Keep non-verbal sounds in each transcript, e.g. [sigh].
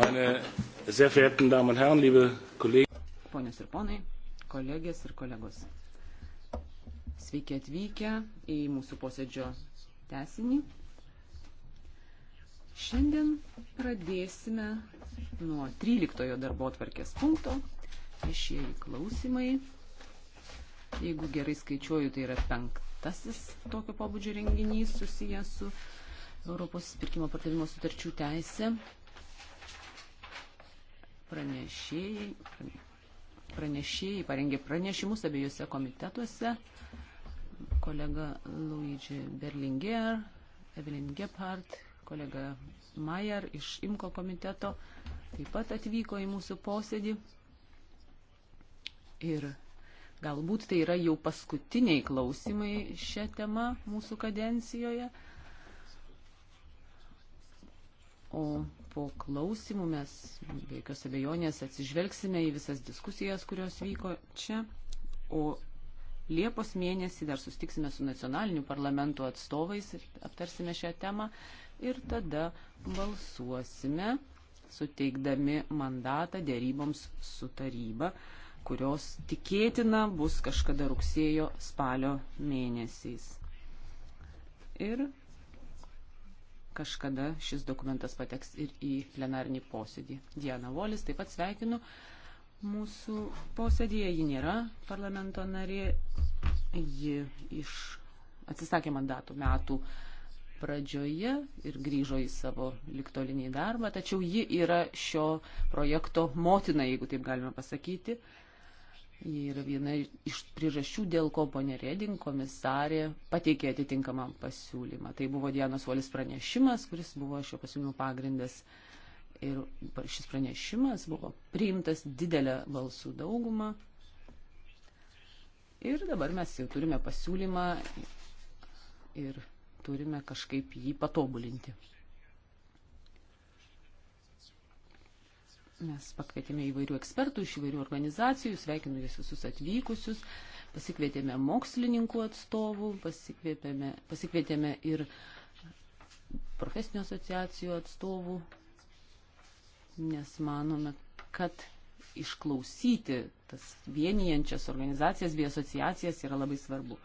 meine sehr verehrten Damen und Herren, liebe Kollegen. Ponios ir ponai, kolegės ir kolegos. Sveiki atvykę į mūsų posėdžio tesinį. Šiandien pradėsime nuo 13 darbo atvarkės punkto. Viešieji klausimai. Jeigu gerai skaičiuoju, tai yra penktasis tokio pobūdžio renginys susijęs su Europos pirkimo pardavimo sutarčių teisė pranešėjai, pranešėjai parengė pranešimus abiejose komitetuose. Kolega Luigi Berlinger, Evelyn Gephardt, kolega Mayer iš IMKO komiteto taip pat atvyko į mūsų posėdį. Ir galbūt tai yra jau paskutiniai klausimai šią temą mūsų kadencijoje. O po klausimų mes be jokios abejonės atsižvelgsime į visas diskusijas, kurios vyko čia. O Liepos mėnesį dar sustiksime su nacionaliniu parlamentu atstovais ir aptarsime šią temą. Ir tada balsuosime, suteikdami mandatą dėryboms su taryba, kurios tikėtina bus kažkada rugsėjo spalio mėnesiais. Ir kažkada šis dokumentas pateks ir į plenarinį posėdį. Diana Volis taip pat sveikinu mūsų posėdėje. Ji nėra parlamento narė. Ji iš atsisakė mandatų metų pradžioje ir grįžo į savo liktolinį darbą, tačiau ji yra šio projekto motina, jeigu taip galima pasakyti. Uh, Jie yra viena iš priežasčių, dėl ko ponė Reding komisarė pateikė atitinkamą pasiūlymą. Tai buvo Dianos Volis pranešimas, kuris buvo šio pasiūlymo pagrindas. Ir šis pranešimas buvo priimtas didelę balsų daugumą. Ir dabar mes jau turime pasiūlymą ir turime kažkaip jį patobulinti. Mes pakvietėme įvairių ekspertų iš įvairių organizacijų, sveikinu jūs visus atvykusius, pasikvietėme mokslininkų atstovų, pasikvietėme, pasikvietėme ir profesinių asociacijų atstovų, nes manome, kad išklausyti tas vienijančias organizacijas bei asociacijas yra labai svarbu.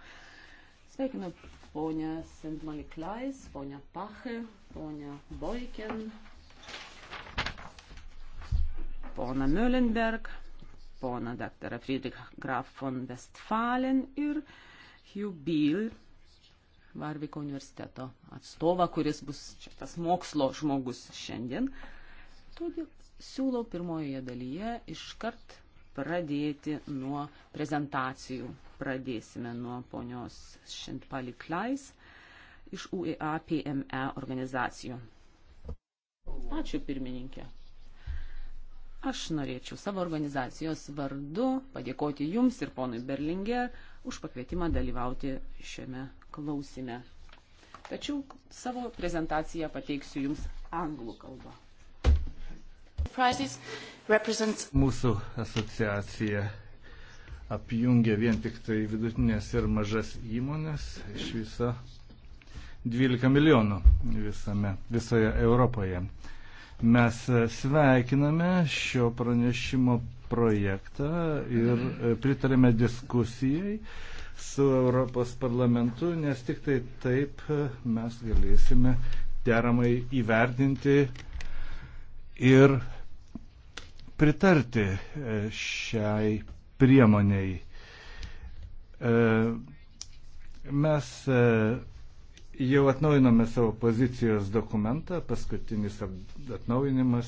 Sveikinu ponę Sentmaliklais, ponę Pache, ponę Boiken, poną Möllenberg, poną daktarą Friedrich Graf von Westfalen ir Hugh Bill, Varviko universiteto atstovą, kuris bus čia tas mokslo žmogus šiandien. Todėl siūlau pirmojoje dalyje iškart pradėti nuo prezentacijų. Pradėsime nuo ponios Šintpali Klais iš UEA PME organizacijų. Ačiū pirmininkė. Aš norėčiau savo organizacijos vardu padėkoti Jums ir ponui Berlinger už pakvietimą dalyvauti šiame klausime. Tačiau savo prezentaciją pateiksiu Jums anglų kalbą. Mūsų asociacija apjungia vien tik tai vidutinės ir mažas įmonės iš viso 12 milijonų visame, visoje Europoje. Mes sveikiname šio pranešimo projektą ir e, pritarėme diskusijai su Europos parlamentu, nes tik tai taip e, mes galėsime deramai įvertinti ir pritarti e, šiai priemoniai. Mes jau atnaujinome savo pozicijos dokumentą, paskutinis atnaujinimas,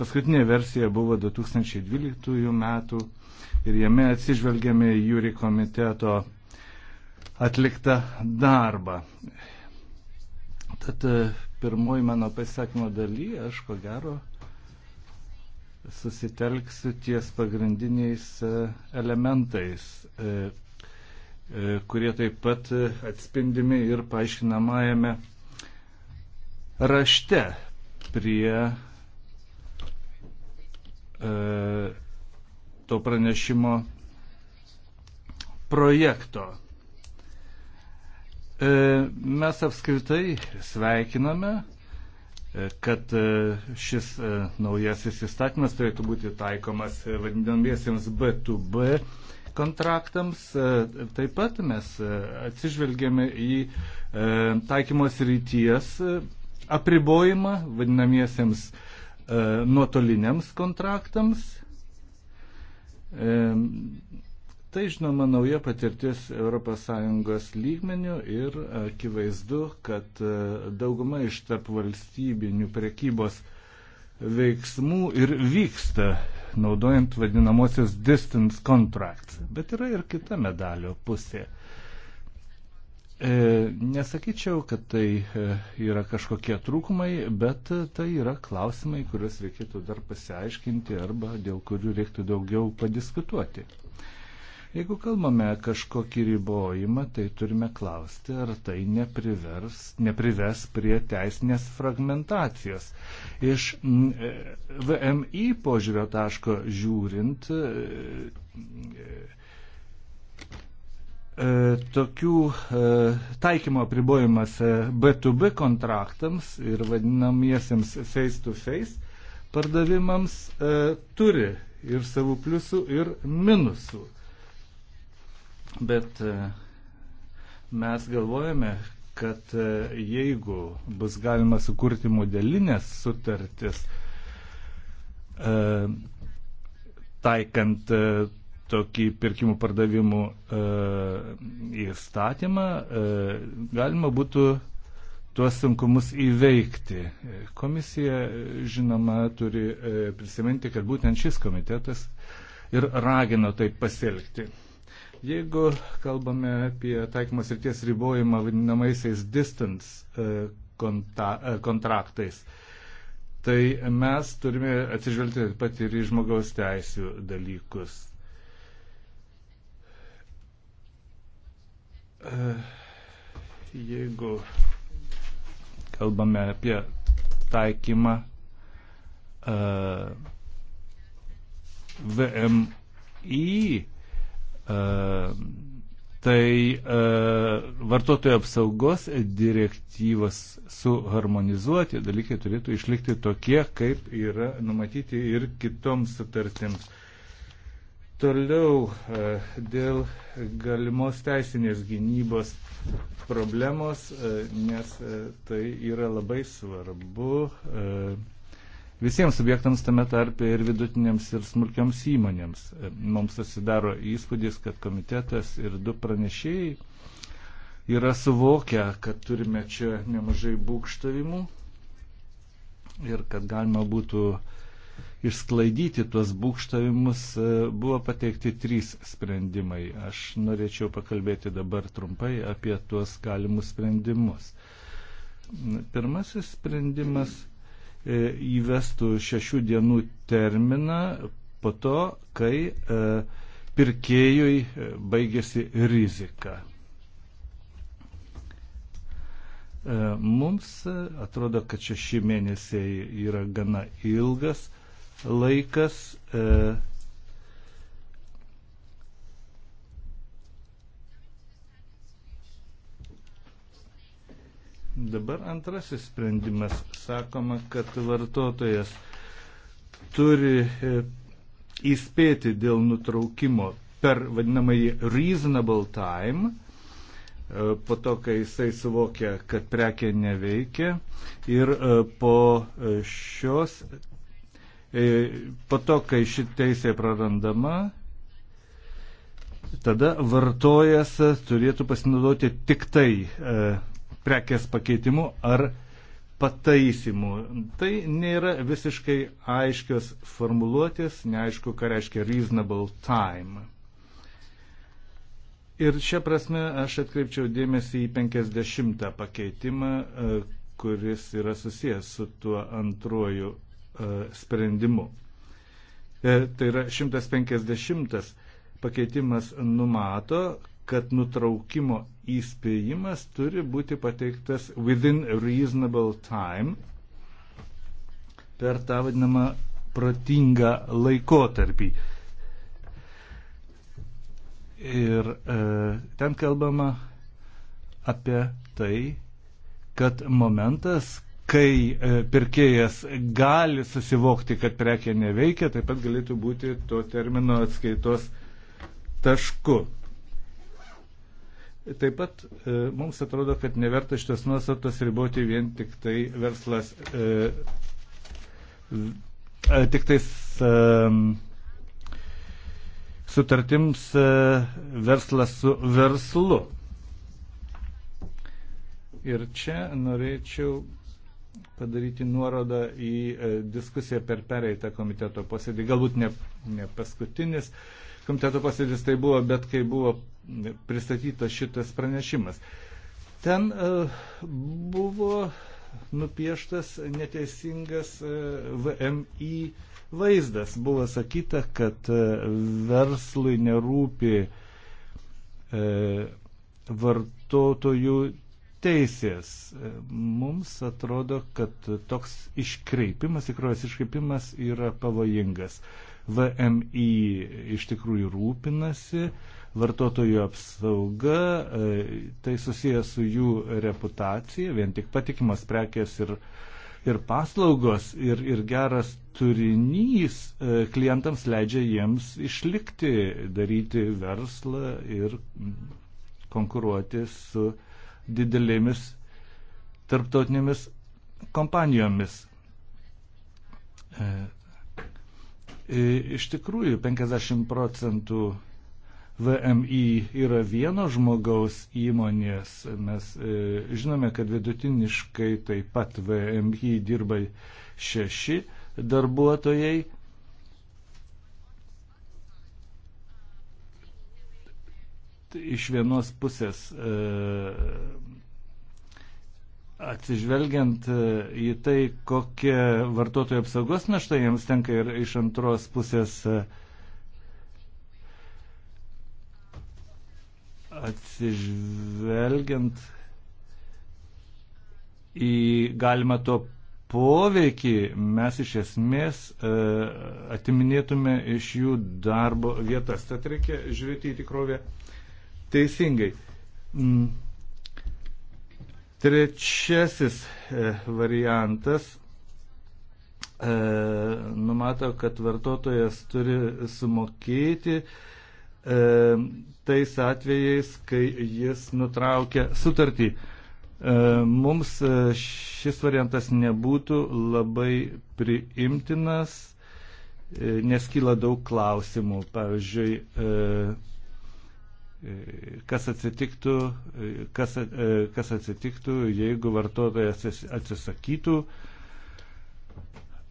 paskutinė versija buvo 2012 metų ir jame atsižvelgėme į jūri komiteto atliktą darbą. Tad e, pirmoji mano pasisakymo daly, aš ko gero susitelksiu ties pagrindiniais e, elementais e, E, kurie taip pat e, atspindimi ir paaiškinamajame rašte prie e, to pranešimo projekto. Mes apskritai sveikiname, kad šis naujasis įstatymas turėtų būti taikomas vadinamiesiems B2B kontraktams. E, taip pat mes e, atsižvelgėme į e, taikymos ryties apribojimą vadinamiesiems nuotoliniams kontraktams. Tai žinoma nauja patirtis ES lygmenių ir akivaizdu, kad dauguma iš tarp valstybinių prekybos veiksmų ir vyksta naudojant vadinamosius distance contracts. Bet yra ir kita medalio pusė. E, nesakyčiau, kad tai e, yra kažkokie trūkumai, bet tai yra klausimai, kuriuos reikėtų dar pasiaiškinti arba dėl kurių reiktų daugiau padiskutuoti. Jeigu kalbame kažkokį ribojimą, tai turime klausti, ar tai neprivers, neprives prie teisinės fragmentacijos. Iš mm, e, VMI požiūrio taško žiūrint, e, e, tokių taikymo apribojimas B2B kontraktams ir vadinamiesiems face-to-face -face pardavimams turi ir savų pliusų, ir minusų. Bet e, mes galvojame, kad e, jeigu bus galima sukurti modelinės sutartis, e, taikant tokį pirkimų pardavimų įstatymą, galima būtų tuos sunkumus įveikti. Komisija, žinoma, turi prisiminti, kad būtent šis komitetas ir ragino taip pasielgti. Jeigu kalbame apie taikymas ir ties ribojimą vadinamaisiais distance e, konta, e, kontraktais, tai mes turime atsižvelgti taip pat ir į žmogaus teisų dalykus. E, jeigu kalbame apie taikymą VMI E, tai e, vartotojų apsaugos direktyvas suharmonizuoti dalykai turėtų išlikti tokie, kaip yra numatyti ir kitoms sutartims. Toliau e, dėl galimos teisinės gynybos problemos, e, nes e, tai yra labai svarbu. E, visiems subjektams tame tarpe ir vidutinėms ir smulkiams įmonėms. E, mums susidaro įspūdis, kad komitetas ir du pranešėjai yra suvokę, kad turime čia nemažai būkštavimų ir kad galima būtų išsklaidyti tuos būkštavimus e, buvo pateikti trys sprendimai. Aš norėčiau pakalbėti dabar trumpai apie tuos galimus sprendimus. Pirmasis sprendimas E, įvestų šešių dienų terminą po to, kai e, pirkėjui e, baigėsi rizika. Mums atrodo, kad šeši mėnesiai yra gana ilgas laikas. E, Dabar antrasis sprendimas. Sakoma, kad vartotojas turi e, įspėti dėl nutraukimo per vadinamąjį reasonable time, e, po to, kai jisai suvokia, kad prekė neveikia ir e, po šios, po to, kai ši teisė prarandama, tada vartojas turėtų pasinaudoti tik tai prekės pakeitimu ar pataisimų. Tai nėra visiškai aiškios formuluotės, neaišku, ką reiškia reasonable time. Ir šią prasme aš atkreipčiau dėmesį į 50 pakeitimą, e, kuris yra susijęs su tuo antruoju e, sprendimu. E, tai yra 150 pakeitimas numato, kad nutraukimo įspėjimas turi būti pateiktas within reasonable time per tą vadinamą protingą laikotarpį. Ir e, ten kalbama apie tai, kad momentas, kai e, pirkėjas gali susivokti, kad prekė neveikia, taip pat galėtų būti to termino atskaitos tašku. Taip pat e, mums atrodo, kad neverta šitas nuostatas riboti vien tik tai verslas, e, e, tik tais e, sutartims e, verslas su verslu. Ir čia norėčiau padaryti nuorodą į e, diskusiją per pereitą komiteto posėdį, galbūt ne, ne paskutinis. E, komiteto posėdis tai buvo, bet kai buvo pristatytas šitas pranešimas. Ten e, buvo nupieštas neteisingas e, VMI vaizdas. Buvo sakyta, kad e, verslui nerūpi vartotojų teisės. Mums atrodo, kad toks iškreipimas, tikros iškreipimas yra pavojingas. VMI iš tikrųjų rūpinasi vartotojų apsauga, e, tai susijęs su jų reputacija, vien tik patikimas prekės ir, ir paslaugos ir, ir geras turinys e, klientams leidžia jiems išlikti, daryti verslą ir konkuruoti su didelėmis tarptautinėmis kompanijomis. E, Iš tikrųjų, 50 procentų VMI yra vieno žmogaus įmonės. Mes e, žinome, kad vidutiniškai taip pat VMI dirba šeši darbuotojai. Iš vienos pusės e, Atsižvelgiant e, į tai, kokia vartotojų apsaugos našta jiems tenka ir iš antros pusės e, atsižvelgiant į galimą to poveikį, mes iš esmės e, atiminėtume iš jų darbo vietas. Tad reikia žiūrėti į tikrovę teisingai. Mm Trečiasis e, variantas e, numato, kad vartotojas turi sumokėti e, tais atvejais, kai jis nutraukia sutartį. Mums šis variantas nebūtų labai priimtinas, nes kyla daug klausimų. Pavyzdžiui, kas atsitiktų, kas, kas atsitiktų, jeigu vartotojas atsisakytų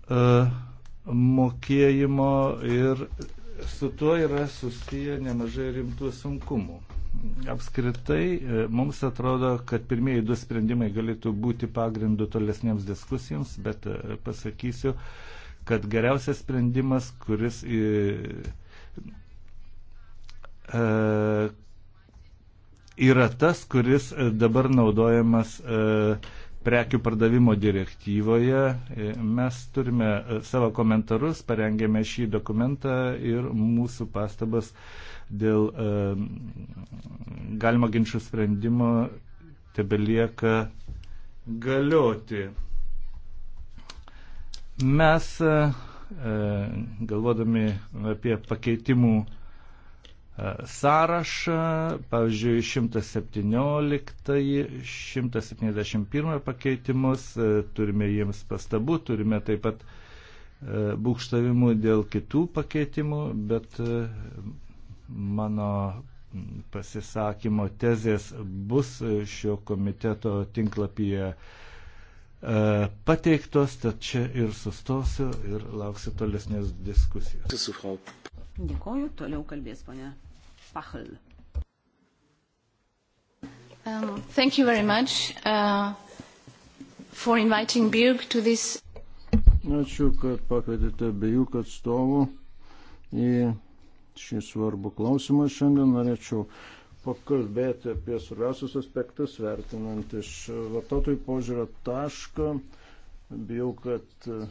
e, mokėjimo ir su tuo yra susiję nemažai rimtų sunkumų. Apskritai, e, mums atrodo, kad pirmieji du sprendimai galėtų būti pagrindu tolesniems diskusijoms, bet e, pasakysiu, kad geriausias sprendimas, kuris į, yra tas, kuris e, dabar naudojamas e, prekių pardavimo direktyvoje. E, mes turime savo komentarus, parengėme šį dokumentą ir mūsų pastabas dėl galimo ginčių sprendimo tebelieka galioti. Mes galvodami apie pakeitimų E, sąrašą, pavyzdžiui, 117, 171 pakeitimus, e, turime jiems pastabų, turime taip pat e, būkštavimų dėl kitų pakeitimų, bet mano pasisakymo tezės bus šio komiteto tinklapyje pateiktos, tad čia ir sustosiu ir lauksiu tolesnės diskusijos. Dėkoju, toliau kalbės ponia Spachel. Um, thank you very much uh, for inviting Birg to this. Ačiū, kad pakvietėte abiejų atstovų į šį svarbų klausimą. Šiandien norėčiau pakalbėti apie svarbiausius aspektus, vertinant iš vartotojų požiūrio taško. Bijau, kad uh,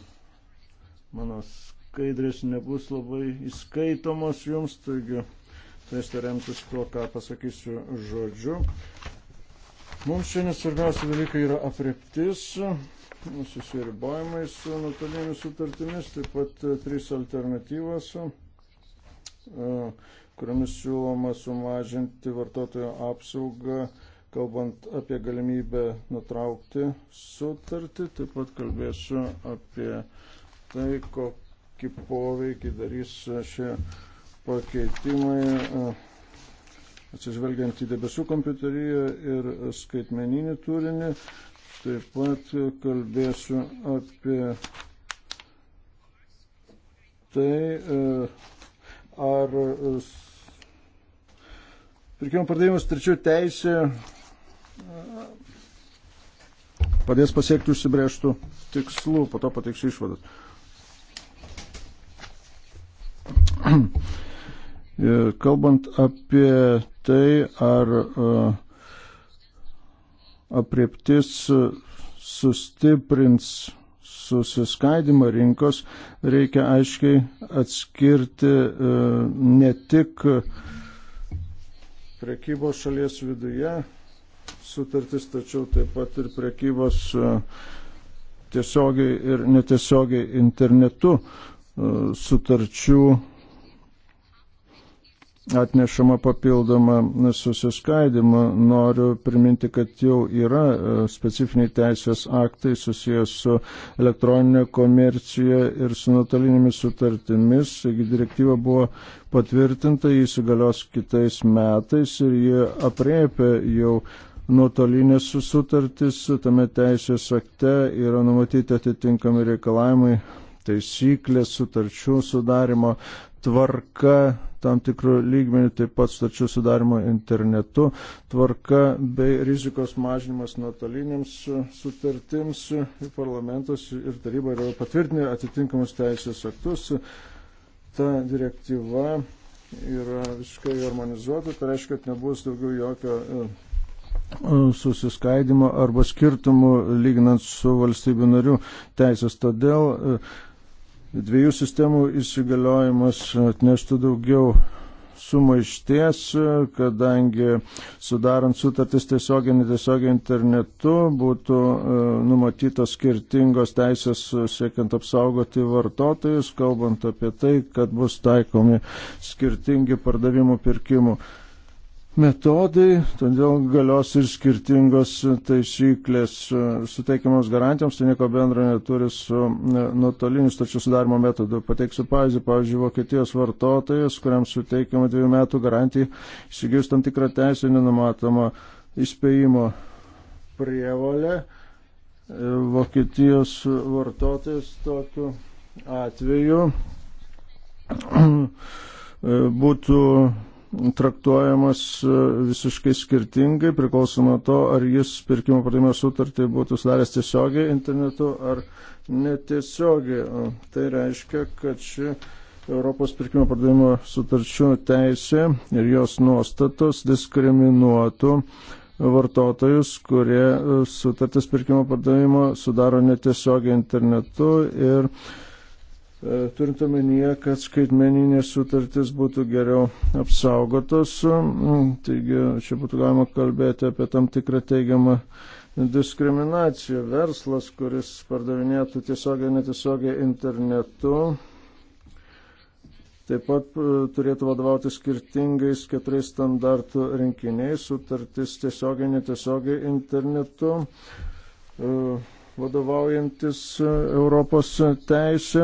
mano skaidrės nebus labai įskaitomos jums, taigi turėsite remtis tuo, ką pasakysiu žodžiu. Mums šiandien svarbiausia dalykai yra apreptis, susiribojimai su nuotolinėmis sutartimis, taip pat e, trys alternatyvos, e, kuriomis siūloma sumažinti vartotojo apsaugą, kalbant apie galimybę nutraukti sutartį, taip pat kalbėsiu apie tai, kokį poveikį darys šie pakeitimai atsižvelgiant į debesų kompiuteriją ir skaitmeninį turinį. Taip pat kalbėsiu apie tai, ar pirkimo pardavimas trečių teisė padės pasiekti užsibrėžtų tikslų, po to pateiksiu išvadas. [clears throat] Kalbant apie tai, ar e, apriptis sustiprins susiskaidimą rinkos, reikia aiškiai atskirti e, ne tik prekybos šalies viduje sutartis, tačiau taip pat ir prekybos e, tiesiogiai ir netiesiogiai internetu sutarčių atnešama papildoma susiskaidima. Noriu priminti, kad jau yra e, specifiniai teisės aktai susijęs su elektroninė komercija ir su nuotolinėmis sutartimis. Direktyva buvo patvirtinta, įsigalios kitais metais ir jie apriepia jau nuotolinės sutartys, tame teisės akte yra numatyti atitinkami reikalavimai, taisyklės, sutarčių sudarimo tvarka tam tikrų lygmenių, taip pat stačių sudarimo internetu, tvarka bei rizikos mažinimas nuotolinėms sutartims. Parlamentas ir taryba yra patvirtinę atitinkamus teisės aktus. Ta direktyva yra visiškai harmonizuota, tai reiškia, kad nebus daugiau jokio e, susiskaidimo arba skirtumų lyginant su valstybių narių teisės. Todėl e, dviejų sistemų įsigaliojimas atneštų daugiau sumaišties, kadangi sudarant sutartis tiesioginį tiesiog internetu būtų e, numatytos skirtingos teisės e, siekiant apsaugoti vartotojus, kalbant apie tai, kad bus taikomi skirtingi pardavimų pirkimų metodai, todėl galios ir skirtingos taisyklės suteikiamos garantijoms, tai nieko bendro neturi su e, nuotoliniu stačių sudarimo metodu. Pateiksiu pavyzdį, pavyzdžiui, Vokietijos vartotojas, kuriam suteikiama dviejų metų garantija, įsigijus tam tikrą teisę nenumatomą įspėjimo prievolę, e, Vokietijos vartotojas tokiu atveju [clears throat] būtų traktuojamas e, visiškai skirtingai, priklausomai to, ar jis pirkimo pardavimo sutartį būtų sudaręs tiesiogiai internetu ar netiesiogiai. Tai reiškia, kad ši Europos pirkimo pardavimo sutarčių teisė ir jos nuostatos diskriminuotų vartotojus, kurie e, sutartis pirkimo pardavimo sudaro netiesiogiai internetu ir uh, E, turint omenyje, kad skaitmeninės sutartys būtų geriau apsaugotos. Taigi čia būtų galima kalbėti apie tam tikrą teigiamą diskriminaciją. Verslas, kuris pardavinėtų tiesiogiai, netiesiogiai internetu, taip pat e, turėtų vadovauti skirtingais keturiais standartų rinkiniais, sutartis tiesiogiai, netiesiogiai internetu. Uh, vadovaujantis Europos teisė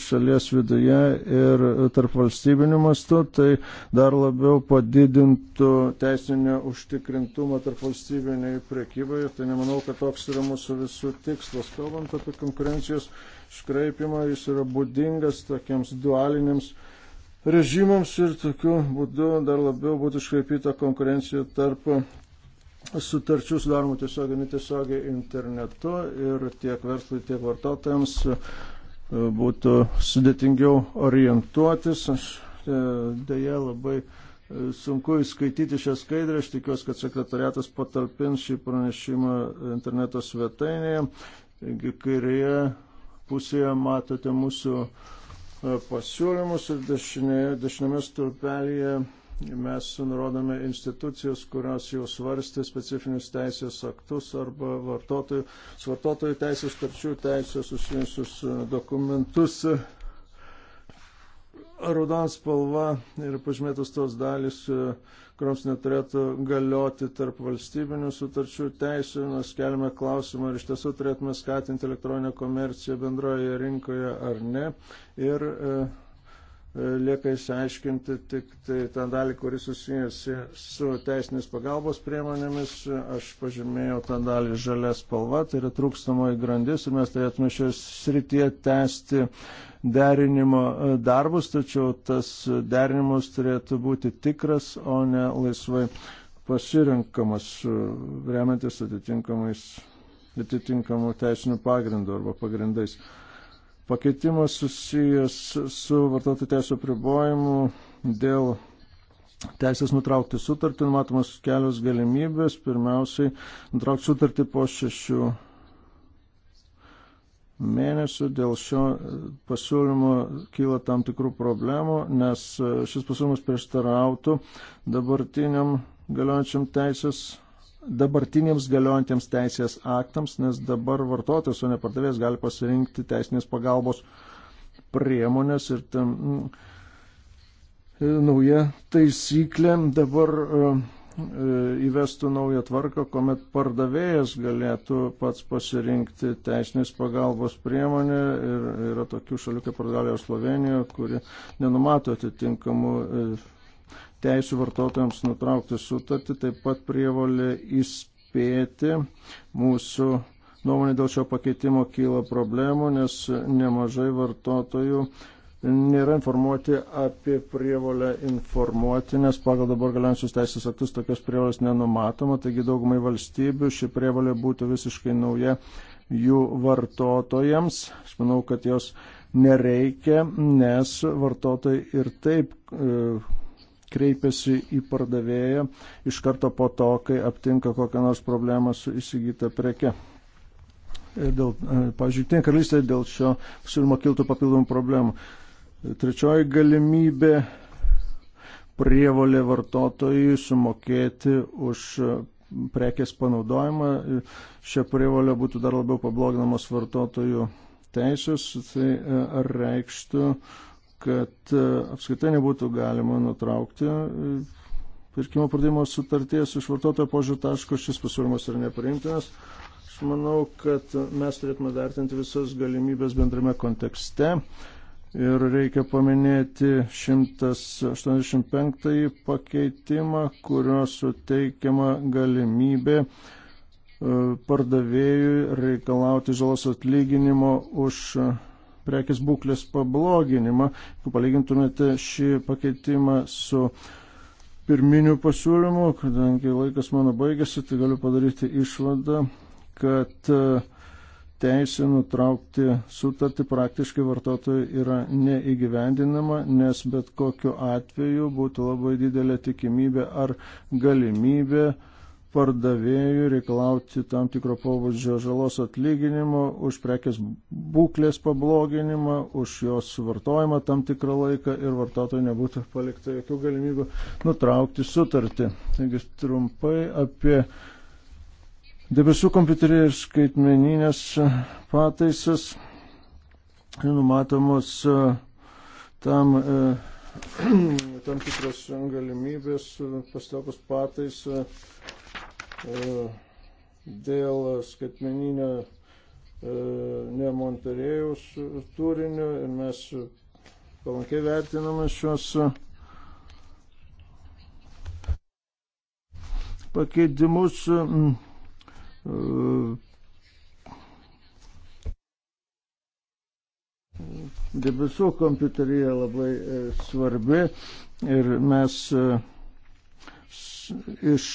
šalies viduje ir tarp valstybinių mastų, tai dar labiau padidintų teisinio užtikrintumą tarp valstybiniai prekybai. Tai nemanau, kad toks yra mūsų visų tikslas. Kalbant apie konkurencijos škraipimą, jis yra būdingas tokiems dualiniams režimams ir tokiu būdu dar labiau būtų iškreipyta konkurencija tarp sutarčių sudaromų tiesiogiai, netiesiogiai internetu ir tiek verslui, tiek vartotojams e, būtų sudėtingiau orientuotis. Aš e, dėja labai e, sunku įskaityti šią skaidrę, aš tikiuosi, kad sekretariatas patalpins šį pranešimą interneto svetainėje. Kairėje pusėje matote mūsų pasiūlymus ir dešinėje, dešinėme stulpelėje mes nurodome institucijos, kurios jau svarstė specifinius teisės aktus arba vartotojų, su vartotojų teisės, tarčių teisės susijusius e, dokumentus. Raudons spalva ir pažymėtos tos dalis, e, kuriams neturėtų galioti tarp valstybinių sutarčių teisų, nors keliame klausimą, ar iš tiesų turėtume skatinti elektroninę komerciją bendroje rinkoje ar ne. Ir e, E, lieka išsiaiškinti tik tai tą dalį, kuris susijusi su teisinės pagalbos priemonėmis. Aš pažymėjau tą dalį žalia spalva, tai yra trūkstamoji grandis ir mes turėtume tai šioje srityje tęsti derinimo e, darbus, tačiau tas derinimas turėtų būti tikras, o ne laisvai pasirinkamas, e, remiantis atitinkamais atitinkamų teisinių pagrindų arba pagrindais. Pakeitimas susijęs su vartotojų teisų pribojimu dėl teisės nutraukti sutartį, numatomas kelios galimybės. Pirmiausiai, nutraukti sutartį po šešių mėnesių. Dėl šio pasiūlymo kyla tam tikrų problemų, nes šis pasiūlymas prieštarautų dabartiniam galiojančiam teisės dabartiniams galiojantiems teisės aktams, nes dabar vartotojas, o ne pardavėjas gali pasirinkti teisinės pagalbos priemonės ir tam mm, nauja taisyklė dabar e, e, įvestų naują tvarką, kuomet pardavėjas galėtų pats pasirinkti teisinės pagalbos priemonę ir yra tokių šalių kaip Portugalija ir Slovenija, kuri nenumato atitinkamų e, teisų vartotojams nutraukti sutartį, taip pat prievolė įspėti mūsų nuomonė dėl šio pakeitimo kyla problemų, nes nemažai vartotojų nėra informuoti apie prievolę informuoti, nes pagal dabar galiančius teisės aktus tokios prievolės nenumatoma, taigi daugumai valstybių ši prievolė būtų visiškai nauja jų vartotojams. Aš manau, kad jos nereikia, nes vartotojai ir taip e, kreipiasi į pardavėją iš karto po to, kai aptinka kokią nors problemą su įsigyta preke. Ir dėl, e, pažiūrėjau, Tinė karalystė dėl šio siūlymo kiltų papildomų problemų. Trečioji galimybė prievolė vartotojui sumokėti už prekės panaudojimą. Šią prievolę būtų dar labiau pabloginamos vartotojų teisės. Tai ar e, reikštų uh, kad e, apskaitai nebūtų galima nutraukti e, pirkimo pardavimo sutarties iš vartotojo požiūrį taško, šis pasiūlymas yra nepriimtinas. Aš manau, kad mes turėtume vertinti visas galimybės bendrame kontekste. Ir reikia paminėti 185 pakeitimą, kurio suteikiama galimybė e, pardavėjui reikalauti žalos atlyginimo už prekės būklės pabloginimą. Jeigu palygintumėte šį pakeitimą su pirminiu pasiūlymu, kadangi laikas mano baigėsi, tai galiu padaryti išvadą, kad e, teisė nutraukti sutartį praktiškai vartotojai yra neįgyvendinama, nes bet kokiu atveju būtų labai didelė tikimybė ar galimybė uh, pardavėjų reikalauti tam tikro pobūdžio žalos atlyginimo už prekės būklės pabloginimą, už jos vartojimą tam tikrą laiką ir vartotojai nebūtų palikta jokių galimybių nutraukti sutartį. Taigi trumpai apie debesų kompiuterį ir skaitmeninės pataisas numatomos e, tam, e, [clears throat] tam tikros galimybės pastelkus pataisą E, dėl skaitmeninio e, nemontarėjaus turinio ir mes palankiai vertiname šios pakeitimus. E, debesų kompiuterija labai svarbi ir mes iš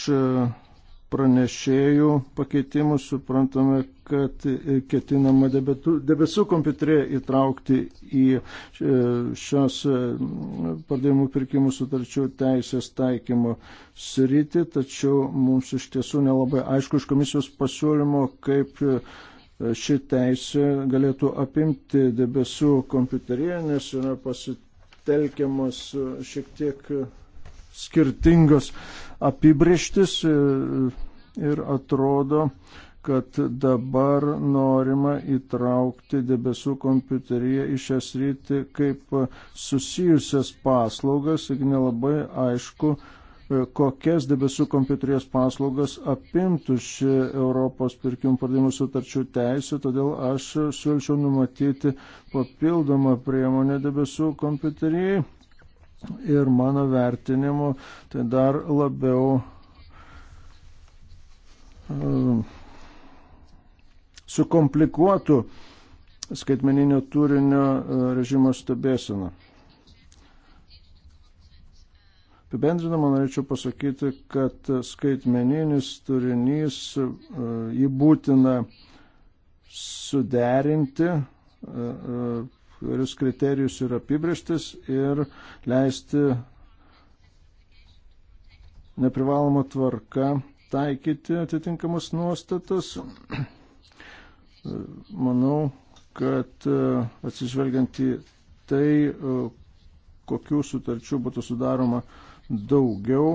pranešėjų pakeitimų suprantame, kad ketinama debetų, debesų kompiuterė įtraukti į šios pardavimų pirkimų sutarčių teisės taikymo sritį, tačiau mums iš tiesų nelabai aišku iš komisijos pasiūlymo, kaip e, ši teisė galėtų apimti debesų kompiuteriją, nes yra pasitelkiamas e, šiek tiek skirtingos apibrieštis e, ir atrodo, kad dabar norima įtraukti debesų kompiuteriją į šią sritį kaip susijusias paslaugas, tik nelabai aišku, e, kokias debesų kompiuterijos paslaugas apimtų ši Europos pirkimų pardavimų sutarčių teisė, todėl aš siūlyčiau numatyti papildomą priemonę debesų kompiuterijai ir mano vertinimu tai dar labiau um, sukomplikuotų skaitmeninio turinio uh, režimo stebėseną. Apibendrinama norėčiau pasakyti, kad skaitmeninis turinys uh, jį būtina suderinti uh, kuris kriterijus yra apibrieštis ir leisti neprivalomą tvarką taikyti atitinkamas nuostatas. Manau, kad e, atsižvelgiant į tai, e, kokių sutarčių būtų sudaroma daugiau,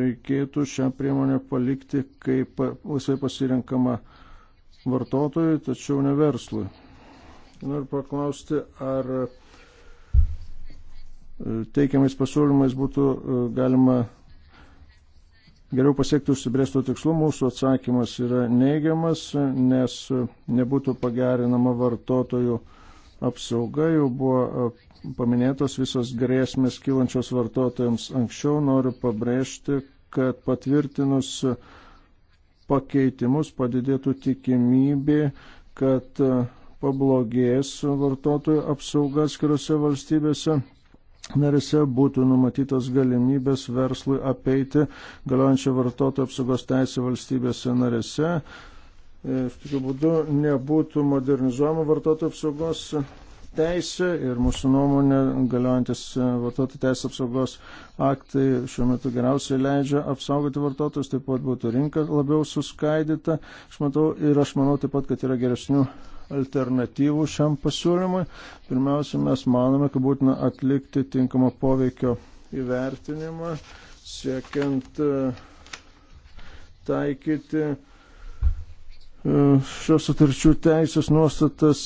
reikėtų šią priemonę palikti kaip laisvai pasirenkama vartotojui, tačiau ne verslui. Noriu paklausti, ar e, teikiamais pasiūlymais būtų e, galima geriau pasiekti užsibrėžtų tikslų. Mūsų atsakymas yra neigiamas, nes nebūtų pagerinama vartotojų apsauga. Jau buvo e, paminėtos visos grėsmės kylančios vartotojams. Anksčiau noriu pabrėžti, kad patvirtinus pakeitimus padidėtų tikimybė, kad pablogės vartotojų apsauga atskirose valstybėse narėse būtų numatytos galimybės verslui apeiti galiojančią vartotojų apsaugos teisę valstybėse narėse. E, tokiu būdu nebūtų modernizuojama vartotojų apsaugos teisė ir mūsų nuomonė galiojantis e, vartotojų teisės apsaugos aktai šiuo metu geriausiai leidžia apsaugoti vartotojus, taip pat būtų rinka labiau suskaidyta. Aš matau ir aš manau taip pat, kad yra geresnių alternatyvų šiam pasiūlymui. Pirmiausia, mes manome, kad būtina atlikti tinkamą poveikio įvertinimą, siekiant e, taikyti e, šios sutarčių teisės nuostatas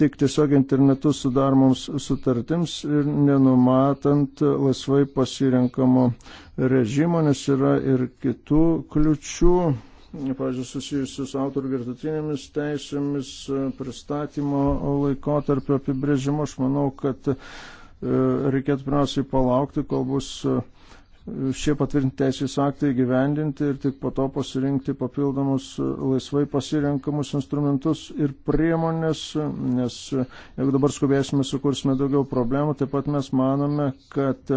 tik tiesiog internetu sudaromoms sutartims ir nenumatant laisvai pasirinkamo režimo, nes yra ir kitų kliučių pavyzdžiui, susijusių su autorių gertutinėmis teisėmis, e, pristatymo laikotarpio apibrėžimu. Aš manau, kad e, reikėtų pirmiausiai palaukti, kol bus e, šie patvirtinti teisės aktai gyvendinti ir tik po to pasirinkti papildomus laisvai pasirenkamus instrumentus ir priemonės, nes jeigu dabar skubėsime, sukursime daugiau problemų, taip pat mes manome, kad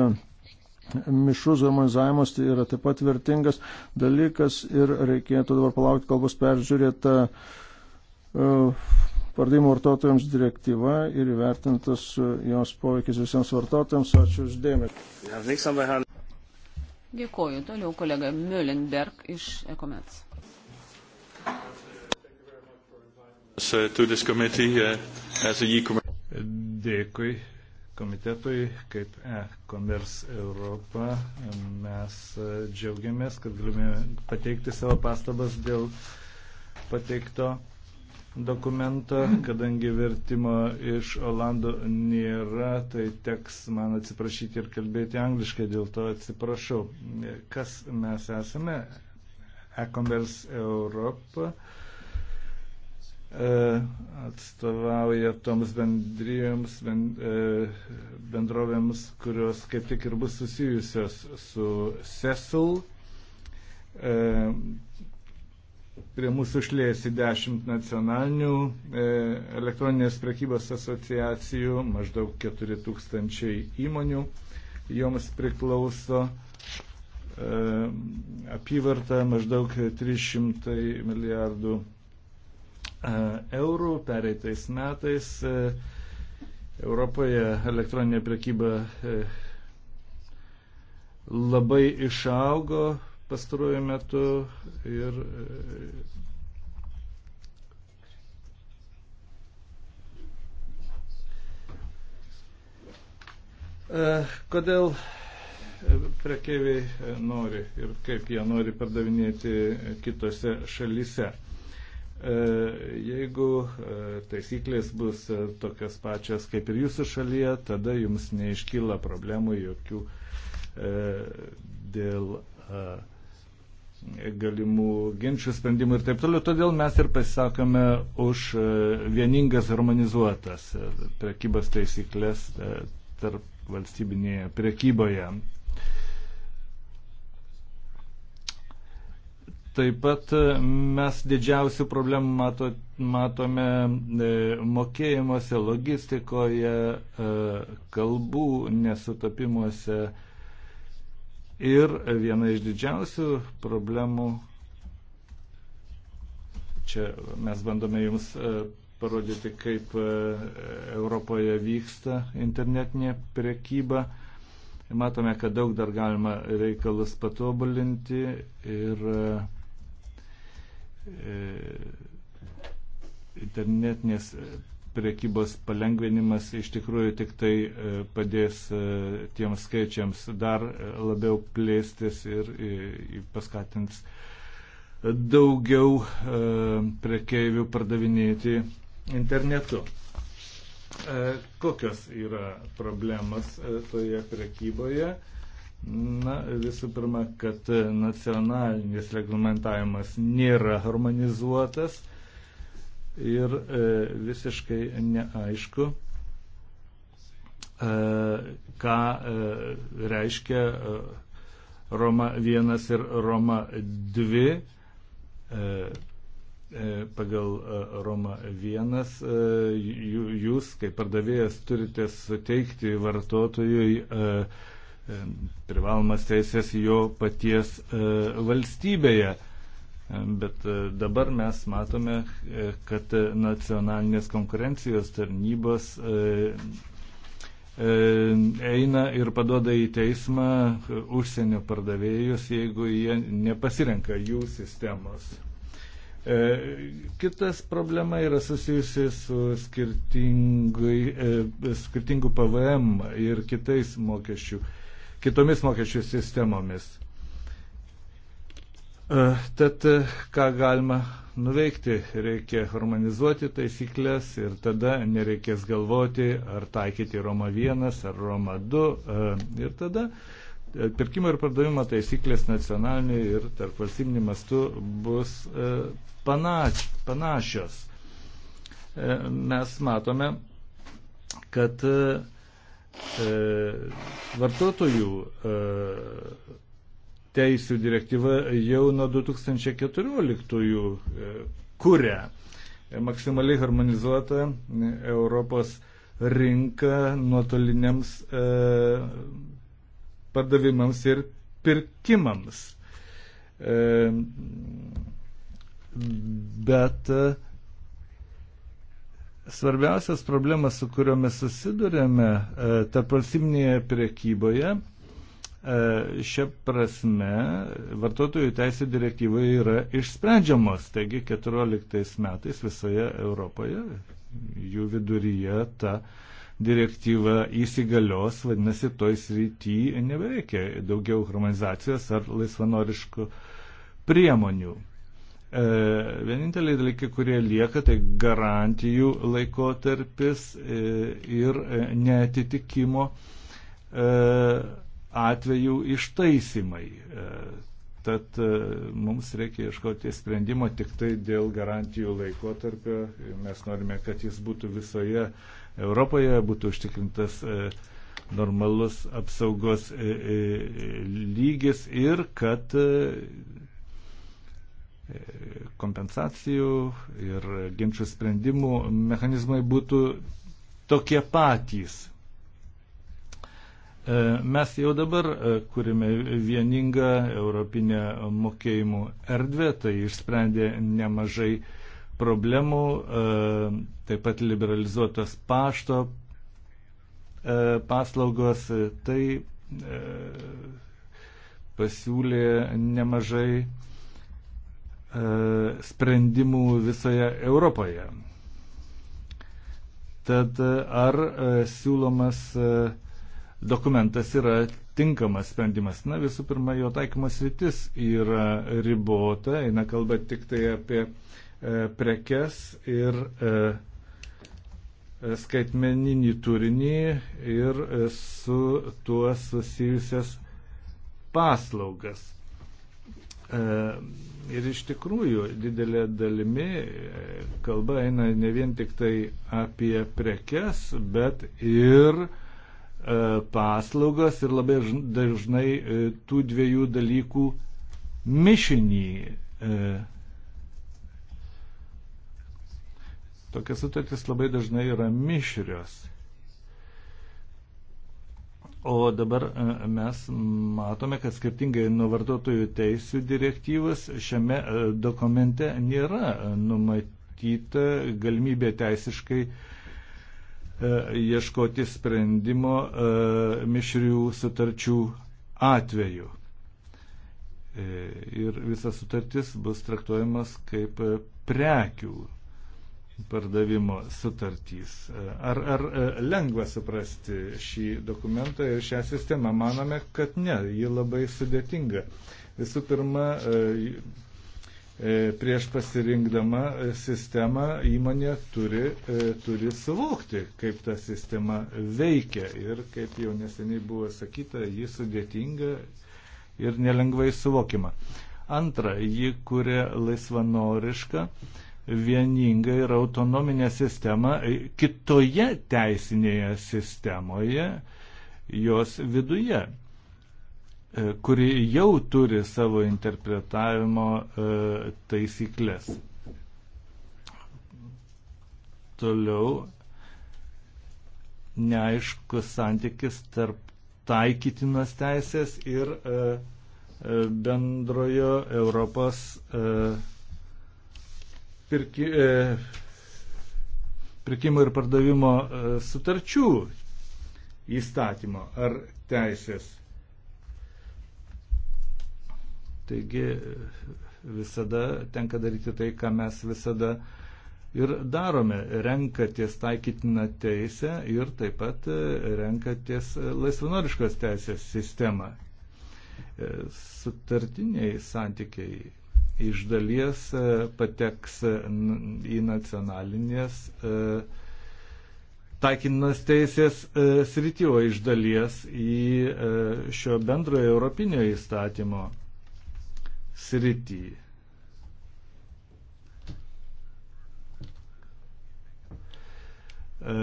mišrus harmonizavimas tai yra taip pat vertingas dalykas ir reikėtų dabar palaukti, kol bus peržiūrėta uh, pardavimo vartotojams direktyva ir įvertintas e, jos poveikis visiems vartotojams. Ačiū uždėmesi. Dėkoju. Toliau kolega Müllenberg iš Ekomets. Uh, Dėkui komitetui kaip e-commerce Europa mes džiaugiamės, kad galime pateikti savo pastabas dėl pateikto dokumento, kadangi vertimo iš Olandų nėra, tai teks man atsiprašyti ir kalbėti angliškai, dėl to atsiprašau. Kas mes esame? E-commerce Europa E, atstovauja toms bendrijoms, e, bendrovėms, kurios kaip tik ir bus susijusios su CESL. E, prie mūsų išlėsi dešimt nacionalinių elektroninės prekybos asociacijų, maždaug 4000 įmonių joms priklauso apyvarta maždaug 300 milijardų E, eurų. Pereitais metais e, Europoje elektroninė prekyba e, labai išaugo pastaruoju metu ir Kodėl prekeiviai nori ir kaip jie nori pardavinėti kitose šalyse? E, jeigu e, taisyklės bus e, tokios pačios kaip ir jūsų šalyje, tada jums neiškyla problemų jokių dėl galimų ginčių sprendimų ir taip toliau. Todėl mes ir pasisakome už vieningas harmonizuotas prekybos taisyklės tarp valstybinėje prekyboje. Taip pat e, mes didžiausių problemų mato, matome e, mokėjimuose, logistikoje, e, kalbų nesutapimuose. Ir viena iš didžiausių problemų, čia mes bandome jums parodyti, kaip Europoje vyksta internetinė prekyba. Matome, kad daug dar galima reikalus patobulinti ir uh, E, internetinės e, priekybos palengvinimas iš tikrųjų tik tai e, padės tiems skaičiams dar labiau plėstis ir paskatins daugiau priekeivių pardavinėti internetu. Kokios yra problemas toje priekyboje? Na, visų pirma, kad nacionalinis reglamentavimas nėra harmonizuotas ir e, visiškai neaišku, e, ką e, reiškia e, Roma 1 ir Roma 2. E, e, pagal e, Roma 1 e, jūs kaip pardavėjas turite suteikti vartotojui E, privalomas teisės jo paties e, valstybėje. E, bet dabar mes matome, kad nacionalinės konkurencijos tarnybos eina ir padoda į teismą užsienio pardavėjus, jeigu jie nepasirenka jų sistemos. Kitas problema yra susijusi su skirtingų PVM ir kitais mokesčių kitomis mokesčių sistemomis. E, tad e, ką galima nuveikti, reikia harmonizuoti taisyklės ir tada nereikės galvoti, ar taikyti Roma 1 ar Roma 2. E, ir tada pirkimo ir pardavimo taisyklės nacionaliniu ir tarp valstybiniu mastu bus panaš, panašios. Mes matome, kad uh, E, vartotojų e, teisų direktyva jau nuo 2014 kūrė e, maksimaliai harmonizuotą Europos rinką nuotoliniams pardavimams ir pirkimams. Bet uh, Svarbiausias problemas, su kuriomis susidurėme e, tarp valstybinėje priekyboje, e, šia prasme vartotojų teisė direktyvoje yra išsprendžiamos. Taigi 14 metais visoje Europoje, jų viduryje ta direktyva įsigalios, vadinasi, toj srity nebereikia daugiau harmonizacijos ar laisvanoriškų priemonių. E, vieninteliai dalykai, kurie lieka, tai garantijų laikotarpis e, ir e, netitikimo atvejų ištaisimai. Tad mums reikia ieškoti sprendimo tik tai dėl garantijų laikotarpio. Mes norime, kad jis būtų visoje Europoje, būtų užtikrintas normalus apsaugos lygis ir kad kompensacijų ir ginčių sprendimų mechanizmai būtų tokie patys. E, mes jau dabar e, kūrime vieningą Europinę mokėjimų erdvę, tai išsprendė nemažai problemų, e, taip pat liberalizuotas pašto paslaugos, tai pasiūlė nemažai E, sprendimų visoje Europoje. Tad e, ar e, siūlomas dokumentas yra tinkamas sprendimas? Na, visų pirma, jo taikymas rytis yra ribota, eina kalba tik tai apie prekes ir skaitmeninį turinį ir su tuo susijusias paslaugas. E, ir iš tikrųjų didelė dalimi e, kalba eina ne vien tik tai apie prekes, bet ir e, paslaugas ir labai dažnai tų dviejų dalykų mišinį. Tokias sutartys labai dažnai yra mišrios. O dabar e, mes matome, kad skirtingai nuo vartotojų teisų direktyvas šiame e, dokumente nėra e, numatyta galimybė teisiškai ieškoti sprendimo mišrių sutarčių atveju. Ir visa sutartis bus traktuojamas kaip prekių pardavimo sutartys. Ar, ar e, lengva suprasti šį dokumentą ir šią sistemą? Manome, kad ne, ji labai sudėtinga. Visų pirma, e, e, prieš pasirinkdama sistemą įmonė turi, turi suvokti, kaip ta sistema veikia ir, kaip jau neseniai buvo sakyta, ji sudėtinga ir nelengvai suvokima. Antra, ji kuria laisvanorišką vieningą ir autonominę sistemą e, kitoje teisinėje sistemoje, jos viduje, e, kuri jau turi savo interpretavimo e, taisyklės. Toliau neaiškus santykis tarp taikytinos teisės ir bendrojo Europos pirki, e, pirkimo ir pardavimo e, sutarčių įstatymo ar teisės. Taigi e, visada tenka daryti tai, ką mes visada ir darome. Renkaties taikytiną teisę ir taip pat e, renkaties laisvanoriškos teisės sistemą. E, sutartiniai santykiai iš dalies e, pateks e, į nacionalinės e, taikinas teisės sritį, o iš dalies į šio bendrojo europinio įstatymo sritį. E,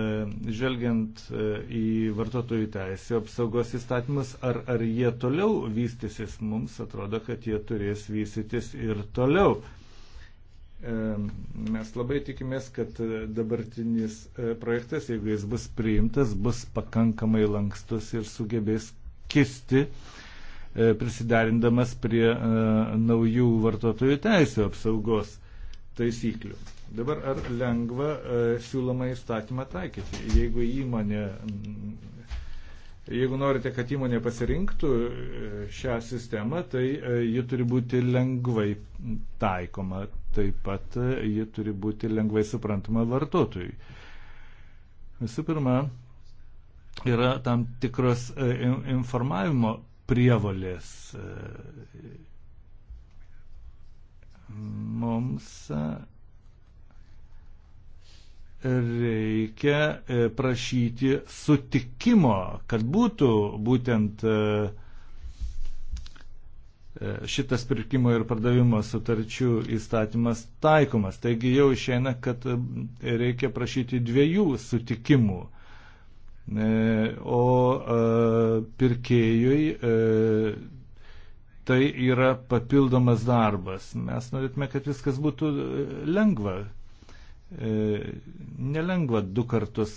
žvelgiant e, į vartotojų teisę apsaugos įstatymus, ar, ar jie toliau vystysis, mums atrodo, kad jie turės vystytis ir toliau. E, mes labai tikimės, kad dabartinis projektas, jeigu jis bus priimtas, bus pakankamai lankstus ir sugebės kisti, prisidarindamas prie naujų vartotojų teisų apsaugos taisyklių. Dabar ar lengva e, siūloma įstatymą taikyti? Jeigu įmonė, mm, jeigu norite, kad įmonė pasirinktų e, šią sistemą, tai e, ji turi būti lengvai taikoma, taip pat e, ji turi būti lengvai suprantama vartotojui. Visų pirma, yra tam tikros e, informavimo prievalės. E, mums e, reikia e, prašyti sutikimo, kad būtų būtent e, šitas pirkimo ir pardavimo sutarčių įstatymas taikomas. Taigi jau išeina, kad reikia prašyti dviejų sutikimų. O pirkėjui tai yra papildomas darbas. Mes norėtume, kad viskas būtų e, lengva. E, nelengva du kartus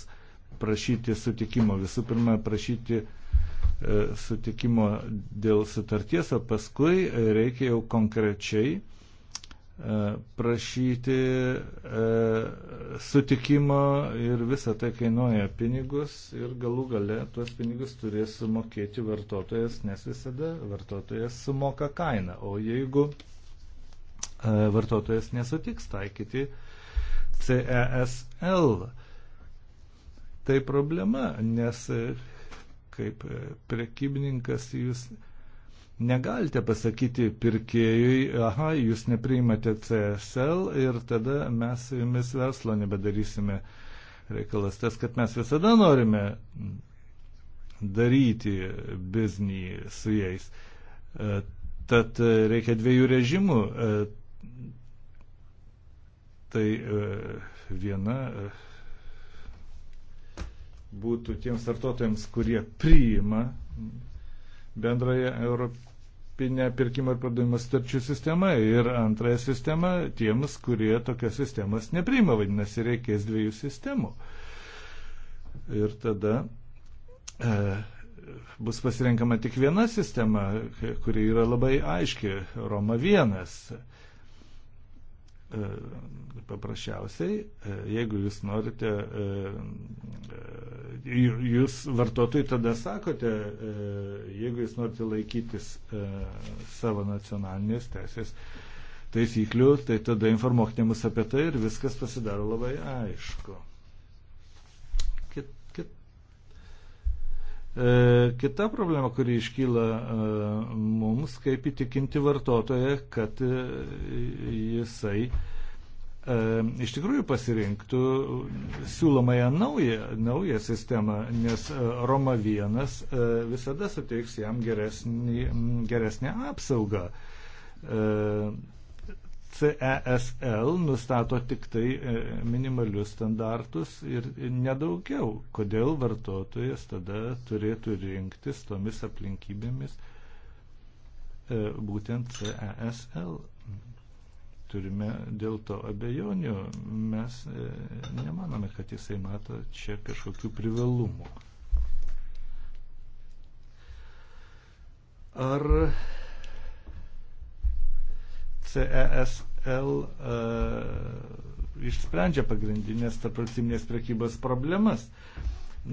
prašyti sutikimo. Visų pirma, prašyti e, sutikimo dėl sutarties, o paskui reikia jau konkrečiai E, prašyti e, sutikimo ir visa tai kainuoja pinigus ir galų gale tuos pinigus turės sumokėti vartotojas, nes visada vartotojas sumoka kainą. O jeigu e, vartotojas nesutiks taikyti CESL, tai problema, nes kaip prekybininkas jūs Negalite pasakyti pirkėjui, aha, jūs nepriimate CSL ir tada mes su jumis verslo nebedarysime. Reikalas tas, kad mes visada norime daryti biznį su jais. E, tad reikia dviejų režimų. E, tai e, viena būtų tiems vartotojams, kurie priima bendrąją Europą europinę pirkimo ir pardavimo sutarčių sistemą ir antrąją sistemą tiems, kurie tokios sistemos nepriima, vadinasi, reikės dviejų sistemų. Ir tada e, bus pasirenkama tik viena sistema, kuri yra labai aiški - Roma 1 E, paprasčiausiai, e, jeigu jūs norite, e, jūs vartotojai tada sakote, jeigu jūs norite laikytis savo nacionalinės teisės taisyklių, tai tada informuokite mus apie tai ir viskas pasidaro labai aišku. E, kita problema, kuri iškyla e, mums, kaip įtikinti vartotoje, kad e, jisai iš tikrųjų pasirinktų siūlomąją naują, naują sistemą, nes Roma 1 visada suteiks jam geresnį, geresnę apsaugą. CESL nustato tik tai e, minimalius standartus ir nedaugiau. Kodėl vartotojas tada turėtų rinktis tomis aplinkybėmis e, būtent CESL? turime dėl to abejonių. Mes e, nemanome, kad jisai mato čia kažkokių privalumų. Ar CESL e, išsprendžia pagrindinės tarptautinės prekybos problemas.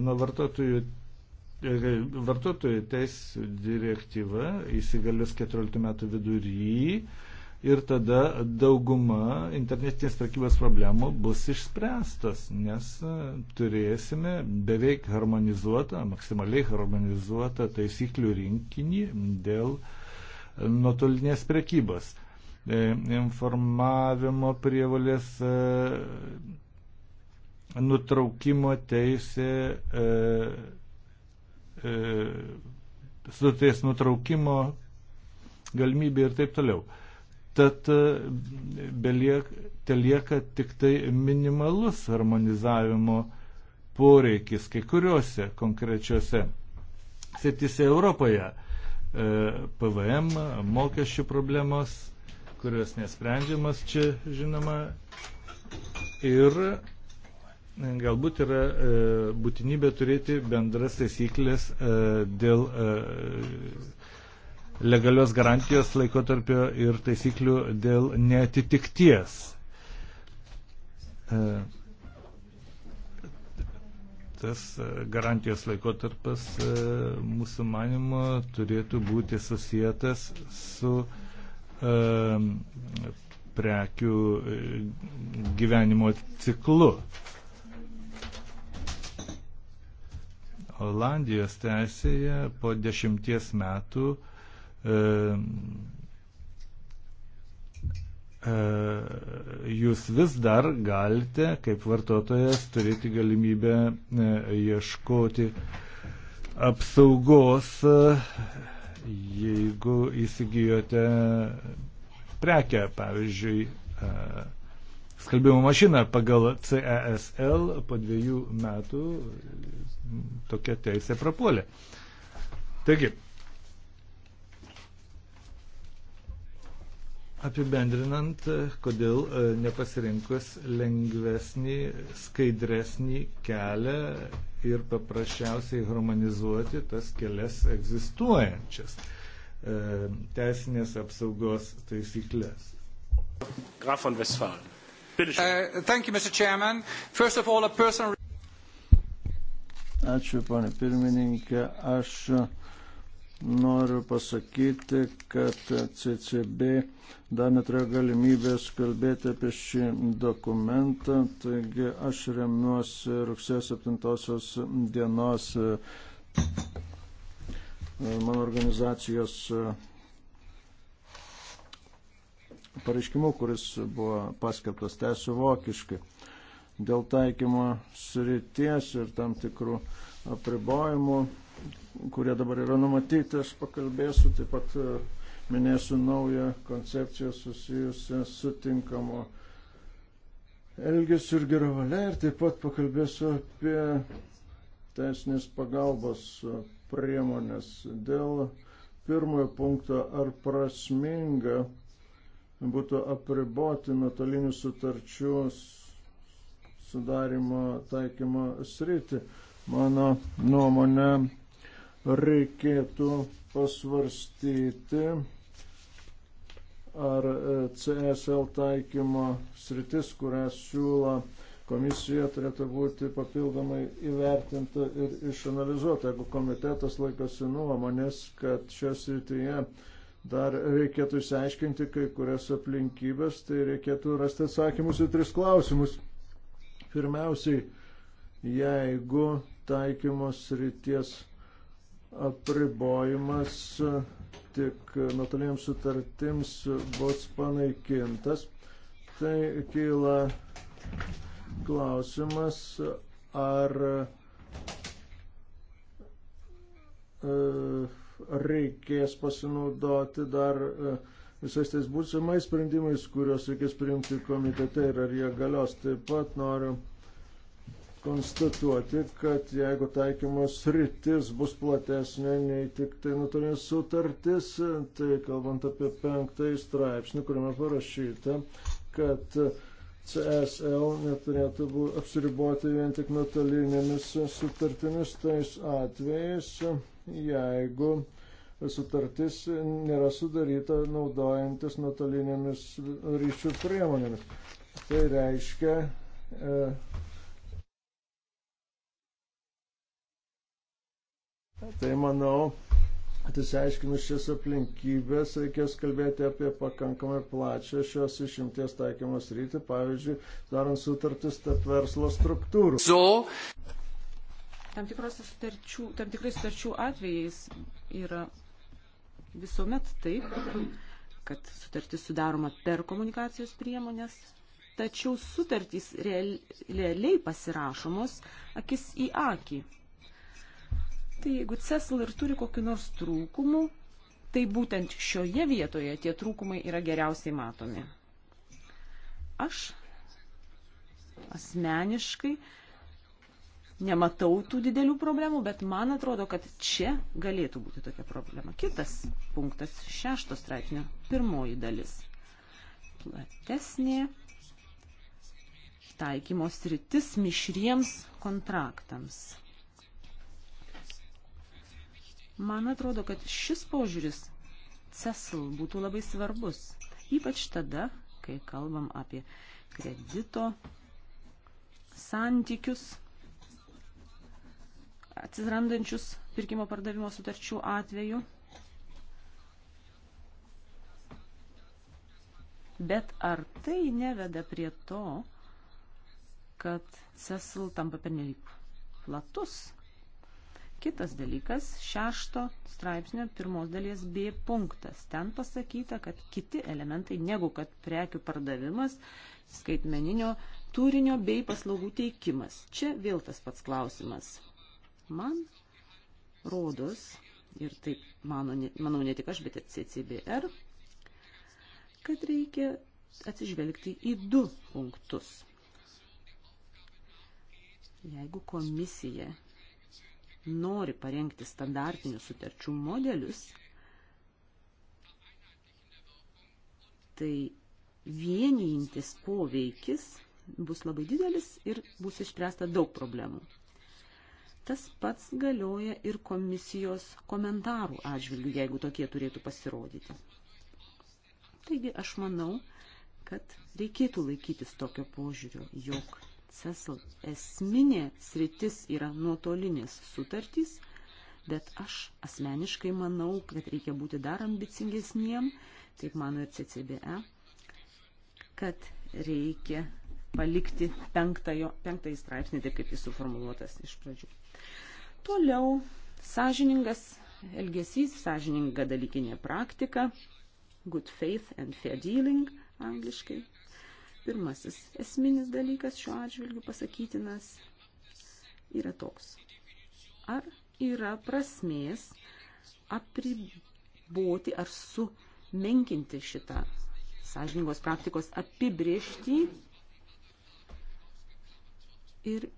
Nuo vartotojų, e, vartotojų teisų direktyva įsigalios 14 metų vidury ir tada dauguma internetinės prekybos problemų bus išspręstas, nes e, turėsime beveik harmonizuotą, maksimaliai harmonizuotą taisyklių rinkinį dėl nuotolinės prekybos. E, informavimo prievalės e, nutraukimo teisė, e, sutarties nutraukimo galimybė ir taip toliau. Tad beliek, telieka tik tai minimalus harmonizavimo poreikis kai kuriuose konkrečiuose sritise Europoje. PVM, mokesčių problemos kurios nesprendžiamas čia, žinoma. Ir galbūt yra e, būtinybė turėti bendras taisyklės e, dėl e, legalios garantijos laikotarpio ir taisyklių dėl netitikties. E, tas e, garantijos laikotarpis e, mūsų manimo turėtų būti susijęs su e, prekių e, gyvenimo ciklu. Olandijos teisėje po dešimties metų e, e, jūs vis dar galite, kaip vartotojas, turėti galimybę e, ieškoti apsaugos. E, jeigu įsigijote prekę, pavyzdžiui, e, skalbimo mašiną pagal CESL po dviejų metų tokia teisė prapuolė. Taigi, Apibendrinant, kodėl e, nepasirinkus lengvesnį, skaidresnį kelią ir paprasčiausiai harmonizuoti tas kelias egzistuojančias e, teisinės apsaugos taisyklės. Graf von Westfalen. Uh, thank you, Mr. Chairman. First of all, a person... Ačiū, ponė pirmininkė. Aš uh, noriu pasakyti, kad CCB dar neturėjo galimybės kalbėti apie šį dokumentą, taigi aš remiuosi rugsėjo 7 dienos e, mano organizacijos e, pareiškimu, kuris buvo paskelbtas tesiu vokiškai dėl taikymo srities ir tam tikrų apribojimų kurie dabar yra numatyti, aš pakalbėsiu, taip pat e, minėsiu naują koncepciją susijusią su tinkamo elgesiu ir geravalia ir taip pat pakalbėsiu apie teisinės pagalbos priemonės. Dėl pirmojo punkto, ar prasminga būtų apriboti metalinių sutarčių sudarimo taikymo sritį. Mano nuomonė, reikėtų pasvarstyti, ar e, CSL taikymo sritis, kurią siūlo komisija, turėtų būti papildomai įvertinta ir išanalizuota. Jeigu komitetas laikosi nuomonės, kad šios srityje dar reikėtų išsiaiškinti kai kurias aplinkybės, tai reikėtų rasti atsakymus į tris klausimus. Pirmiausiai, jeigu taikymos ryties apribojimas tik nuotolinėms sutartims bus panaikintas, tai kyla klausimas, ar e, reikės pasinaudoti dar e, visais tais būsimais sprendimais, kuriuos reikės priimti komitete ir ar jie galios. Taip pat noriu konstatuoti, kad jeigu taikymos rytis bus platesnė nei tik tai nutolinės sutartis, tai kalbant apie penktąjį straipsnį, kuriame parašyta, kad CSL neturėtų apsiriboti vien tik nutolinėmis sutartimis tais atvejais, jeigu sutartis nėra sudaryta naudojantis nutolinėmis ryšių priemonėmis. Tai reiškia, e, Tai manau, Atsiaiškinus šias aplinkybės, reikės kalbėti apie pakankamai plačią šios išimties taikymos rytį, pavyzdžiui, darant sutartis tarp verslo struktūrų. So. Tam, sutarčių, tam tikrai sutarčių atvejais yra visuomet taip, kad sutartis sudaroma per komunikacijos priemonės, tačiau sutartys real, realiai pasirašomos akis į akį Tai jeigu CESL ir turi kokiu nors trūkumu, tai būtent šioje vietoje tie trūkumai yra geriausiai matomi. Aš asmeniškai nematau tų didelių problemų, bet man atrodo, kad čia galėtų būti tokia problema. Kitas punktas, šešto straipsnio, pirmoji dalis. Platesnė taikymo sritis mišriems kontraktams. Man atrodo, kad šis požiūris CESL būtų labai svarbus, ypač tada, kai kalbam apie kredito santykius atsirandančius pirkimo pardavimo sutarčių atveju. Bet ar tai neveda prie to, kad CESL tampa pernelyg platus Kitas dalykas, šešto straipsnio pirmos dalies B punktas. Ten pasakyta, kad kiti elementai negu kad prekių pardavimas, skaitmeninio turinio bei paslaugų teikimas. Čia vėl tas pats klausimas. Man rodos, ir taip mano, manau ne tik aš, bet ir CCBR, kad reikia atsižvelgti į du punktus. Jeigu komisija nori parengti standartinius sutarčių modelius, tai vienijintis poveikis bus labai didelis ir bus išspręsta daug problemų. Tas pats galioja ir komisijos komentarų atžvilgių, jeigu tokie turėtų pasirodyti. Taigi aš manau, kad reikėtų laikytis tokio požiūrio, jog Cecil, esminė sritis yra nuotolinės sutartys, bet aš asmeniškai manau, kad reikia būti dar ambicingesniem, taip mano ir CCBE, kad reikia palikti penktajo, penktąjį straipsnį, taip kaip jis suformuluotas iš pradžių. Toliau sąžiningas elgesys, sąžininga dalykinė praktika, good faith and fair dealing angliškai. Pirmasis esminis dalykas šiuo atžvilgiu pasakytinas yra toks. Ar yra prasmės apriboti ar sumenkinti šitą sąžiningos praktikos apibriežtį ir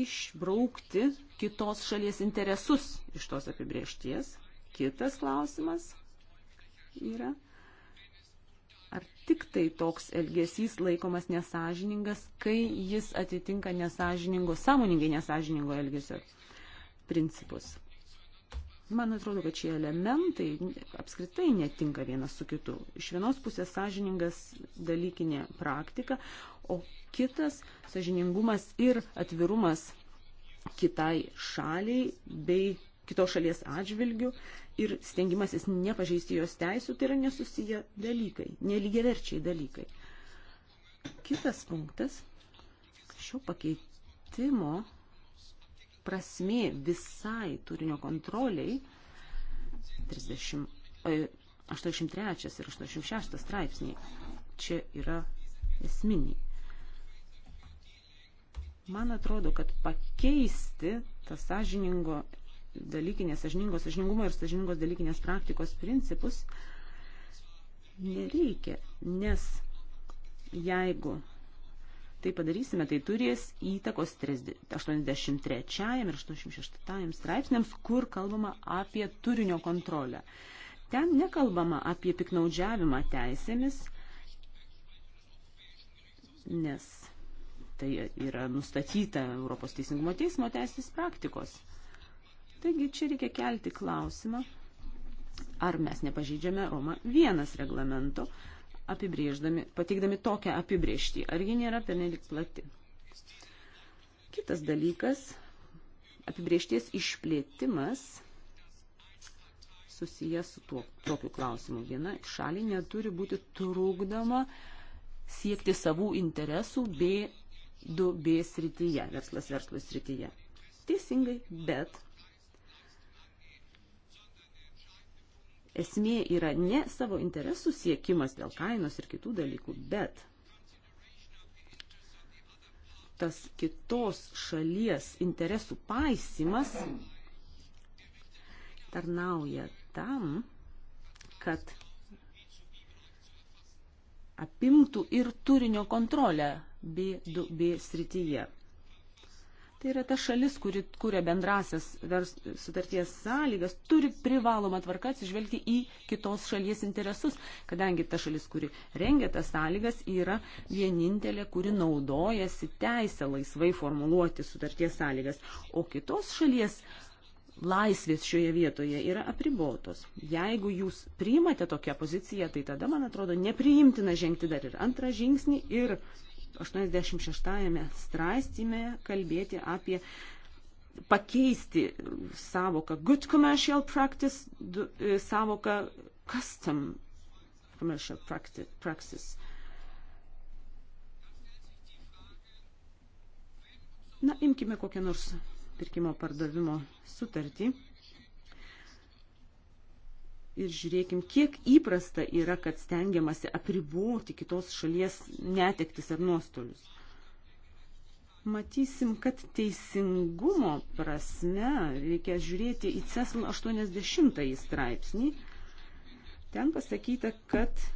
išbraukti kitos šalies interesus iš tos apibriešties. Kitas klausimas yra, Ar tik tai toks elgesys laikomas nesažiningas, kai jis atitinka nesažiningo, sąmoningai nesažiningo elgesio principus? Man atrodo, kad šie elementai apskritai netinka vienas su kitu. Iš vienos pusės sąžiningas dalykinė praktika, o kitas sąžiningumas ir atvirumas kitai šaliai bei kitos šalies atžvilgių ir stengimasis nepažeisti jos teisų, tai yra nesusiję dalykai, nelygiaverčiai dalykai. Kitas punktas šio pakeitimo prasmė visai turinio kontroliai 30, 83 e, ir 86 straipsniai čia yra esminiai. Man atrodo, kad pakeisti tą sąžiningo dalykinės sažiningos sažiningumo ir sažiningos dalykinės praktikos principus nereikia, nes jeigu tai padarysime, tai turės įtakos 83 ir 86 straipsniams, kur kalbama apie turinio kontrolę. Ten nekalbama apie piknaudžiavimą teisėmis, nes tai yra nustatyta Europos Teisingumo teismo teisės praktikos. Taigi čia reikia kelti klausimą, ar mes nepažydžiame Roma vienas reglamento, apibrėždami, pateikdami tokią apibrėžtį, ar ji nėra pernelik plati. Kitas dalykas - apibrėžties išplėtimas susijęs su tuo, tokiu klausimu. Viena šaliai neturi būti trūkdama siekti savų interesų B2B srityje, verslas verslo srityje. Teisingai, bet esmė yra ne savo interesų siekimas dėl kainos ir kitų dalykų, bet tas kitos šalies interesų paisimas tarnauja tam, kad apimtų ir turinio kontrolę B2B srityje. Tai yra ta šalis, kuri kūrė bendrasias vers, sutarties sąlygas, turi privalomą tvarką atsižvelgti į kitos šalies interesus, kadangi ta šalis, kuri rengia tas sąlygas, yra vienintelė, kuri naudojasi teisę laisvai formuluoti sutarties sąlygas, o kitos šalies laisvės šioje vietoje yra apribotos. Jeigu jūs priimate tokią poziciją, tai tada, man atrodo, nepriimtina žengti dar ir antrą žingsnį ir 86 straipsnėme kalbėti apie pakeisti savoką good commercial practice, e, savoką custom commercial practice. Na, imkime kokią nors pirkimo pardavimo sutartį ir žiūrėkim, kiek įprasta yra, kad stengiamasi apriboti kitos šalies netektis ar nuostolius. Matysim, kad teisingumo prasme reikia žiūrėti į CESM 80 straipsnį. Ten pasakyta, kad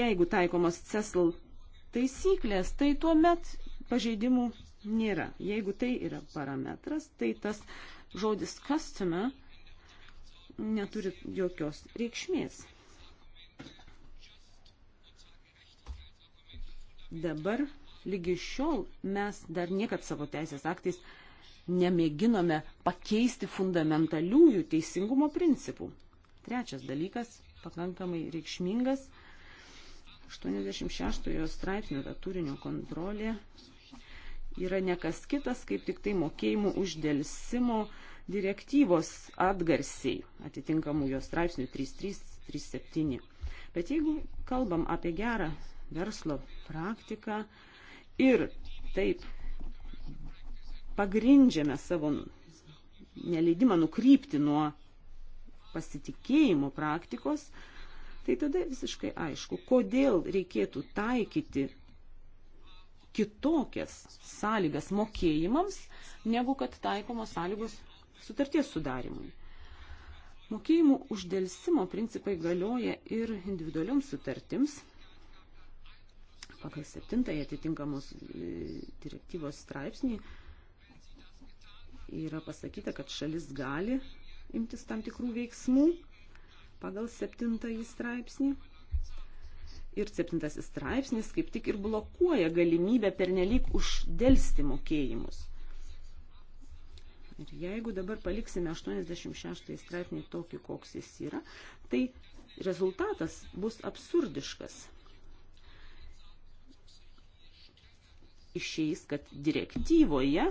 jeigu taikomos CESL taisyklės, tai tuomet pažeidimų nėra. Jeigu tai yra parametras, tai tas uh, žodis customer neturi jokios reikšmės. Dabar lygi šiol mes dar niekad savo teisės aktais nemėginome pakeisti fundamentaliųjų teisingumo principų. Trečias dalykas, pakankamai reikšmingas, 86 straipsnio turinio kontrolė yra nekas kitas, kaip tik tai mokėjimų uždėlsimo direktyvos atgarsiai atitinkamų jos straipsnių 3337. Bet jeigu kalbam apie gerą verslo praktiką ir taip pagrindžiame savo neleidimą nukrypti nuo pasitikėjimo praktikos, tai tada visiškai aišku, kodėl reikėtų taikyti kitokias sąlygas mokėjimams, negu kad taikomos sąlygos sutarties sudarimui. Mokėjimų uždėlsimo principai galioja ir individualioms sutartims pagal septintąją atitinkamos e, direktyvos straipsnį yra pasakyta, kad šalis gali imtis tam tikrų veiksmų pagal septintąjį straipsnį ir septintasis straipsnis kaip tik ir blokuoja galimybę pernelyg uždelsti mokėjimus. Ir jeigu dabar paliksime 86 straipsnį tokį, koks jis yra, tai rezultatas bus absurdiškas. Išeis, kad direktyvoje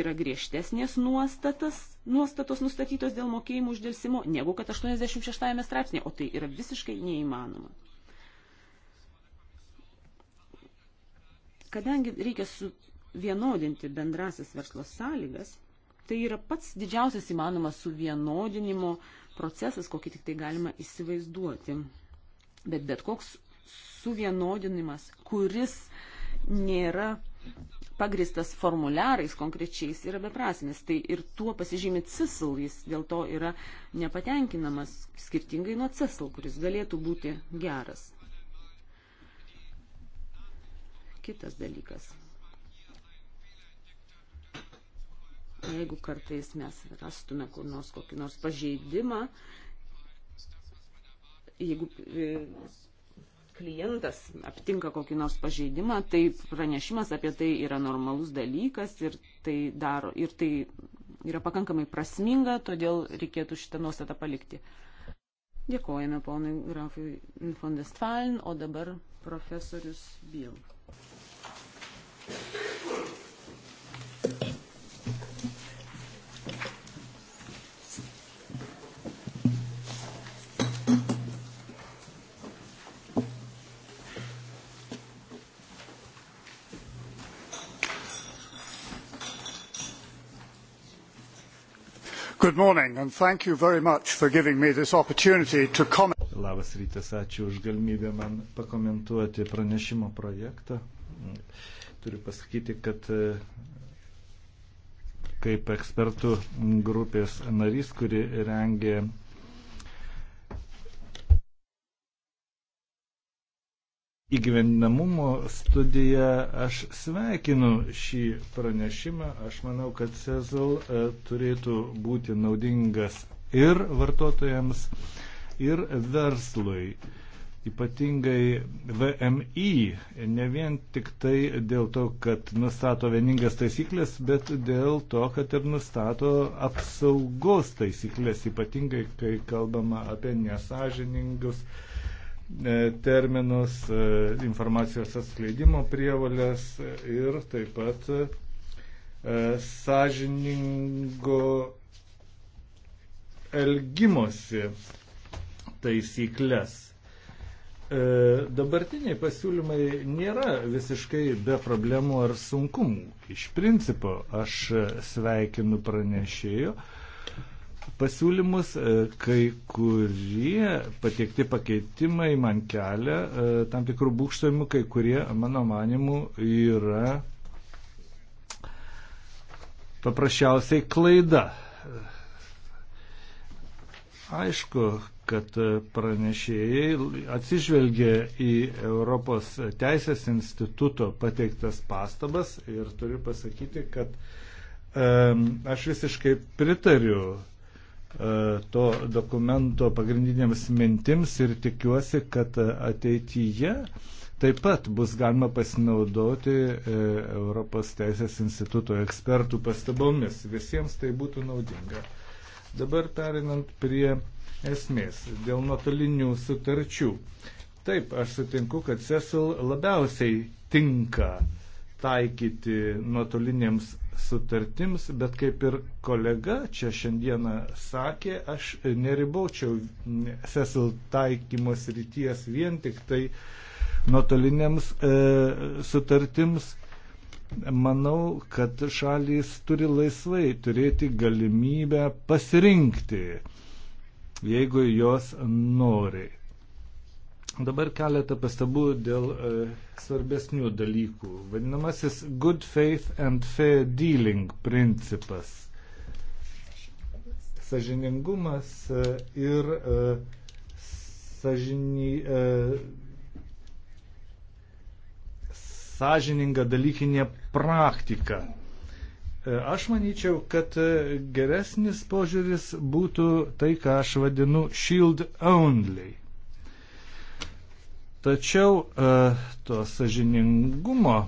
yra griežtesnės nuostatas, nuostatos nustatytos dėl mokėjimų uždėlsimo negu kad 86 straipsnė, o tai yra visiškai neįmanoma. Kadangi reikia suvienodinti bendrasis verslo sąlygas, tai yra pats didžiausias įmanomas suvienodinimo procesas, kokį tik tai galima įsivaizduoti. Bet bet koks suvienodinimas, kuris nėra pagristas formuliarais konkrečiais, yra beprasmis. Tai ir tuo pasižymi CISL, jis dėl to yra nepatenkinamas, skirtingai nuo CISL, kuris galėtų būti geras. kitas dalykas. Jeigu kartais mes rastume kur nors kokį nors pažeidimą, jeigu e, klientas aptinka kokį nors pažeidimą, tai pranešimas apie tai yra normalus dalykas ir tai, daro, ir tai yra pakankamai prasminga, todėl reikėtų šitą nuostatą palikti. Dėkojame ponui Grafui Fondestfalin, o dabar profesorius Bill. Good morning, and thank you very much for giving me this opportunity to comment. Labas rytas, ačiū už galimybę man pakomentuoti pranešimo projektą. Turiu pasakyti, kad e, kaip ekspertų grupės narys, kuri rengė įgyvendinamumo studiją, aš sveikinu šį pranešimą. Aš manau, kad CESL e, turėtų būti naudingas ir vartotojams, ir verslui ypatingai VMI, ne vien tik tai dėl to, kad nustato vieningas taisyklės, bet dėl to, kad ir nustato apsaugos taisyklės, ypatingai kai kalbama apie nesažiningus e, terminus, e, informacijos atskleidimo prievalės ir taip pat e, sąžiningo elgimosi taisyklės. E, dabartiniai pasiūlymai nėra visiškai be problemų ar sunkumų. Iš principo aš sveikinu pranešėjo pasiūlymus, e, kai kurie patiekti pakeitimai man kelia e, tam tikrų būkštojimų, kai kurie, mano manimu, yra paprasčiausiai klaida. Aišku, kad pranešėjai atsižvelgia į Europos teisės instituto pateiktas pastabas ir turiu pasakyti, kad um, aš visiškai pritariu uh, to dokumento pagrindinėms mintims ir tikiuosi, kad ateityje taip pat bus galima pasinaudoti uh, Europos teisės instituto ekspertų pastabomis. Visiems tai būtų naudinga. Dabar perinant prie esmės, dėl nuotolinių sutarčių. Taip, aš sutinku, kad Cecil labiausiai tinka taikyti nuotolinėms sutartims, bet kaip ir kolega čia šiandieną sakė, aš neribočiau Cecil taikymos ryties vien tik tai nuotolinėms e, sutartims. Manau, kad šalys turi laisvai turėti galimybę pasirinkti jeigu jos nori. Dabar keletą pastabų dėl e, svarbesnių dalykų. Vadinamasis good faith and fair dealing principas. Sažiningumas e, ir e, sažini, e, sažininga dalykinė praktika. E, aš manyčiau, kad e, geresnis požiūris būtų tai, ką aš vadinu shield only. Tačiau e, to sažiningumo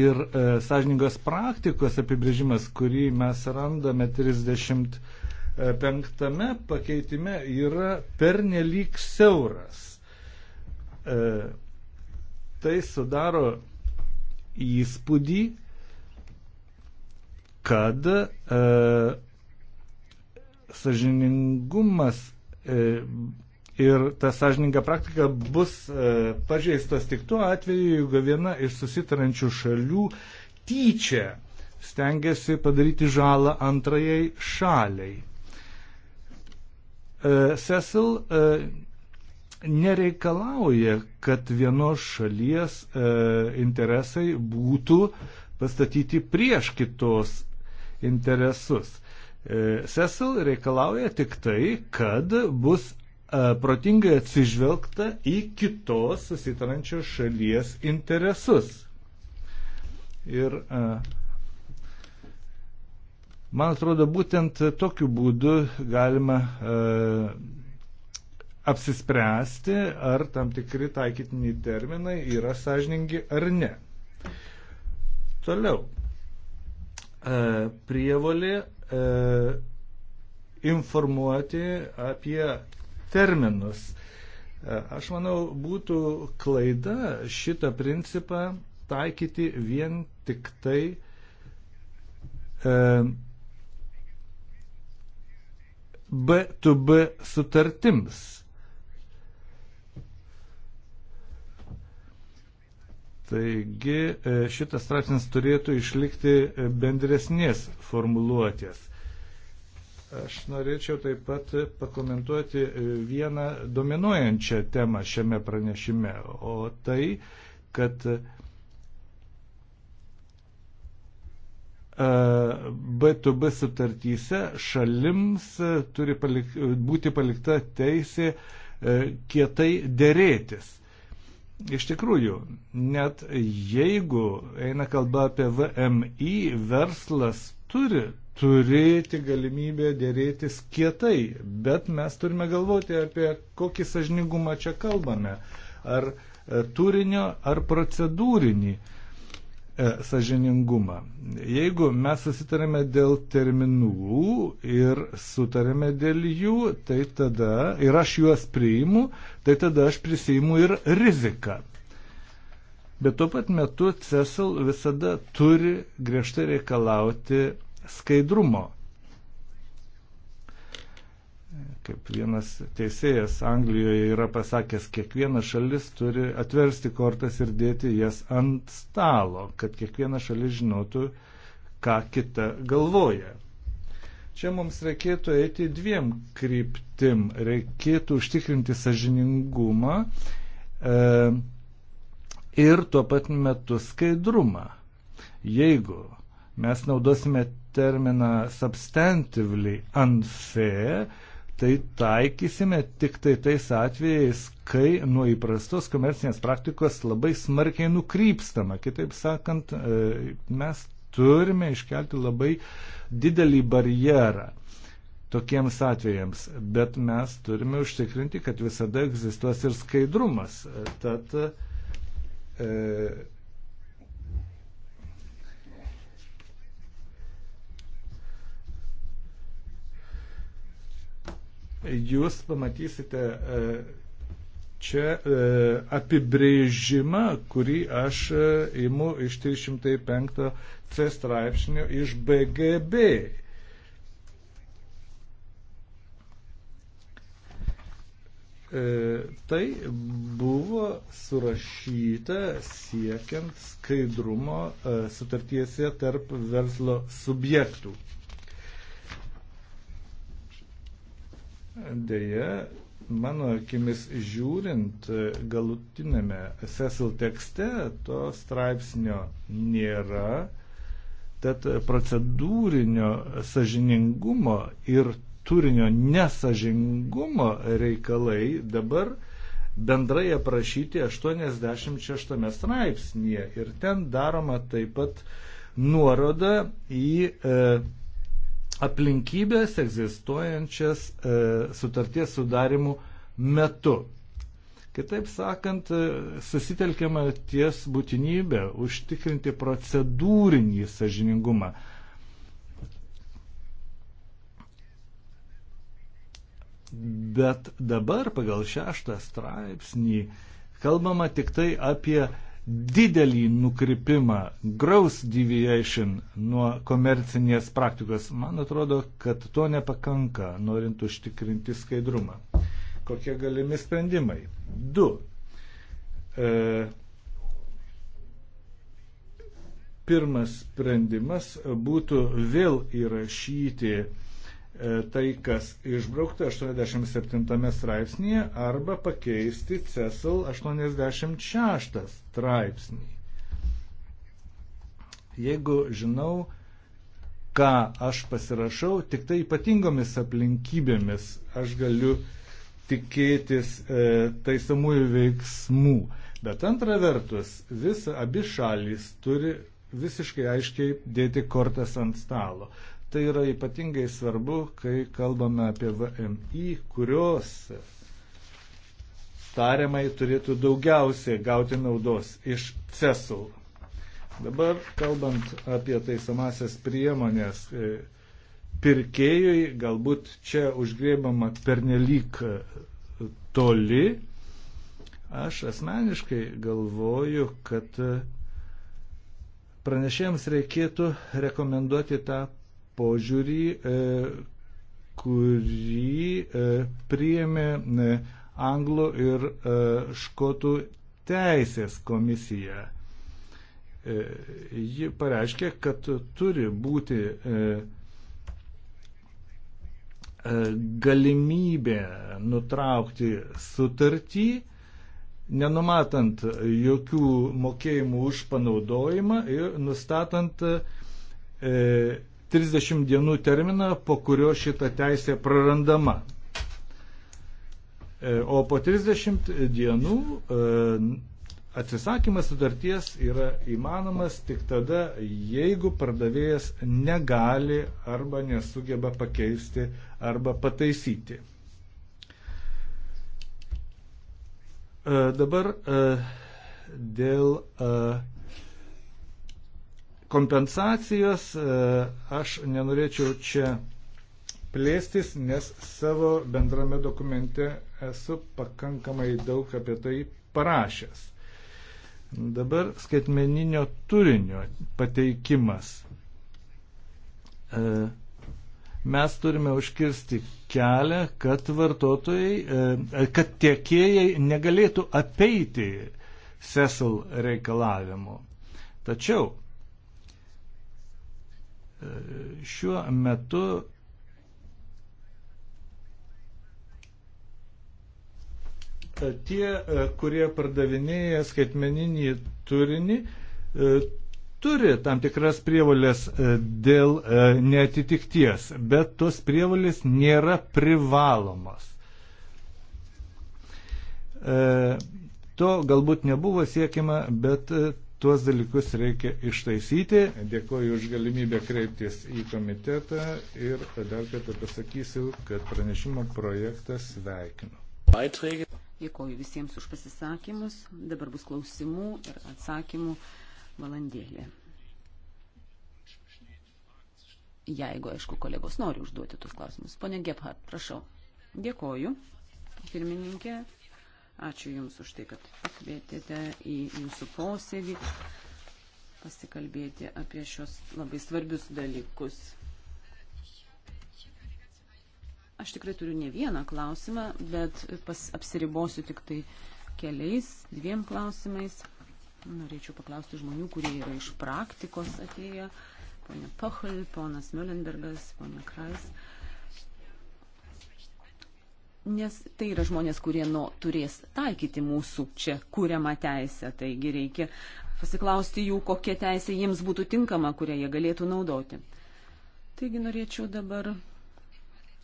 ir sąžiningos praktikos apibrėžimas, kurį mes randame 35 pakeitime, yra pernelyg siauras. Tai sudaro įspūdį, kad e, sažiningumas e, ir ta sažininga praktika bus e, pažeistas tik tuo atveju, jeigu viena iš susitarančių šalių tyčia stengiasi padaryti žalą antrajai šaliai. E, Cecil e, nereikalauja, kad vienos šalies e, interesai būtų pastatyti prieš kitos interesus. E, Cecil reikalauja tik tai, kad bus e, protingai atsižvelgta į kitos susitarančios šalies interesus. Ir e, man atrodo, būtent tokiu būdu galima apsispręsti, ar tam tikri taikytiniai terminai yra sąžiningi ar ne. Toliau. E, prievolė e, informuoti apie terminus. E, aš manau, būtų klaida šitą principą taikyti vien tik tai e, B2B sutartims. Taigi e, šitas straipsnis turėtų išlikti e, bendresnės formuluotės. Aš norėčiau taip pat pakomentuoti e, vieną dominuojančią temą šiame pranešime, o tai, kad B2B sutartyse šalims turi palik, būti palikta teisė kietai dėrėtis. Iš tikrųjų, net jeigu eina kalba apie VMI, verslas turi turėti galimybę dėrėtis kietai, bet mes turime galvoti apie kokį sažiningumą čia kalbame. Ar e, turinio, ar procedūrinį. E, E, sažiningumą. Jeigu mes susitarėme dėl terminų ir sutarėme dėl jų, tai tada ir aš juos priimu, tai tada aš prisiimu ir riziką. Bet tuo pat metu Cecil visada turi griežtai reikalauti skaidrumo kaip vienas teisėjas Anglijoje yra pasakęs, kiekviena šalis turi atversti kortas ir dėti jas ant stalo, kad kiekviena šalis žinotų, ką kita galvoja. Čia mums reikėtų eiti dviem kryptim. Reikėtų užtikrinti sažiningumą e, ir tuo pat metu skaidrumą. Jeigu mes naudosime terminą substantively unfair, tai taikysime tik tai tais atvejais, kai nuo įprastos komercinės praktikos labai smarkiai nukrypstama. Kitaip sakant, e, mes turime iškelti labai didelį barjerą tokiems atvejams, bet mes turime užtikrinti, kad visada egzistuos ir skaidrumas. Tad e, jūs pamatysite e, čia e, apibrėžimą, kurį aš e, imu iš 305 C straipsnio iš BGB. Tai buvo surašyta siekiant skaidrumo sutartiesė tarp verslo subjektų. Deja, mano akimis žiūrint, galutinėme Cecil tekste to straipsnio nėra, tad procedūrinio sažiningumo ir turinio nesažingumo reikalai dabar bendrai aprašyti 86 straipsnėje ir ten daroma taip pat nuoroda į e, aplinkybės egzistuojančias e, sutarties sudarimų metu. Kitaip sakant, e, susitelkiama ties būtinybė užtikrinti procedūrinį sažiningumą. Bet dabar pagal šeštą straipsnį kalbama tik tai apie didelį nukrypimą, gross deviation nuo komercinės praktikos. Man atrodo, kad to nepakanka, norint užtikrinti skaidrumą. Kokie galimi sprendimai? Du. E, pirmas sprendimas būtų vėl įrašyti E, tai, kas išbraukta 87 straipsnėje, arba pakeisti CESL 86 straipsnį. Jeigu žinau, ką aš pasirašau, tik tai ypatingomis aplinkybėmis aš galiu tikėtis e, taisomųjų veiksmų. Bet antra vertus, vis abi šalis turi visiškai aiškiai dėti kortas ant stalo. Tai yra ypatingai svarbu, kai kalbame apie VMI, kurios tariamai turėtų daugiausiai gauti naudos iš CESL. Dabar kalbant apie taisomasias priemonės, e, pirkėjui galbūt čia užgrėbama pernelyg e, toli. Aš asmeniškai galvoju, kad e, pranešėjams reikėtų rekomenduoti tą požiūrį, e, kurį e, priėmė e, anglų ir škotų teisės komisija. Ji pareiškė, kad turi būti galimybė nutraukti sutartį, nenumatant jokių mokėjimų už panaudojimą ir nustatant 30 dienų terminą, po kurio šita teisė prarandama. E, o po 30 dienų e, atsisakymas sutarties yra įmanomas tik tada, jeigu pardavėjas negali arba nesugeba pakeisti arba pataisyti. E, dabar dėl kompensacijas e, aš nenorėčiau čia plėstis, nes savo bendrame dokumente esu pakankamai daug apie tai parašęs. Dabar skaitmeninio turinio pateikimas. E, mes turime užkirsti kelią, kad vartotojai, e, kad tiekėjai negalėtų apeiti SESL reikalavimo. Tačiau Šiuo metu tie, kurie pardavinėja skaitmeninį turinį, turi tam tikras prievalės dėl e, netitikties, bet tos prievalės nėra privalomos. E, to galbūt nebuvo siekima, bet e, Tuos dalykus reikia ištaisyti. Dėkoju už galimybę kreiptis į komitetą ir dar kartą pasakysiu, kad pranešimo projektas sveikinu. Dėkoju visiems už pasisakymus. Dabar bus klausimų ir atsakymų valandėlė. Jeigu, aišku, kolegos nori užduoti tuos klausimus. Pone Gebhardt, prašau. Dėkoju, pirmininkė. Ačiū Jums už tai, kad pakvietėte į Jūsų posėdį pasikalbėti apie šios labai svarbius dalykus. Aš tikrai turiu ne vieną klausimą, bet pas, apsiribosiu tik tai keliais, dviem klausimais. Norėčiau paklausti žmonių, kurie yra iš praktikos atėję. Pone Pachl, ponas Müllenbergas, ponia Krais. Uh, nes tai yra žmonės, kurie nu, turės taikyti mūsų čia kūriamą teisę. Taigi reikia pasiklausti jų, kokia teisė jiems būtų tinkama, kurią jie galėtų naudoti. Taigi norėčiau dabar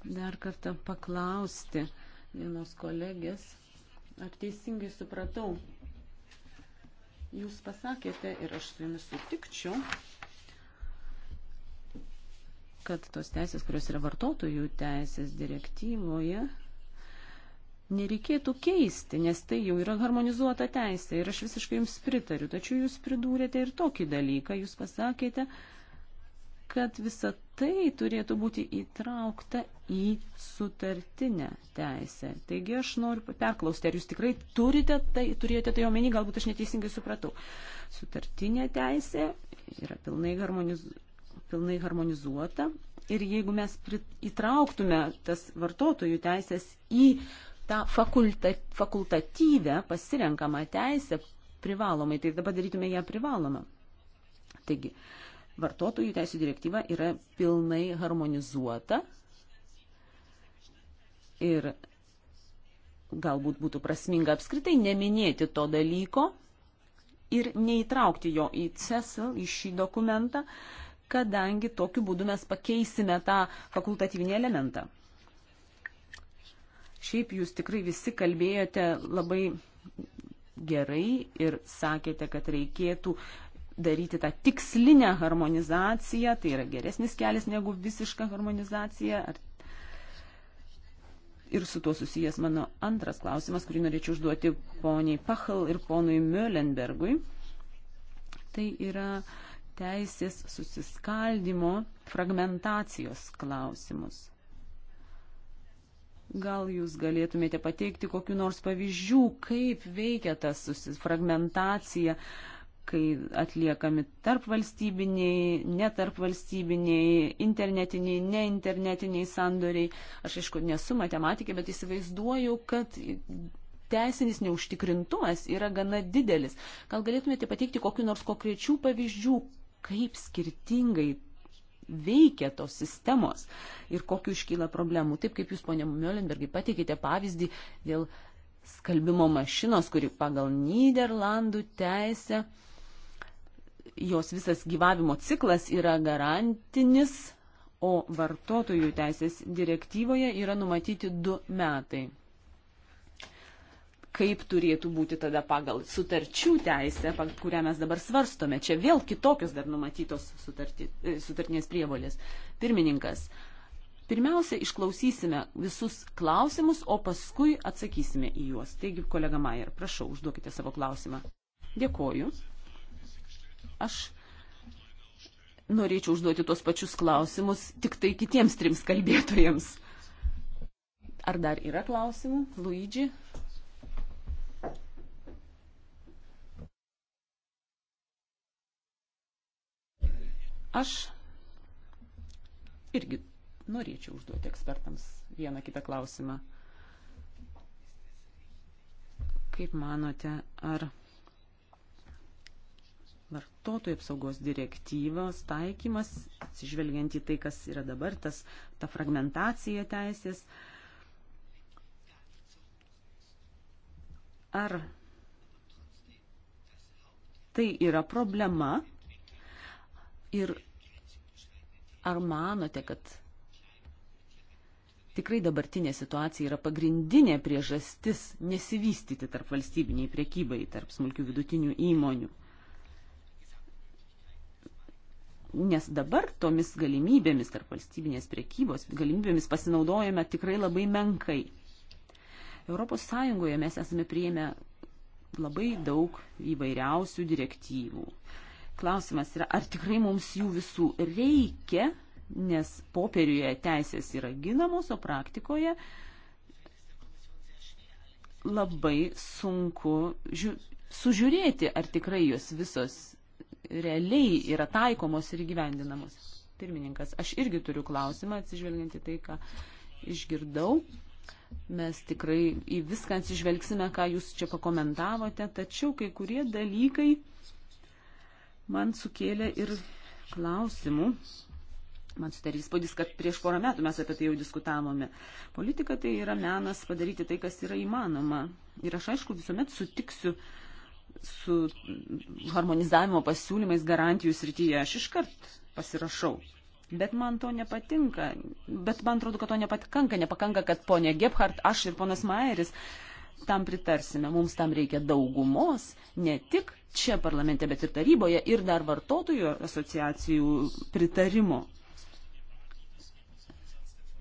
dar kartą paklausti vienos kolegės, ar teisingai supratau. Jūs pasakėte ir aš su jumis sutikčiau, kad tos teisės, kurios yra vartotojų teisės direktyvoje, nereikėtų keisti, nes tai jau yra harmonizuota teisė ir aš visiškai jums pritariu. Tačiau jūs pridūrėte ir tokį dalyką, jūs pasakėte, kad visa tai turėtų būti įtraukta į sutartinę teisę. Taigi aš noriu perklausti, ar jūs tikrai turite tai, turėjote tai omeny, galbūt aš neteisingai supratau. Sutartinė teisė yra pilnai, harmoniz, pilnai harmonizuota ir jeigu mes prit, įtrauktume tas vartotojų teisės į tą fakulta, fakultatyvę pasirenkamą teisę privalomai, tai dabar darytume ją privalomą. Taigi, vartotojų teisų direktyva yra pilnai harmonizuota ir galbūt būtų prasminga apskritai neminėti to dalyko ir neįtraukti jo į CESL, į šį dokumentą, kadangi tokiu būdu mes pakeisime tą fakultatyvinį elementą. Šiaip jūs tikrai visi kalbėjote labai gerai ir sakėte, kad reikėtų daryti tą tikslinę harmonizaciją, tai yra geresnis kelias negu visiška harmonizacija. Ir su tuo susijęs mano antras klausimas, kurį norėčiau užduoti poniai Pachal ir ponui Möllenbergui. Tai yra teisės susiskaldimo fragmentacijos klausimus. Gal jūs galėtumėte pateikti kokiu nors pavyzdžių, kaip veikia ta fragmentacija, kai atliekami tarpvalstybiniai, netarpvalstybiniai, internetiniai, neinternetiniai sandoriai. Aš aišku, nesu matematikė, bet įsivaizduoju, kad teisinis neužtikrintumas yra gana didelis. Gal galėtumėte pateikti kokiu nors konkrečių pavyzdžių, kaip skirtingai veikia tos sistemos ir kokiu iškyla problemų. Taip kaip jūs, ponė Miolenbergai, pateikite pavyzdį dėl skalbimo mašinos, kuri pagal Niderlandų teisę, jos visas gyvavimo ciklas yra garantinis, o vartotojų teisės direktyvoje yra numatyti du metai kaip turėtų būti tada pagal sutarčių teisę, kurią mes dabar svarstome. Čia vėl kitokios dar numatytos sutarti, e, sutartinės prievolės. Pirmininkas, pirmiausia, išklausysime visus klausimus, o paskui atsakysime į juos. Taigi, kolega Mayer, prašau, užduokite savo klausimą. Dėkoju. Aš norėčiau užduoti tuos pačius klausimus, tik tai kitiems trims kalbėtojams. Ar dar yra klausimų? Luigi, Aš irgi norėčiau užduoti ekspertams vieną kitą klausimą. Kaip manote, ar vartotojų apsaugos direktyvos taikymas, atsižvelgiant į tai, kas yra dabar, tas, ta fragmentacija teisės, ar tai yra problema, Ir ar manote, kad tikrai dabartinė situacija yra pagrindinė priežastis nesivystyti tarp valstybiniai priekybai, tarp smulkių vidutinių įmonių? nes dabar tomis galimybėmis tarp valstybinės priekybos galimybėmis pasinaudojame tikrai labai menkai. ES mes esame prieėmę labai daug įvairiausių direktyvų. Klausimas yra, ar tikrai mums jų visų reikia, nes popieriuje teisės yra ginamos, o praktikoje labai sunku žiū, sužiūrėti, ar tikrai jos visos realiai yra taikomos ir gyvendinamos. Pirmininkas, aš irgi turiu klausimą, atsižvelgiant į tai, ką išgirdau. Mes tikrai į viską atsižvelgsime, ką jūs čia pakomentavote, tačiau kai kurie dalykai man sukėlė ir klausimų. Man sudarė įspūdis, kad prieš porą metų mes apie tai jau diskutavome. Politika tai yra menas padaryti tai, kas yra įmanoma. Ir aš aišku visuomet sutiksiu su harmonizavimo pasiūlymais garantijų srityje. Aš iškart pasirašau. Bet man to nepatinka. Bet man atrodo, kad to nepakanka. Nepakanka, kad ponė Gebhardt, aš ir ponas Maeris tam pritarsime. Mums tam reikia daugumos, ne tik čia parlamente, bet ir taryboje ir dar vartotojų asociacijų pritarimo.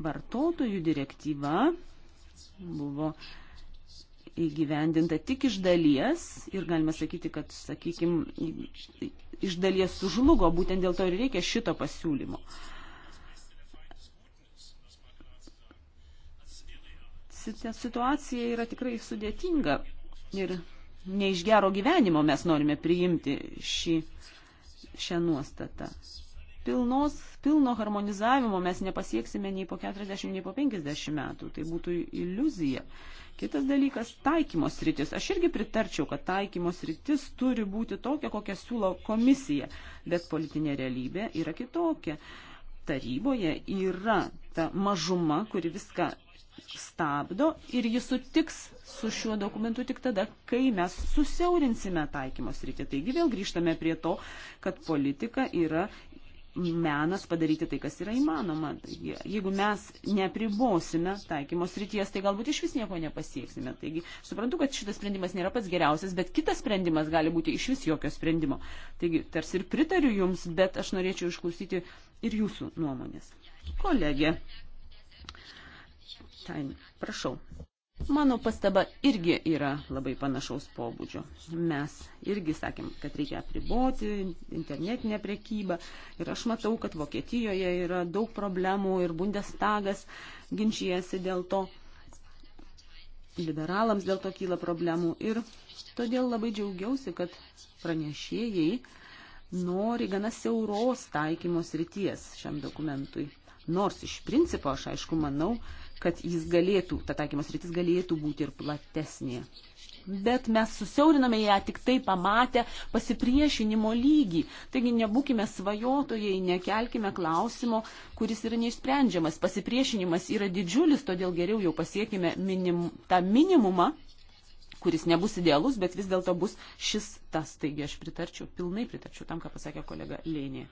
Vartotojų direktyva buvo įgyvendinta tik iš dalies ir galima sakyti, kad, sakykime, iš dalies sužlugo, būtent dėl to ir reikia šito pasiūlymo. Uh, Situacija yra tikrai sudėtinga ir ne iš gero gyvenimo mes norime priimti šį, šią nuostatą. Pilnos, pilno harmonizavimo mes nepasieksime nei po 40, nei po 50 metų. Tai būtų iliuzija. Kitas dalykas - taikymos rytis. Aš irgi pritarčiau, kad taikymos rytis turi būti tokia, kokią siūlo komisija, bet politinė realybė yra kitokia taryboje yra ta mažuma, kuri viską stabdo ir jis sutiks su šiuo dokumentu tik tada, kai mes susiaurinsime taikymos rytį. Taigi vėl grįžtame prie to, kad politika yra menas padaryti tai, kas yra įmanoma. Jeigu mes nepribosime taikymos ryties, tai galbūt iš vis nieko nepasieksime. Taigi, suprantu, kad šitas sprendimas nėra pats geriausias, bet kitas sprendimas gali būti iš vis jokio sprendimo. Taigi, tarsi ir pritariu Jums, bet aš norėčiau išklausyti ir Jūsų nuomonės. Kolegė. Tain, prašau. Mano pastaba irgi yra labai panašaus pobūdžio. Mes irgi sakėm, kad reikia apriboti internetinę prekybą ir aš matau, kad Vokietijoje yra daug problemų ir Bundestagas ginčijasi dėl to, liberalams dėl to kyla problemų ir todėl labai džiaugiausi, kad pranešėjai nori gana siauros taikymos ryties šiam dokumentui. Nors iš principo aš aišku manau, kad jis galėtų, ta taikymas rytis galėtų būti ir platesnė. Bet mes susiauriname ją tik tai pamatę pasipriešinimo lygį. Taigi nebūkime svajotojai, nekelkime klausimo, kuris yra neišsprendžiamas. Pasipriešinimas yra didžiulis, todėl geriau jau pasiekime minim, tą minimumą, kuris nebus idealus, bet vis dėlto bus šis tas. Taigi aš pritarčiau, pilnai pritarčiau tam, ką pasakė kolega Lėnė.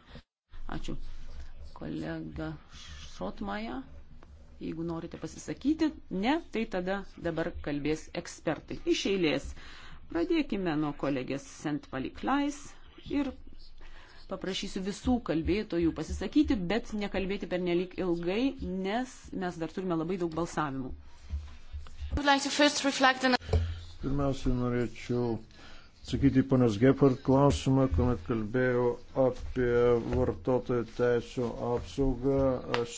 Ačiū. Kolega Šrotmaja. Jeigu norite pasisakyti, ne, tai tada dabar kalbės ekspertai. Iš eilės. Pradėkime nuo kolegės Sent Paliklais ir paprašysiu visų kalbėtojų pasisakyti, bet nekalbėti per nelik ilgai, nes mes dar turime labai daug balsavimų. Pirmiausia, norėčiau atsakyti į ponios Gepard klausimą, kuomet kalbėjau apie vartotojų teisų apsaugą. Aš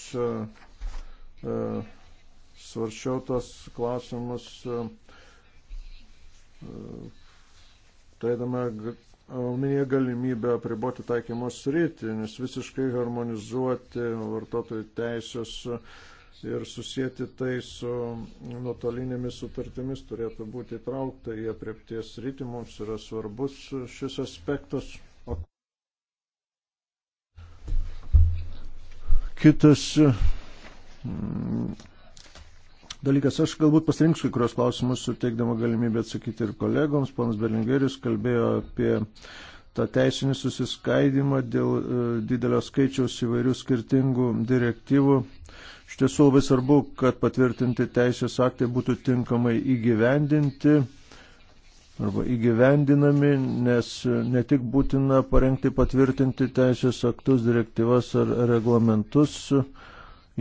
E, svarčiau tos klausimus, e, e, turėdama omenyje galimybę apriboti taikymos rytį, nes visiškai harmonizuoti vartotojų teisės ir susijęti tai su nuotolinėmis sutartimis turėtų būti įtraukta į apriepties rytį. Mums yra svarbus šis aspektas. O kitas Mm. dalykas. Aš galbūt pasirinksiu kai kurios klausimus, suteikdama galimybę atsakyti ir kolegoms. Ponas Berlingeris kalbėjo apie tą teisinį susiskaidimą dėl e, didelio skaičiaus įvairių skirtingų direktyvų. Iš tiesų labai svarbu, kad patvirtinti teisės aktai būtų tinkamai įgyvendinti arba įgyvendinami, nes ne tik būtina parengti patvirtinti teisės aktus, direktyvas ar reglamentus,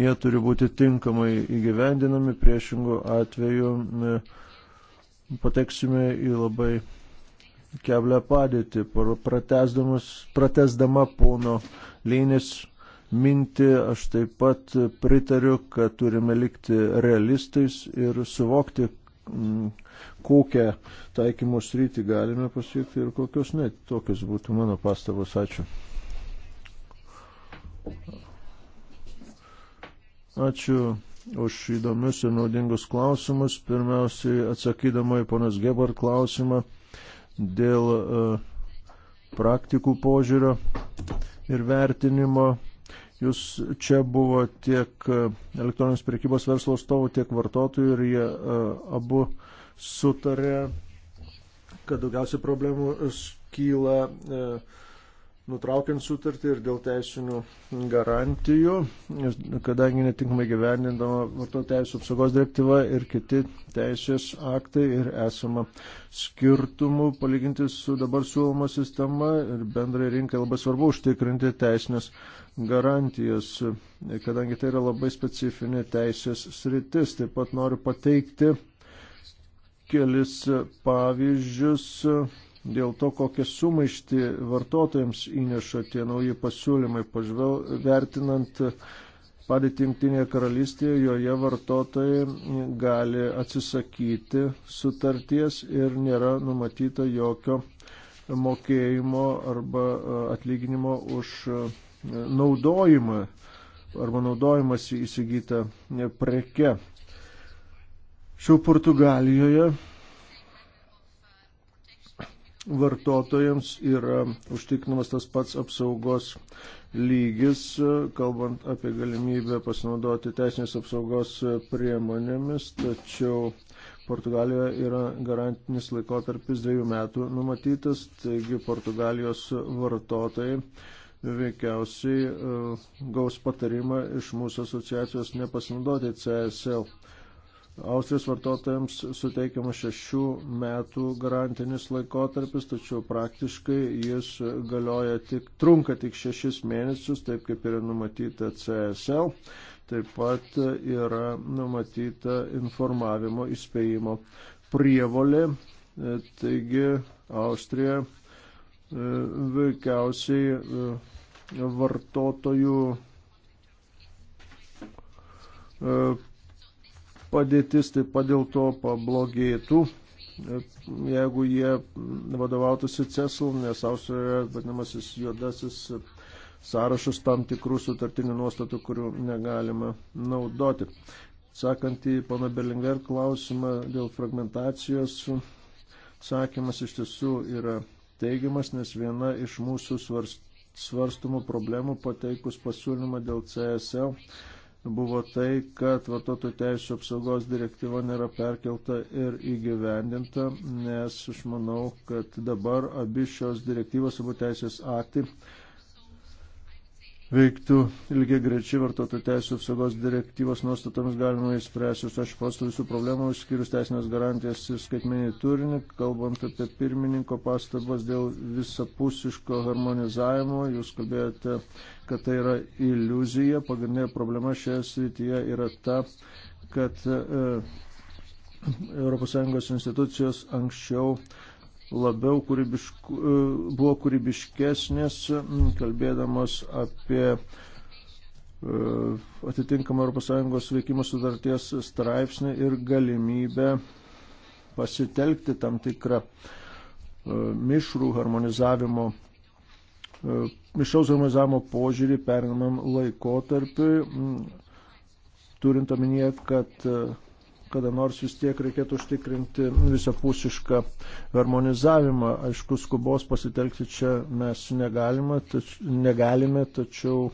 jie turi būti tinkamai įgyvendinami, priešingų atveju e, pateksime į labai keblę padėtį. Pratesdama pono Lynis mintį, aš taip pat pritariu, kad turime likti realistais ir suvokti, kokią taikymo sritį galime pasiekti ir kokios ne. Tokios būtų mano pastabos. Ačiū. Ačiū už įdomius ir naudingus klausimus. Pirmiausiai atsakydama į ponas Gebar klausimą dėl e, praktikų požiūrio ir vertinimo. Jūs čia buvo tiek e, elektroninės prekybos verslo stovų, tiek vartotojų ir jie e, abu sutarė, kad daugiausiai problemų kyla uh, nutraukiant sutartį ir dėl teisinių garantijų, kadangi netinkamai gyvenindama vartotojų teisų apsaugos direktyva ir kiti teisės aktai ir esama skirtumų palyginti su dabar siūloma sistema ir bendrai rinkai labai svarbu užtikrinti teisinės garantijas, kadangi tai yra labai specifinė teisės sritis. Taip pat noriu pateikti kelis pavyzdžius dėl to, kokią sumaištį vartotojams įneša tie nauji pasiūlymai, pažvel, vertinant padėtį Junktinėje karalystėje, joje vartotojai gali atsisakyti sutarties ir nėra numatyta jokio mokėjimo arba atlyginimo už naudojimą arba naudojimasi įsigytą preke. Šiau Portugalijoje vartotojams yra užtikrinamas tas pats apsaugos lygis, kalbant apie galimybę pasinaudoti teisinės apsaugos priemonėmis, tačiau Portugalijoje yra garantinis laikotarpis dviejų metų numatytas, taigi Portugalijos vartotojai veikiausiai e, gaus patarimą iš mūsų asociacijos nepasinaudoti CSL Austrijos vartotojams suteikiamas šešių metų garantinis laikotarpis, tačiau praktiškai jis galioja tik, trunka tik šešis mėnesius, taip kaip yra numatyta CSL. Taip pat yra numatyta informavimo įspėjimo prievolė. Taigi Austrija e, veikiausiai e, vartotojų e, padėtis taip pat dėl to pablogėtų, jeigu jie vadovautųsi CESL, nes Austrijoje vadinamasis juodasis sąrašas tam tikrų sutartinių nuostatų, kurių negalima naudoti. Sakant į pana Berlinger klausimą dėl fragmentacijos, sakymas iš tiesų yra teigiamas, nes viena iš mūsų svarst, svarstumų problemų pateikus pasiūlymą dėl CSL buvo tai, kad vartotojų teisų apsaugos direktyva nėra perkelta ir įgyvendinta, nes aš manau, kad dabar abi šios direktyvos, abu teisės aktai veiktų ilgiai grečiai vartotojų teisų apsaugos direktyvos nuostatomis galima įspręsti 80 procentų visų problemų, išskyrus teisinės garantijas ir skaitmeninį turinį, kalbant apie pirmininko pastabas dėl visapusiško harmonizavimo, jūs kalbėjote, kad tai yra iliuzija, pagrindinė problema šioje srityje yra ta, kad e, ES institucijos anksčiau labiau kūrybiškų, e, buvo kūrybiškesnės, kalbėdamos apie e, atitinkamą ES veikimo sudarties straipsnį ir galimybę pasitelkti tam tikrą e, mišrų harmonizavimo, mišraus harmonizavimo požiūrį perinamam laikotarpiui, turint omenyje, kad kada nors vis tiek reikėtų užtikrinti visapusišką harmonizavimą. Aišku, skubos pasitelkti čia mes negalime, tač, negalime tačiau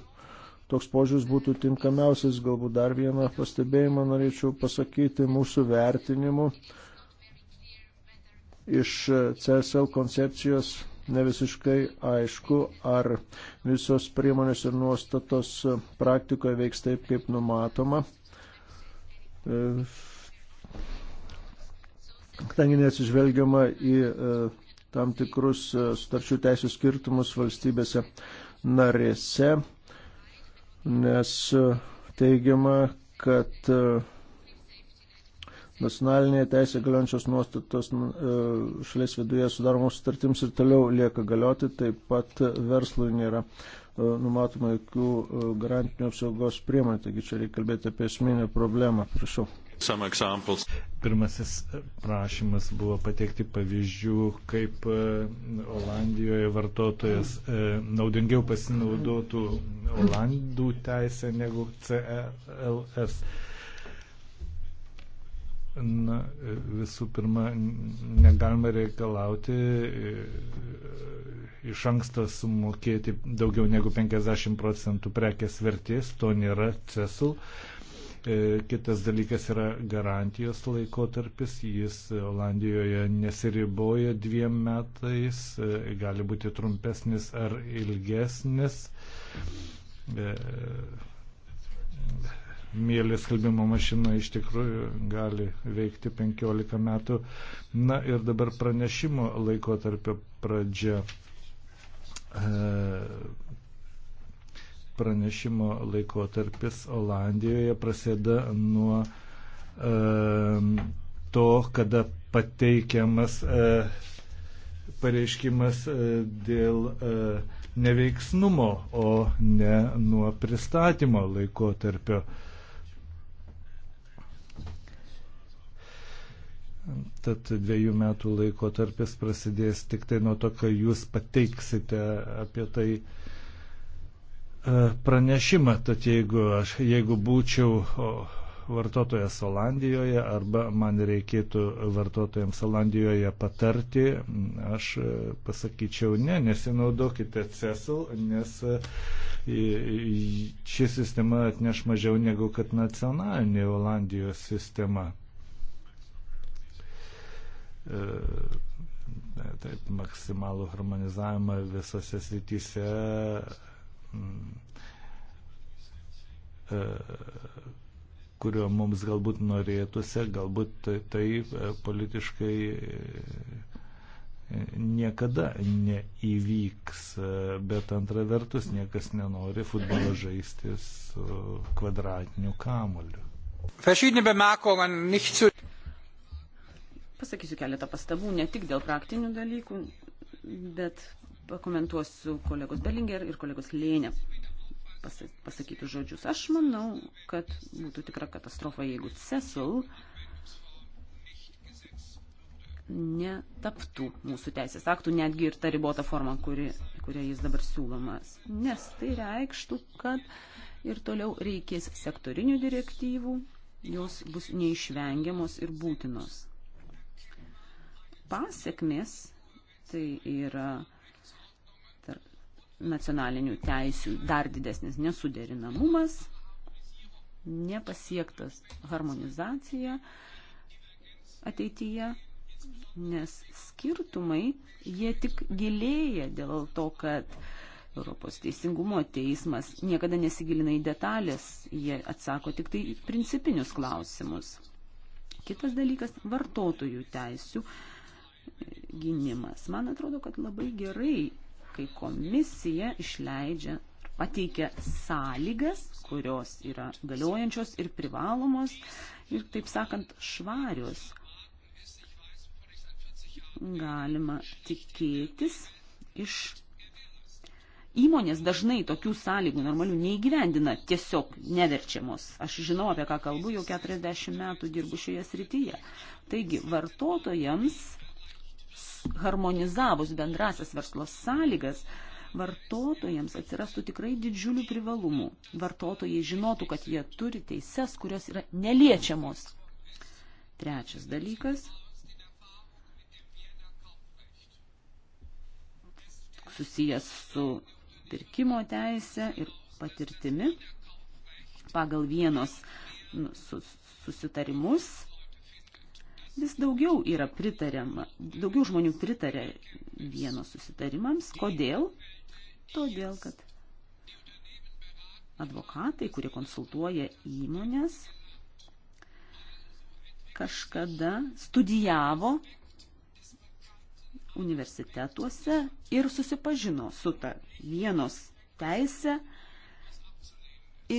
toks požiūris būtų tinkamiausias. Galbūt dar vieną pastebėjimą norėčiau pasakyti mūsų vertinimu. Iš CSL koncepcijos ne visiškai aišku, ar visos priemonės ir nuostatos praktikoje veiks taip, kaip numatoma kadangi neatsižvelgiama į e, tam tikrus e, sutarčių teisų skirtumus valstybėse narėse, nes e, teigiama, kad nacionalinėje teisėje galiojančios nuostatos šalies viduje sudaromoms sutartims ir toliau lieka galioti, taip pat verslui nėra numatoma jokių garantinių apsaugos priemonių, taigi čia reikia kalbėti apie esminę problemą, prašau. Pirmasis prašymas buvo pateikti pavyzdžių, kaip e, Olandijoje vartotojas e, naudingiau pasinaudotų Olandų teisę negu CLS. Na, e, visų pirma, negalima reikalauti iš anksto sumokėti daugiau negu 50 procentų prekės vertės, to nėra CESL. E, kitas dalykas yra garantijos laikotarpis, jis Olandijoje nesiriboja dviem metais, e, gali būti trumpesnis ar ilgesnis. E, Mėlės kalbimo mašina iš tikrųjų gali veikti 15 metų. Na ir dabar pranešimo laikotarpio pradžia pranešimo laikotarpis Olandijoje prasideda nuo e, to, kada pateikiamas e, pareiškimas e, dėl e, neveiksnumo, o ne nuo pristatymo laikotarpio. Tad dviejų metų laikotarpis prasidės tik tai nuo to, kai jūs pateiksite apie tai E, pranešimą, tad jeigu, aš, jeigu būčiau vartotojas Olandijoje arba man reikėtų vartotojams Olandijoje patarti, aš e, pasakyčiau, ne, nesinaudokite CESL, nes e, ši sistema atneš mažiau negu kad nacionalinė Olandijos sistema. Taip, maksimalų harmonizavimą visose srityse Mm. E, kurio mums galbūt norėtųsi, galbūt tai, tai e, politiškai e, niekada neįvyks, bet antra vertus niekas nenori futbolo žaisti su kvadratiniu kamoliu. Pasakysiu keletą pastabų ne tik dėl praktinių dalykų, bet pakomentuosiu kolegos Bellinger ir kolegos Lėnė pasakytų žodžius. Aš manau, kad būtų tikra katastrofa, jeigu Cecil netaptų mūsų teisės aktų, netgi ir ta ribota forma, kuri, kuria jis dabar siūlomas. Nes tai reikštų, kad ir toliau reikės sektorinių direktyvų, jos bus neišvengiamos ir būtinos. Pasiekmės tai yra nacionalinių teisių dar didesnis nesuderinamumas, nepasiektas harmonizacija ateityje, nes skirtumai jie tik gilėja dėl to, kad Europos teisingumo teismas niekada nesigilina į detalės, jie atsako tik tai principinius klausimus. Kitas dalykas - vartotojų teisių gynimas. Man atrodo, kad labai gerai kai komisija išleidžia pateikia sąlygas, kurios yra galiojančios ir privalomos ir, taip sakant, švarios. Galima tikėtis iš įmonės dažnai tokių sąlygų normalių neįgyvendina, tiesiog neverčiamos. Aš žinau, apie ką kalbu, jau 40 metų dirbu šioje srityje. Taigi vartotojams harmonizavus bendrasias verslo sąlygas, vartotojams atsirastų tikrai didžiulių privalumų. Vartotojai žinotų, kad jie turi teises, kurios yra neliečiamos. Trečias dalykas. Susijęs su pirkimo teise ir patirtimi pagal vienos nu, susitarimus vis daugiau yra pritariama, daugiau žmonių pritarė vienos susitarimams. Kodėl? Todėl, kad advokatai, kurie konsultuoja įmonės, kažkada studijavo universitetuose ir susipažino su ta vienos teise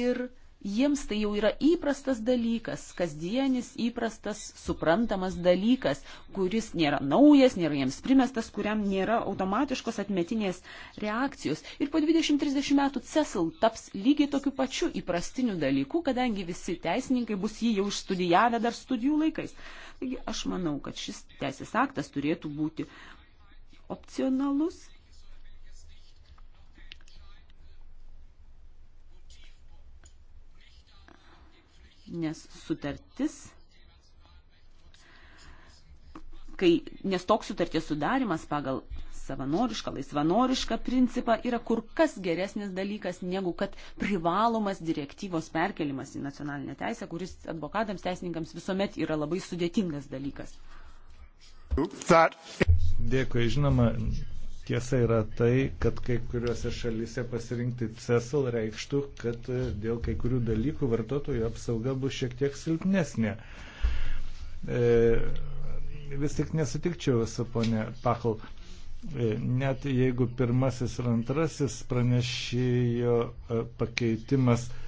ir jiems tai jau yra įprastas dalykas, kasdienis, įprastas, suprantamas dalykas, kuris nėra naujas, nėra jiems primestas, kuriam nėra automatiškos atmetinės reakcijos. Ir po 20-30 metų CESL taps lygiai tokiu pačiu įprastiniu dalyku, kadangi visi teisininkai bus jį jau išstudijavę dar studijų laikais. Taigi aš manau, kad šis teisės aktas turėtų būti opcionalus nes sutartis kai, nes toks sutarties sudarimas pagal savanorišką, laisvanorišką principą yra kur kas geresnis dalykas negu kad privalomas direktyvos perkelimas į nacionalinę teisę, kuris advokatams, teisininkams visuomet yra labai sudėtingas dalykas. Dėkui, žinoma, Tiesa yra tai, kad kai kuriuose šalyse pasirinkti CESL reikštų, kad e, dėl kai kurių dalykų vartotojų apsauga bus šiek tiek silpnesnė. E, vis tik nesutikčiau su ponė Pakal. E, net jeigu pirmasis ir antrasis pranešėjo e, pakeitimas e,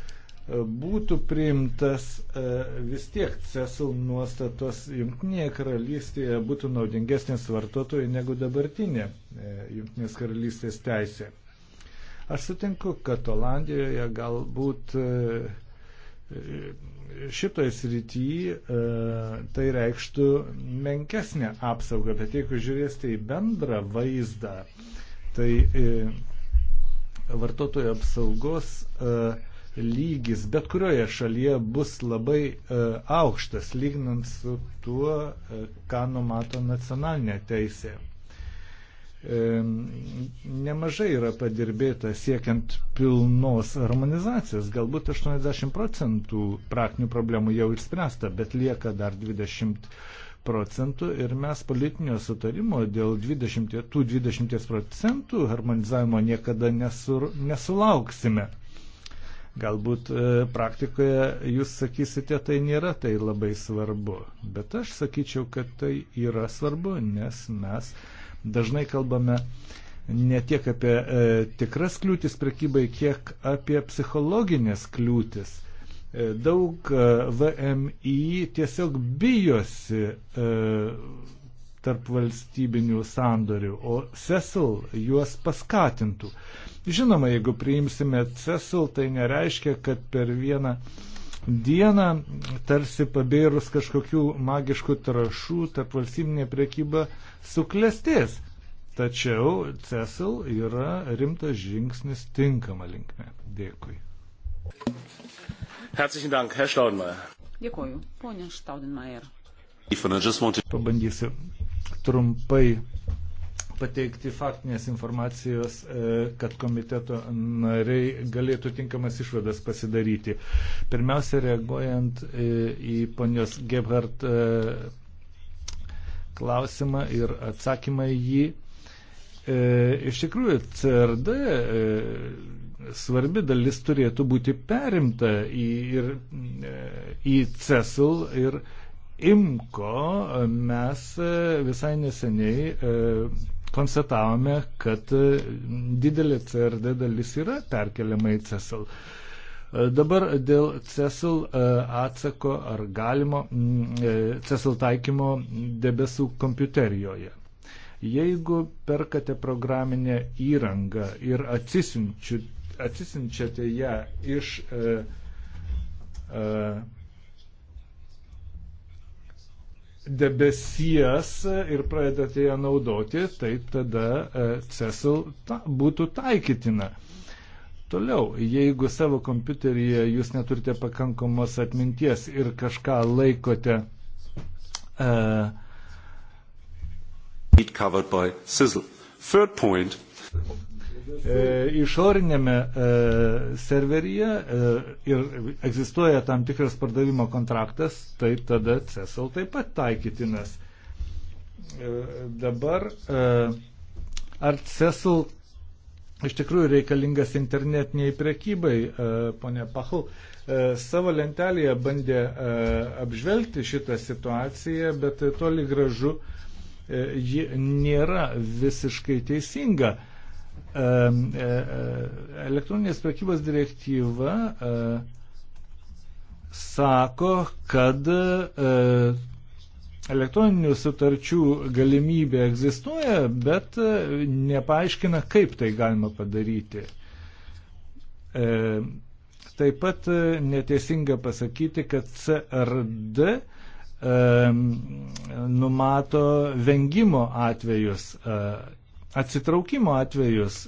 būtų priimtas e, vis tiek CESL nuostatos Junktinėje karalystėje būtų naudingesnės vartotojai negu dabartinė e, Junktinės karalystės teisė. Aš sutinku, kad Olandijoje galbūt e, šitoje srityje tai reikštų menkesnę apsaugą, bet jeigu žiūrėsite į bendrą vaizdą, tai vartotojų apsaugos uh, lygis bet kurioje šalyje bus labai e, aukštas, lygnant su tuo, e, ką numato nacionalinė teisė. E, nemažai yra padirbėta siekiant pilnos harmonizacijos, galbūt 80 procentų praktinių problemų jau išspręsta, bet lieka dar 20 procentų ir mes politinio sutarimo dėl 20, tų 20 procentų harmonizavimo niekada nesur, nesulauksime. Galbūt e, praktikoje jūs sakysite, tai nėra tai labai svarbu, bet aš sakyčiau, kad tai yra svarbu, nes mes dažnai kalbame ne tiek apie e, tikras kliūtis prekybai, kiek apie psichologinės kliūtis. E, daug e, VMI tiesiog bijosi e, tarp valstybinių sandorių, o CESL juos paskatintų. Žinoma, jeigu priimsime CESL, tai nereiškia, kad per vieną dieną, tarsi pabėrus kažkokių magiškų trašų, tarp valstybinė priekyba suklestės. Tačiau CESL yra rimtas žingsnis tinkama linkme. Dėkui. Herzlichen Dank, Herr Staudenmeier. Dėkuoju, ponė Staudinmaier. Pabandysiu trumpai pateikti faktinės informacijos, e, kad komiteto nariai galėtų tinkamas išvadas pasidaryti. Pirmiausia, reaguojant e, į ponios Gebhardt e, klausimą ir atsakymą į jį. Iš tikrųjų, CRD svarbi dalis turėtų būti perimta į, ir, į CESL ir, ir IMKO e, mes e, visai neseniai e, konstatavome, kad didelė CRD dalis yra perkeliama į CESL. Dabar dėl CESL atsako ar galimo mm, CESL taikymo debesų kompiuterijoje. Jeigu perkate programinę įrangą ir atsisinčiate ją iš e, e, debesijas ir pradedate ją naudoti, tai tada e, CESL ta, būtų taikytina. Toliau, jeigu savo kompiuteryje jūs neturite pakankamos atminties ir kažką laikote uh, E, išorinėme e, serveryje e, ir egzistuoja tam tikras pardavimo kontraktas, tai tada CESL taip pat taikytinas. Dabar ar CESL iš tikrųjų reikalingas internetiniai prekybai, ponė Pachul, savo lentelėje bandė apžvelgti šitą situaciją, bet toli gražu ji nėra visiškai teisinga E, e, elektroninės prekybos direktyva e, sako, kad elektroninių sutarčių galimybė egzistuoja, bet nepaaiškina, kaip tai galima padaryti. Taip pat neteisinga pasakyti, kad CRD numato vengimo atvejus atsitraukimo atvejus.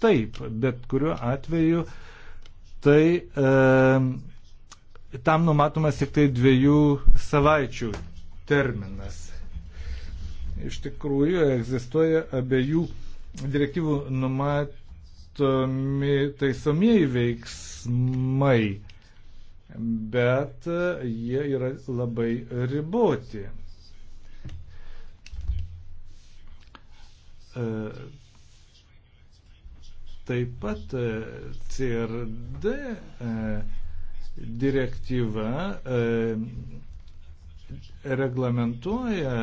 Taip, bet kuriuo atveju tai e, tam numatomas tik tai dviejų savaičių terminas. Iš tikrųjų egzistuoja abiejų direktyvų numatomi taisomieji veiksmai, bet jie yra labai riboti. Taip pat e, CRD e, direktyva e, reglamentuoja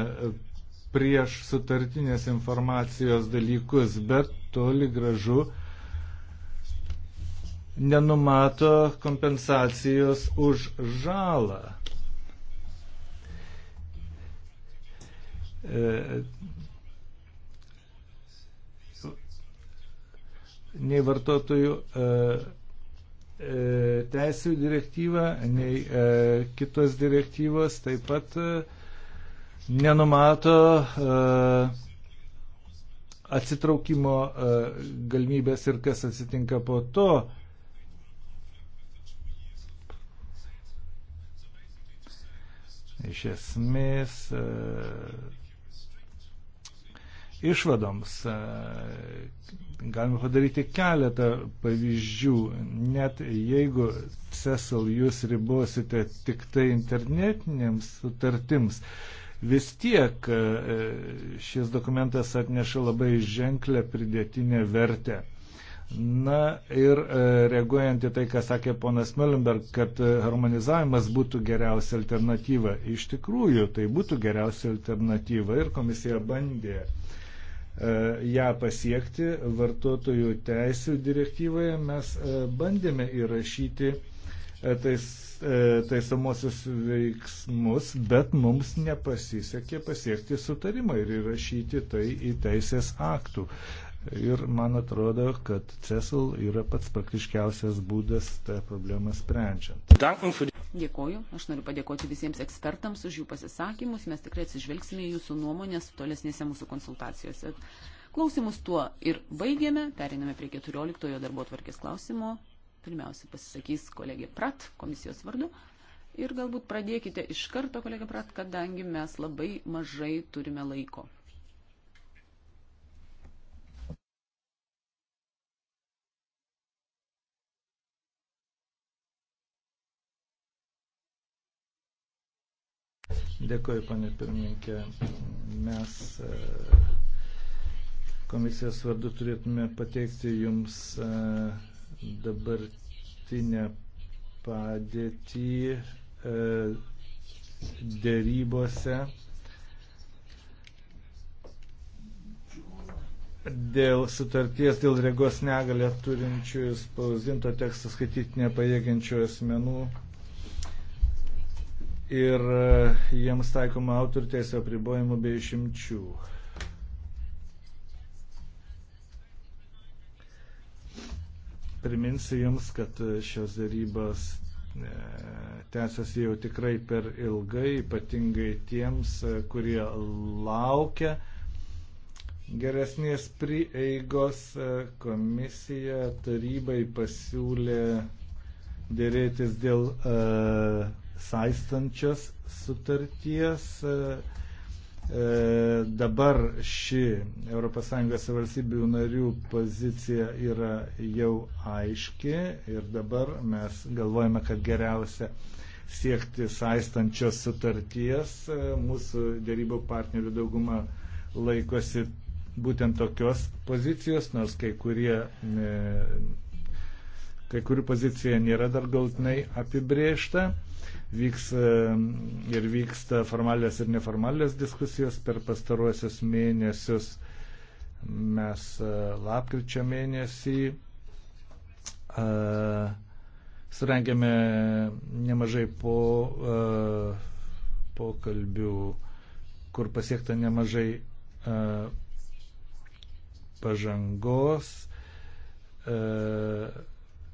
prieš sutartinės informacijos dalykus, bet toli gražu nenumato kompensacijos už žalą nei vartotojų e, e, teisų direktyva, nei e, kitos direktyvos taip pat nenumato atsitraukimo galimybės ir kas atsitinka po to. Iš esmės išvadoms. E, galima padaryti keletą pavyzdžių, net jeigu Cecil jūs ribosite tik tai internetinėms sutartims, vis tiek e, šis dokumentas atneša labai ženklę pridėtinę vertę. Na ir e, reaguojant į tai, ką sakė ponas Melenberg, kad harmonizavimas būtų geriausia alternatyva. Iš tikrųjų, tai būtų geriausia alternatyva ir komisija bandė E, ją pasiekti vartotojų teisų direktyvoje mes e, bandėme įrašyti e, tais, taisomosius veiksmus, bet mums nepasisekė pasiekti sutarimą ir įrašyti tai į teisės aktų. Ir man atrodo, kad CESL yra pats praktiškiausias būdas tą problemą sprendžiant. Dėkoju. Aš noriu padėkoti visiems ekspertams už jų pasisakymus. Mes tikrai atsižvelgsime į jūsų nuomonės tolesnėse mūsų konsultacijose. Klausimus tuo ir baigėme. Periname prie 14 darbo tvarkės klausimo. Pirmiausia, pasisakys kolegė Prat komisijos vardu. Ir galbūt pradėkite iš karto, kolegė Prat, kadangi mes labai mažai turime laiko. Dėkuoju, panė pirmininkė. Mes e, komisijos vardu turėtume pateikti jums e, dabartinę padėtį e, dėrybose dėl sutarties, dėl regos negalę turinčių spausdinto teksto skaityti nepajėgiančių asmenų ir e, jiems taikoma autorių teisė apribojimų bei išimčių. Priminsiu Jums, kad šios darybos e, tęsiasi jau tikrai per ilgai, ypatingai tiems, e, kurie laukia geresnės prieigos. Komisija tarybai pasiūlė dėrėtis dėl uh, saistančias sutarties. E, e, dabar ši ES valstybių narių pozicija yra jau aiški ir dabar mes galvojame, kad geriausia siekti saistančios sutarties. E, mūsų dėrybų partnerių dauguma laikosi būtent tokios pozicijos, nors kai, kurie, kai kurių pozicija nėra dar galtinai apibriešta. Vyks e, ir vyksta formalės ir neformalės diskusijos per pastaruosius mėnesius. Mes e, lapkričio mėnesį e, surengėme nemažai po pokalbių, kur pasiekta nemažai pažangos. E,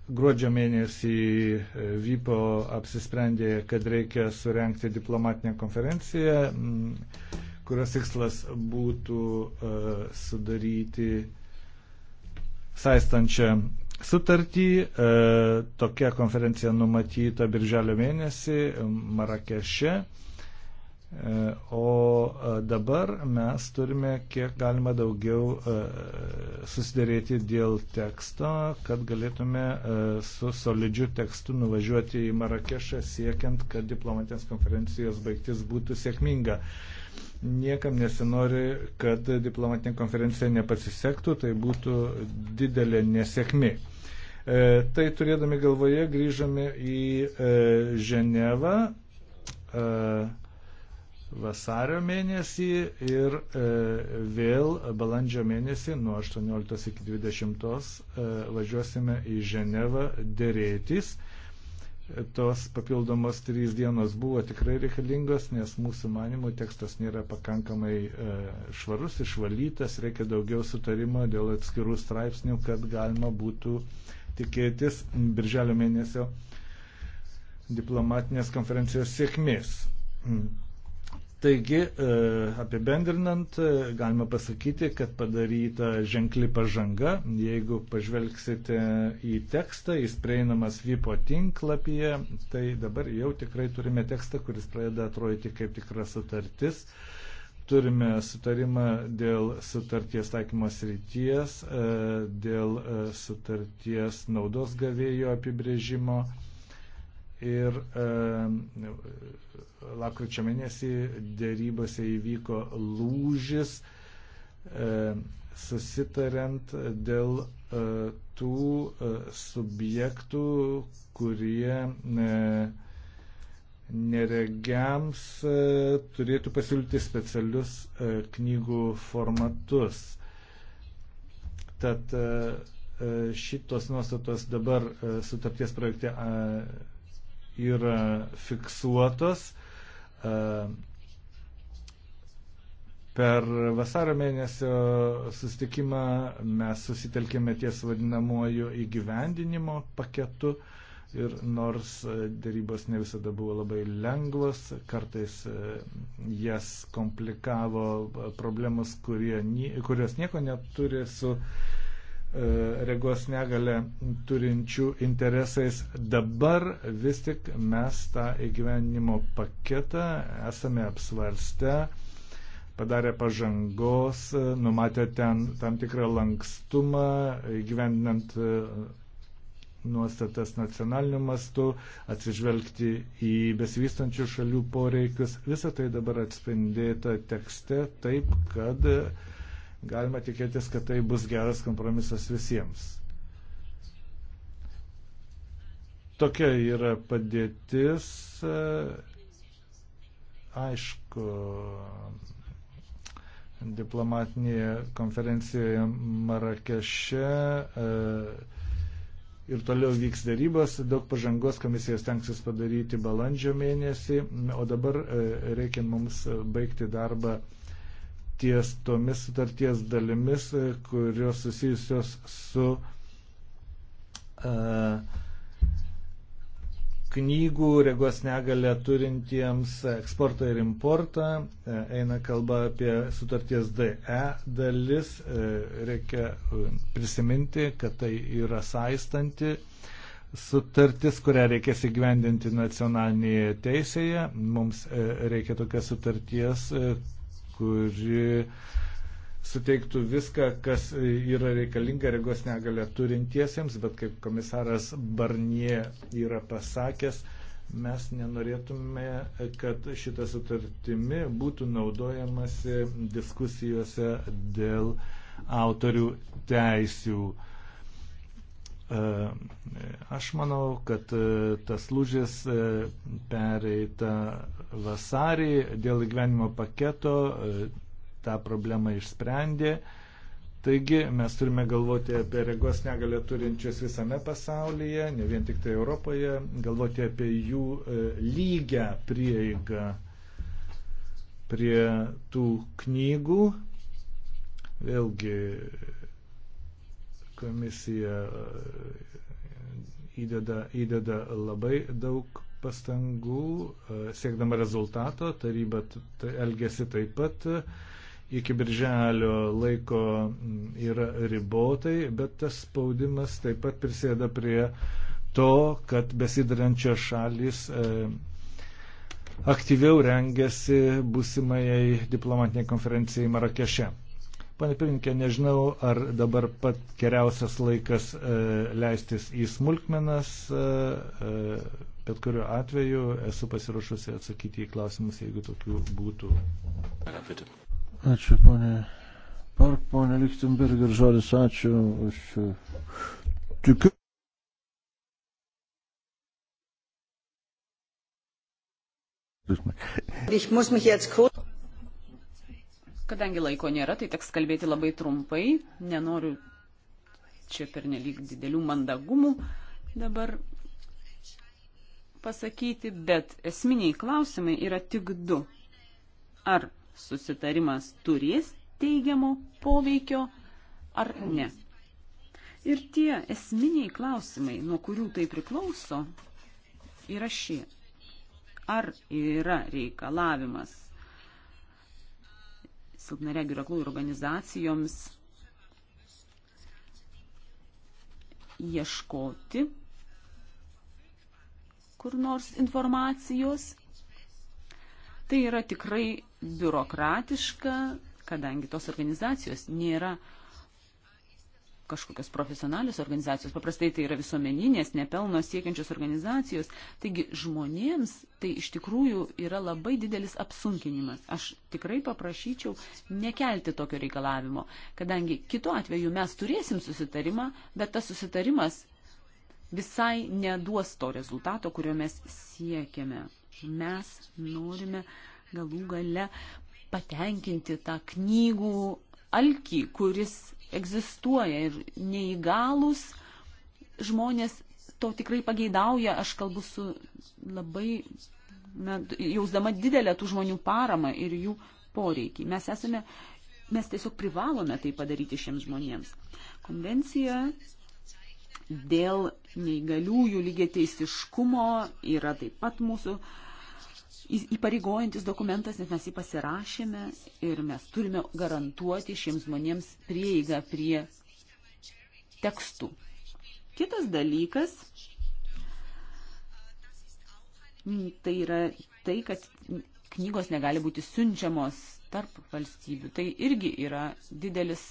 Gruodžio mėnesį e, Vypo apsisprendė, kad reikia surenkti diplomatinę konferenciją, kurios tikslas būtų e, sudaryti saistančią sutartį. E, tokia konferencija numatyta birželio mėnesį Marakeše. E, o e, dabar mes turime kiek galima daugiau e, susidėrėti dėl teksto, kad galėtume su solidžiu tekstu nuvažiuoti į Marakešą siekiant, kad diplomatės konferencijos baigtis būtų sėkminga. Niekam nesinori, kad diplomatinė konferencija nepasisektų, tai būtų didelė nesėkmė. Tai turėdami galvoje grįžome į Ženevą. Uh, vasario mėnesį ir e, vėl balandžio mėnesį nuo 18 iki 20 e, važiuosime į Ženevą dėrėtis. E, tos papildomos trys dienos buvo tikrai reikalingos, nes mūsų manimų tekstas nėra pakankamai e, švarus, išvalytas, reikia daugiau sutarimo dėl atskirų straipsnių, kad galima būtų tikėtis birželio mėnesio diplomatinės konferencijos sėkmės. Mm. Taigi, e, apibendrinant, e, galima pasakyti, kad padaryta ženkli pažanga. Jeigu pažvelgsite į tekstą, jis prieinamas Vypo tinklapyje, tai dabar jau tikrai turime tekstą, kuris pradeda atrodyti kaip tikra sutartis. Turime sutarimą dėl sutarties taikymos ryties, e, dėl sutarties naudos gavėjo apibrėžimo ir e, lakryčio mėnesį dėrybose įvyko lūžis e, susitariant dėl e, tų e, subjektų, kurie e, neregiams e, turėtų pasiūlyti specialius e, knygų formatus. Tad e, e šitos nuostatos dabar e, sutarties projekte yra fiksuotos. E, per vasaro mėnesio sustikimą mes susitelkėme ties vadinamuoju įgyvendinimo paketu ir nors darybos ne visada buvo labai lengvos, kartais e, jas komplikavo problemos, kurie, kurios nieko neturi su E, regos negalę turinčių interesais. Dabar vis tik mes tą įgyvenimo paketą esame apsvarstę, padarę pažangos, numatę ten tam tikrą lankstumą, įgyvendinant e, nuostatas nacionaliniu mastu, atsižvelgti į besivystančių šalių poreikius. Visą tai dabar atspindėta tekste taip, kad galima tikėtis, kad tai bus geras kompromisas visiems. Tokia yra padėtis. Aišku, diplomatinėje konferencijoje Marakeše e, ir toliau vyks darybos, daug pažangos komisijos tenksis padaryti balandžio mėnesį, o dabar e, reikia mums baigti darbą ties tomis sutarties dalimis, e, kurios susijusios su uh, knygų regos negalę turintiems eksportą ir importą. E, eina kalba apie sutarties DE dalis. Reikia prisiminti, kad tai yra saistanti sutartis, kurią reikės įgyvendinti nacionalinėje teisėje. Mums reikia tokias sutarties, kuri suteiktų viską, kas yra reikalinga regos negalę turintiesiems, bet kaip komisaras Barnie yra pasakęs, mes nenorėtume, kad šitą sutartimi būtų naudojamasi diskusijose dėl autorių teisių. E, aš manau, kad e, tas lūžis e, pereita vasarį dėl gyvenimo paketo e, tą problemą išsprendė. Taigi mes turime galvoti apie regos negalę turinčius visame pasaulyje, ne vien tik tai Europoje, galvoti apie jų e, lygę prieigą prie tų knygų. Vėlgi komisija e, įdeda, įdeda labai daug pastangų, e, siekdama rezultato, taryba elgesi taip pat, iki birželio laiko mm, yra ribotai, bet tas spaudimas taip pat prisėda prie to, kad besidarančios šalis e, aktyviau rengiasi būsimai diplomatiniai konferencijai Marakeše. Pane Pirinkė, nežinau, ar dabar pat geriausias laikas e, leistis į smulkmenas, e, e, bet kuriuo atveju esu pasiruošusi atsakyti į klausimus, jeigu tokių būtų. Ačiū, ponė. Park, ponė Lichtenberger, žodis ačiū už e, tikiu. Ich muss mich jetzt kurz. Kadangi laiko nėra, tai teks kalbėti labai trumpai. Nenoriu čia per nelik didelių mandagumų dabar pasakyti, bet esminiai klausimai yra tik du. Ar susitarimas turės teigiamo poveikio ar ne? Ir tie esminiai klausimai, nuo kurių tai priklauso, yra šie. Ar yra reikalavimas silpnaregių ir aklųjų organizacijoms ieškoti kur nors informacijos. Tai yra tikrai biurokratiška, kadangi tos organizacijos nėra uh, kažkokios profesionalios organizacijos, paprastai tai yra visuomeninės, nepelno siekiančios organizacijos. Taigi žmonėms tai iš tikrųjų yra labai didelis apsunkinimas. Aš tikrai paprašyčiau nekelti tokio reikalavimo, kadangi kitu atveju mes turėsim susitarimą, bet tas susitarimas visai neduos to rezultato, kurio mes siekiame. Mes norime galų gale patenkinti tą knygų alkį, kuris egzistuoja ir neįgalus žmonės to tikrai pageidauja. Aš kalbu su labai, na, jausdama didelę tų žmonių paramą ir jų poreikį. Mes esame, mes tiesiog privalome tai padaryti šiems žmonėms. Konvencija dėl neįgaliųjų lygiateisiškumo yra taip pat mūsų uh, įpareigojantis dokumentas, nes mes jį pasirašėme ir mes turime garantuoti šiems žmonėms prieigą prie tekstų. Kitas dalykas, tai yra tai, kad knygos negali būti siunčiamos tarp valstybių. Tai irgi yra didelis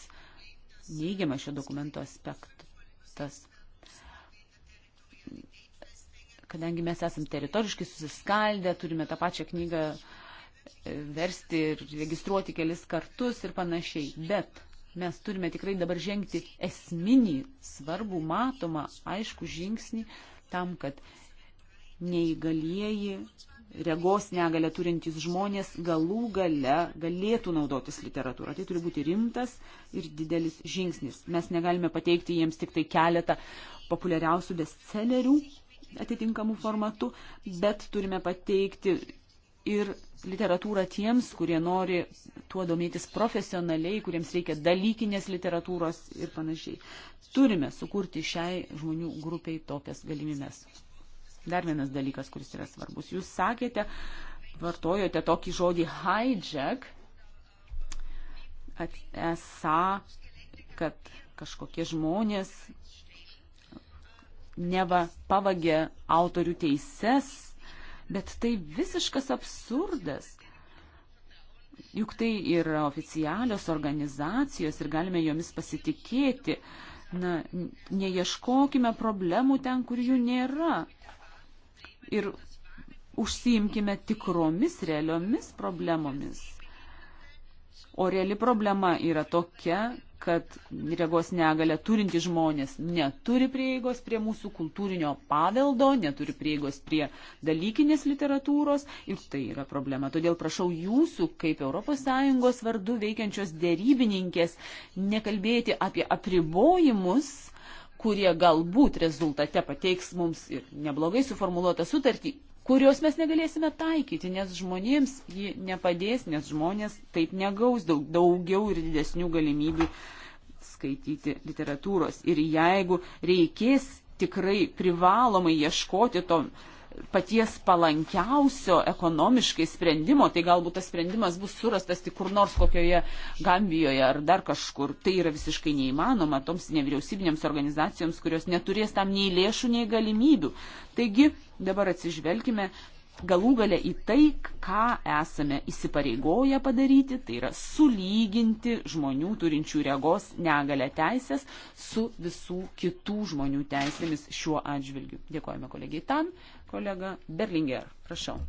neįgiamas šio dokumento aspektas kadangi mes esam teritoriškai susiskaldę, turime tą pačią knygą e, versti ir registruoti kelis kartus ir panašiai. Bet mes turime tikrai dabar žengti esminį, svarbų, matomą, aišku žingsnį tam, kad neįgalieji, regos negalę turintys žmonės galų gale galėtų naudotis literatūra. Tai turi būti rimtas ir didelis žingsnis. Mes negalime pateikti jiems tik tai keletą populiariausių bestsellerių, atitinkamų formatų, bet turime pateikti ir literatūrą tiems, kurie nori tuo domėtis profesionaliai, kuriems reikia dalykinės literatūros ir panašiai. Turime sukurti šiai žmonių grupiai tokias galimybės. Dar vienas dalykas, kuris yra svarbus. Jūs sakėte, vartojote tokį žodį hijack, esą, kad kažkokie žmonės neva pavagė autorių teises, bet tai visiškas absurdas. Juk tai yra oficialios organizacijos ir galime jomis pasitikėti. Na, neieškokime problemų ten, kur jų nėra. Ir užsiimkime tikromis, realiomis problemomis. O reali problema yra tokia, kad regos negalę turinti žmonės neturi prieigos prie mūsų kultūrinio paveldo, neturi prieigos prie dalykinės literatūros ir tai yra problema. Todėl prašau jūsų, kaip ES vardu veikiančios dėrybininkės, nekalbėti apie apribojimus kurie galbūt rezultate pateiks mums ir neblogai suformuoluotą sutartį, kurios mes negalėsime taikyti, nes žmonėms ji nepadės, nes žmonės taip negaus daug, daugiau ir didesnių galimybių skaityti literatūros. Ir jeigu reikės tikrai privalomai ieškoti to paties palankiausio ekonomiškai sprendimo, tai galbūt tas sprendimas bus surastas tik kur nors kokioje Gambijoje ar dar kažkur. Tai yra visiškai neįmanoma toms nevyriausybinėms organizacijoms, kurios neturės tam nei lėšų, nei galimybių. Taigi dabar atsižvelgime galų gale į tai, ką esame įsipareigoję padaryti, tai yra sulyginti žmonių turinčių regos negalę teisės su visų kitų žmonių teisėmis šiuo atžvilgiu. Dėkojame kolegiai Tan, Kolega Berlinger, prašau.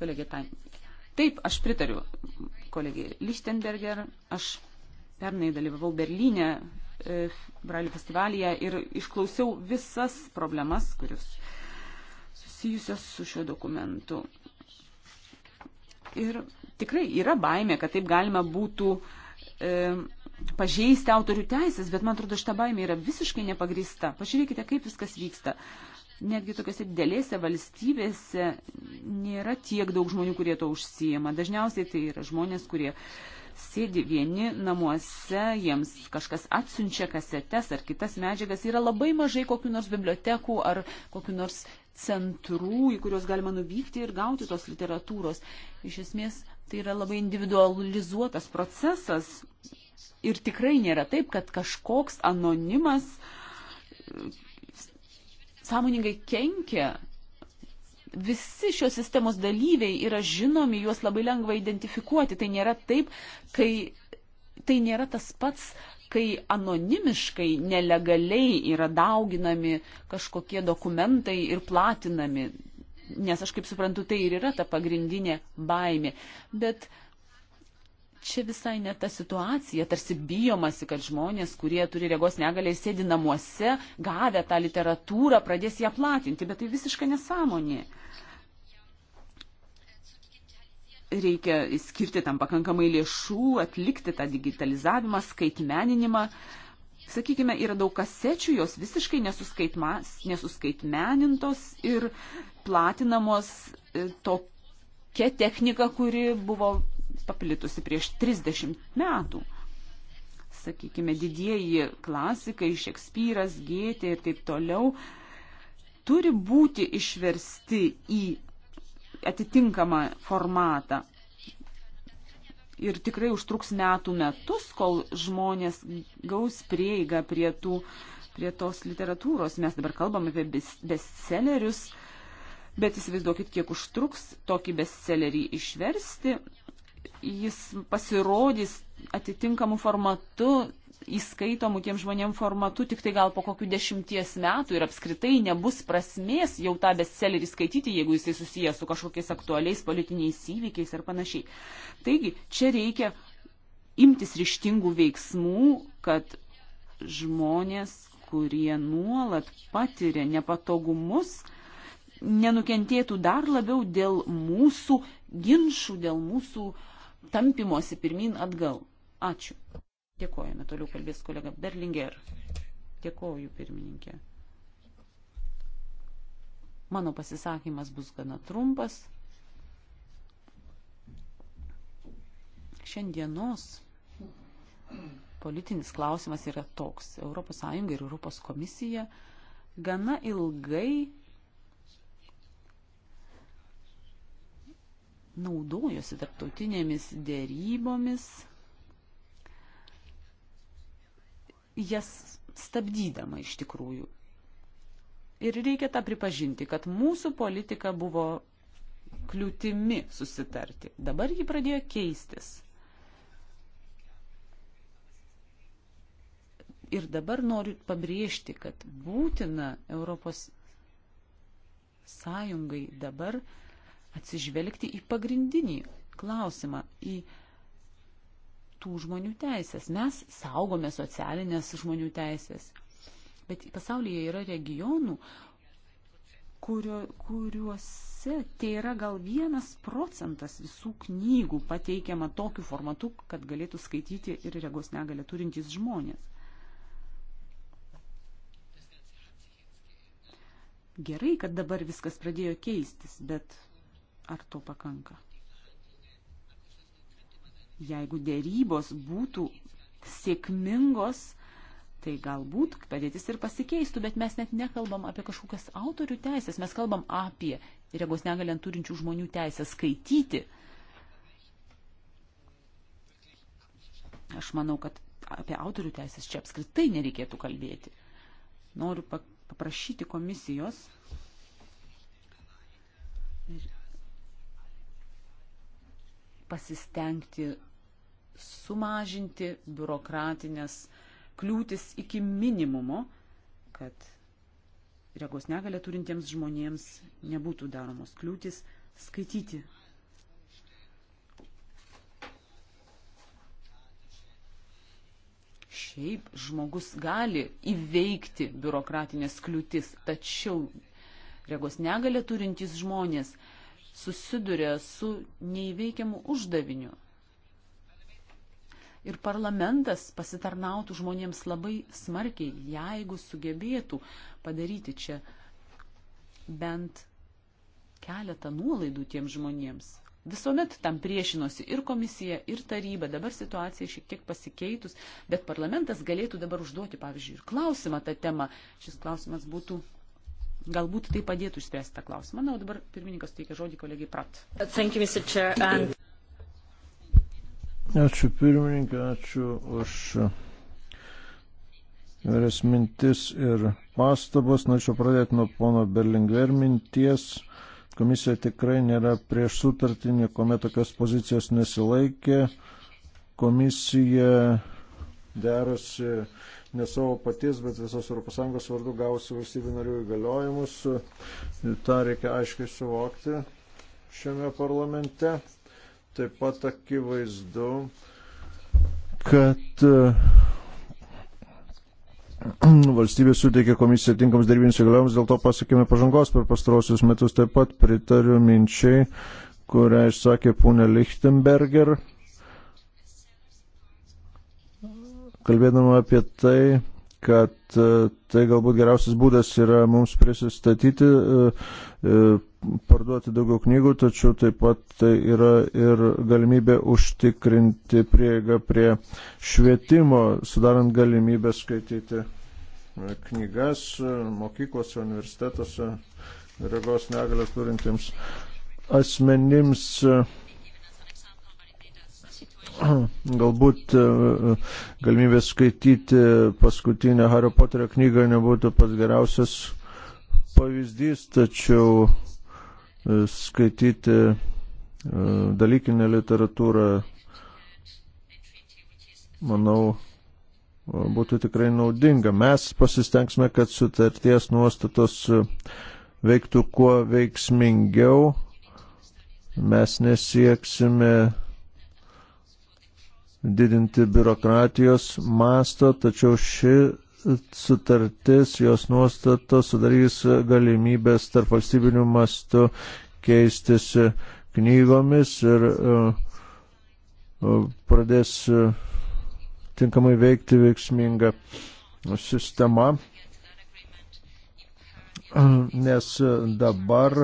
Kolegė Tain. Taip, aš pritariu kolegė Lichtenberger. Aš pernai dalyvavau Berlyne e, Brailių festivalyje ir išklausiau visas problemas, kurios susijusios su šiuo dokumentu. Ir tikrai yra baimė, kad taip galima būtų e, pažeisti autorių teisės, bet man atrodo, šita baimė yra visiškai nepagrįsta. Pažiūrėkite, kaip viskas vyksta. Netgi tokiuose didelėse valstybėse nėra tiek daug žmonių, kurie to užsijama. Dažniausiai tai yra žmonės, kurie sėdi vieni namuose, jiems kažkas atsiunčia kasetes ar kitas medžiagas. Yra labai mažai kokiu nors bibliotekų ar kokiu nors centrų, į kuriuos galima nuvykti ir gauti tos literatūros. Iš esmės, tai yra labai individualizuotas procesas Ir tikrai nėra taip, kad kažkoks anonimas e, sąmoningai kenkia. Visi šios sistemos dalyviai yra žinomi, juos labai lengva identifikuoti. Tai nėra taip, kai tai nėra tas pats, kai anonimiškai, nelegaliai yra dauginami kažkokie dokumentai ir platinami. Nes aš kaip suprantu, tai ir yra ta pagrindinė baimė. Bet uh, čia visai ne ta situacija, tarsi bijomasi, kad žmonės, kurie turi regos negalę ir sėdi namuose, gavę tą literatūrą, pradės ją platinti, bet tai visiškai nesąmonė. Reikia skirti tam pakankamai lėšų, atlikti tą digitalizavimą, skaitmeninimą. Sakykime, yra daug kasečių, jos visiškai nesuskaitmenintos ir platinamos e, tokia technika, kuri buvo paplitusi prieš 30 metų. Sakykime, didieji klasikai, Šekspyras, Gėtė ir taip toliau turi būti išversti į atitinkamą formatą. Ir tikrai užtruks metų metus, kol žmonės gaus prieigą prie, tų, prie tos literatūros. Mes dabar kalbam apie bestsellerius, bet įsivaizduokit, kiek užtruks tokį bestsellerį išversti jis pasirodys atitinkamų formatų, įskaitomų tiem žmonėm formatų, tik tai gal po kokių dešimties metų ir apskritai nebus prasmės jau tą bestsellerį skaityti, jeigu jisai susijęs su kažkokiais aktualiais politiniais įvykiais ir panašiai. Taigi, čia reikia imtis ryštingų veiksmų, kad žmonės, kurie nuolat patiria nepatogumus, nenukentėtų dar labiau dėl mūsų ginčių, dėl mūsų uh, tampimuosi pirmin atgal. Ačiū. Dėkojame. Toliau kalbės kolega Berlinger. Dėkoju, pirmininkė. Mano pasisakymas bus gana trumpas. Šiandienos politinis klausimas yra toks. ES ir ES komisija gana ilgai naudojosi tarptautinėmis dėrybomis, jas stabdydama iš tikrųjų. Ir reikia tą pripažinti, kad mūsų politika buvo kliūtimi susitarti. Dabar ji pradėjo keistis. Ir dabar noriu pabrėžti, kad būtina Europos Sąjungai dabar uh, atsižvelgti į pagrindinį klausimą, į tų žmonių teisės. Mes saugome socialinės žmonių teisės. Bet pasaulyje yra regionų, kurio, kuriuose tai yra gal vienas procentas visų knygų pateikiama tokiu formatu, kad galėtų skaityti ir regos negalę turintys žmonės. Gerai, kad dabar viskas pradėjo keistis, bet Ar to pakanka? Jeigu dėrybos būtų sėkmingos, tai galbūt padėtis ir pasikeistų, bet mes net nekalbam apie kažkokias autorių teisės, mes kalbam apie regos negalent turinčių žmonių teisę skaityti. Aš manau, kad apie autorių teisės čia apskritai nereikėtų kalbėti. Noriu paprašyti komisijos ir pasistengti sumažinti biurokratinės kliūtis iki minimumo, kad regos negalę turintiems žmonėms nebūtų daromos kliūtis skaityti. Šiaip žmogus gali įveikti biurokratinės kliūtis, tačiau regos negalę turintys žmonės susiduria su neįveikiamu uždaviniu. Ir parlamentas pasitarnautų žmonėms labai smarkiai, jeigu sugebėtų padaryti čia bent keletą nuolaidų tiems žmonėms. Visuomet tam priešinosi ir komisija, ir taryba. Dabar situacija šiek tiek pasikeitus, bet parlamentas galėtų dabar užduoti, pavyzdžiui, ir klausimą tą temą. Šis klausimas būtų Galbūt tai padėtų išspręsti tą klausimą. Na, o dabar pirmininkas teikia žodį kolegai Prat. Ačiū pirmininkai, ačiū už įvairias mintis ir pastabas. Norėčiau pradėti nuo pono Berlingver minties. Komisija tikrai nėra prieš sutartį, niekuomet tokios pozicijos nesilaikė. Komisija derasi ne savo paties, bet visos ES vardu gausi valstybių narių įgaliojimus. Ta reikia aiškiai suvokti šiame parlamente. Taip pat akivaizdu, kad mm, valstybė suteikė komisiją tinkamus darbinius įgaliojimus, dėl to pasakėme pažangos per pastarosius metus. Taip pat pritariu minčiai, kurią išsakė pūnė Lichtenberger kalbėdama apie tai, kad e, tai galbūt geriausias būdas yra mums prisistatyti, e, e, parduoti daugiau knygų, tačiau taip pat tai yra ir galimybė užtikrinti prieigą prie švietimo, sudarant galimybę skaityti knygas mokyklose, universitetuose, regos negalės turintiems asmenims. [clears throat] galbūt e, e, galimybė skaityti paskutinę Hario Poterio knygą nebūtų pats geriausias pavyzdys, tačiau e, skaityti dalykinę literatūrą, manau, būtų tikrai naudinga. Mes pasistengsime, kad sutarties nuostatos veiktų kuo veiksmingiau. Mes nesieksime didinti biurokratijos mastą, tačiau ši sutartis, jos nuostatos sudarys galimybės tarp valstybinių mastų keistis knygomis ir e, e, pradės e, tinkamai veikti veiksminga sistema, nes dabar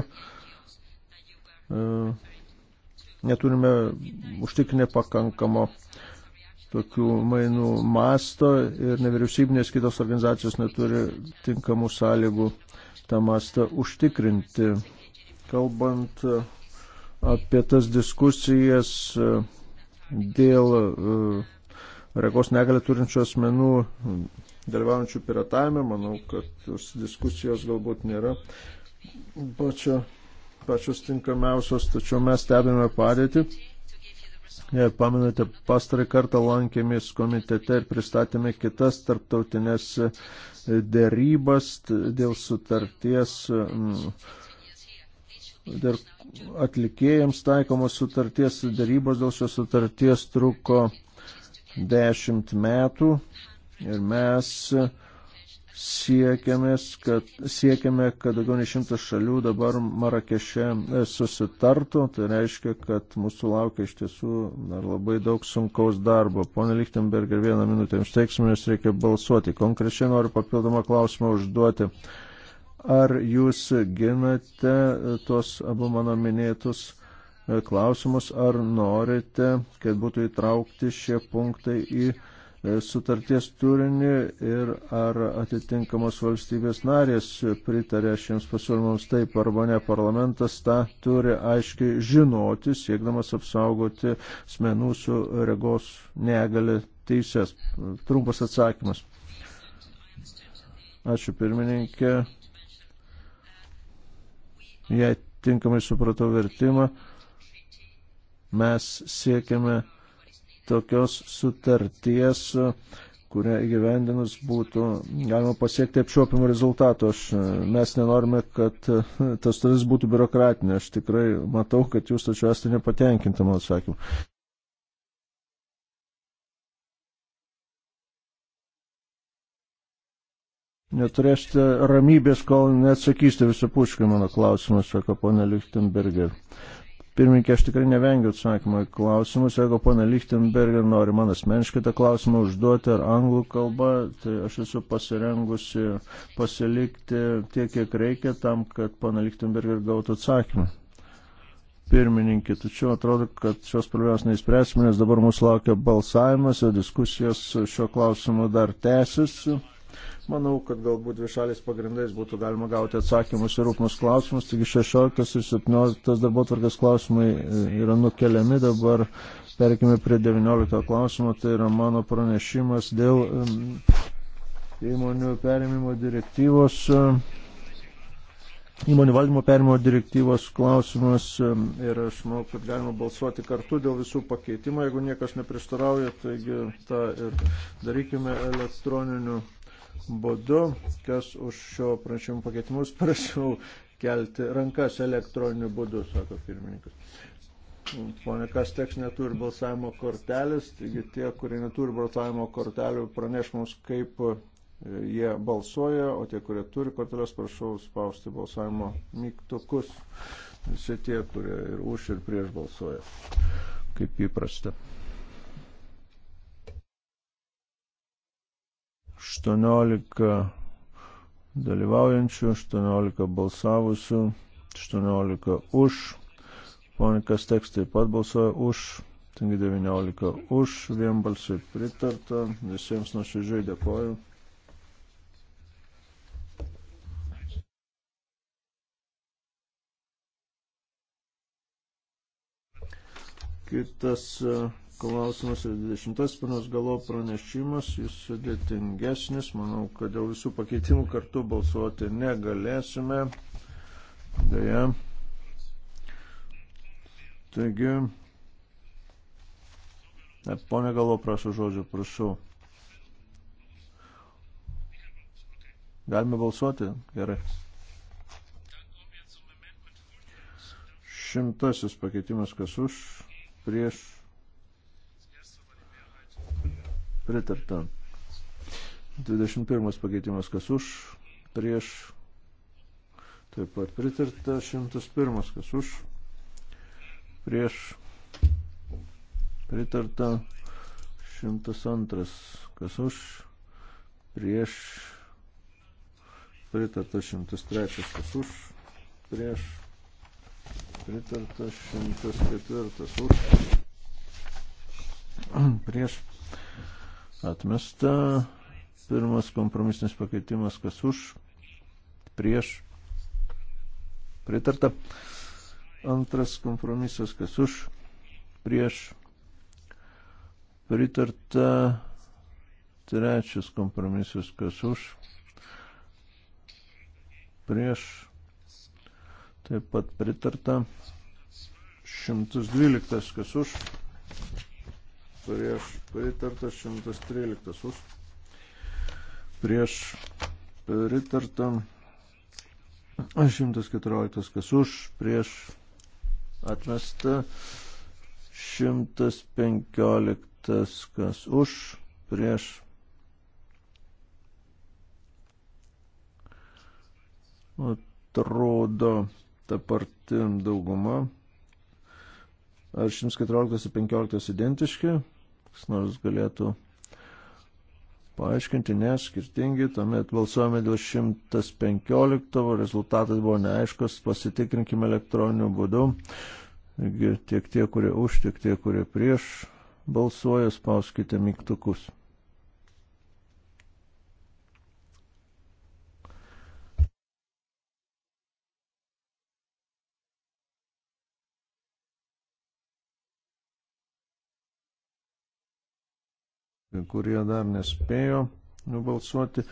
neturime užtikrinę pakankamo tokių mainų masto ir nevyriausybinės kitos organizacijos neturi tinkamų sąlygų tą mastą užtikrinti. Kalbant apie tas diskusijas e, dėl e, regos negalę turinčių asmenų e, dalyvaujančių piratavime, manau, kad tos diskusijos galbūt nėra pačio, pačios tinkamiausios, tačiau mes stebime padėtį Jei pamenate, pastarį kartą lankėmės komitete ir pristatėme kitas tarptautinės dėrybas dėl sutarties, mm, dėl atlikėjams taikomos sutarties, dėrybos dėl šios sutarties truko dešimt metų ir mes siekiamės, kad, siekiame, kad daugiau nei šimtas šalių dabar Marakeše e, susitartų. Tai reiškia, kad mūsų laukia iš tiesų dar labai daug sunkaus darbo. Pone Lichtenberger, vieną minutę jums teiksime, nes reikia balsuoti. Konkrečiai noriu papildomą klausimą užduoti. Ar jūs ginate e, tuos abu mano minėtus e, klausimus, ar norite, kad būtų įtraukti šie punktai į E, sutarties turinį ir ar atitinkamos valstybės narės pritarė šiems pasiūlymams taip arba ne. Parlamentas tą turi aiškiai žinoti, siekdamas apsaugoti smenų su regos negali teises. Trumpas atsakymas. Ačiū pirmininkė. Jei tinkamai supratau vertimą, mes siekiame tokios sutarties, kurią įgyvendinus būtų galima pasiekti apčiuopimų rezultatų. Aš, mes nenorime, kad tas sutartis būtų biurokratinė. Aš tikrai matau, kad jūs tačiau esate nepatenkinti mano atsakymu. Neturėsite ramybės, kol neatsakysite visapuškai mano klausimus, sako ponė Lichtenberger. Pirmininkė, aš tikrai nevengiu atsakymą į klausimus. Jeigu pana Lichtenberger nori man asmeniškai tą klausimą užduoti ar anglų kalbą, tai aš esu pasirengusi pasilikti tiek, kiek reikia tam, kad pana Lichtenberger gautų atsakymą. Pirmininkė, tačiau atrodo, kad šios problemos neįspręsime, nes dabar mūsų laukia balsavimas, o diskusijos šio klausimu dar tęsiasi. Manau, kad galbūt višaliais pagrindais būtų galima gauti atsakymus ir rūpmus klausimus. Taigi 16 ir 17 darbo tvarkės klausimai e, yra nukeliami dabar. Perkime prie 19 klausimo. Tai yra mano pranešimas dėl e, įmonių perimimo direktyvos. E, įmonių valdymo perimo direktyvos klausimas ir aš manau, kad galima balsuoti kartu dėl visų pakeitimų, jeigu niekas neprieštarauja, taigi tą ir darykime elektroniniu būdu, kas už šio pranešimo pakeitimus prašau kelti rankas elektroniniu būdu, sako pirmininkas. Pone Kasteks neturi balsavimo kortelės, taigi tie, kurie neturi balsavimo kortelių, praneš mums, kaip e, jie balsuoja, o tie, kurie turi kortelės, prašau spausti balsavimo mygtukus. Visi tie, kurie ir už, ir prieš balsuoja, kaip įprasta. 18 dalyvaujančių, 18 balsavusių, 18 už. Ponikas tekstai pat balsuoja už, taigi 19 už, vienbalsiai pritarta, visiems nuoširdžiai dėkoju. Kitas uh, klausimas ir 20 panos galo pranešimas, jis sudėtingesnis, manau, kad dėl visų pakeitimų kartu balsuoti negalėsime. Deja. Taigi, ponė galo prašau žodžio, prašau. Galime balsuoti? Gerai. Šimtasis pakeitimas, kas už, prieš Pritarta. 21 pakeitimas kas už, prieš. Taip pat pritarta. 101 kas už, prieš. Pritarta. 102 kas už, prieš. Pritarta 103 kas už, prieš. Pritarta 104 už, prieš Atmesta. Pirmas kompromisinis pakeitimas, kas už, prieš, pritarta. Antras kompromisas, kas už, prieš, pritarta. Trečias kompromisas, kas už, prieš, taip pat pritarta. 112, kas už prieš pritarta 113 už, prieš pritarta 114 kas už, prieš atmesta 115 kas už, prieš atrodo ta parti dauguma. Ar 114 ir 15 identiški? kas nors galėtų paaiškinti, nes skirtingi, tuomet balsuojame dėl 115, rezultatas buvo neaiškus, pasitikrinkime elektroniniu būdu. Taigi tiek tie, kurie už, tiek tie, kurie prieš balsuoja, spauskite mygtukus. kurie dar nespėjo nubalsuoti.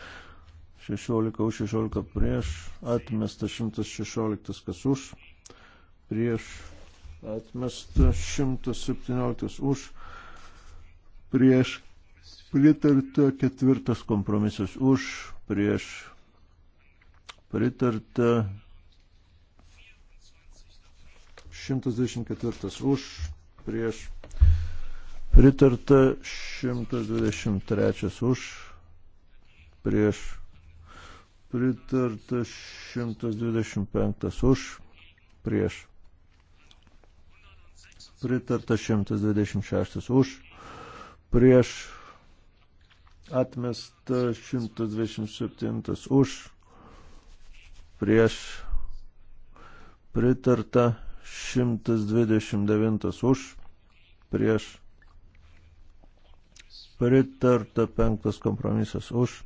16 už 16 prieš, atmesta 116 kas už, prieš, atmesta 117 už, prieš, pritarta ketvirtas kompromisas už, prieš, pritarta 124 už, prieš, Pritarta 123 už, prieš. Pritarta 125 už, prieš. Pritarta 126 už, prieš. Atmesta 127 už, prieš. Pritarta 129 už, prieš pritarta, penktas kompromisas už,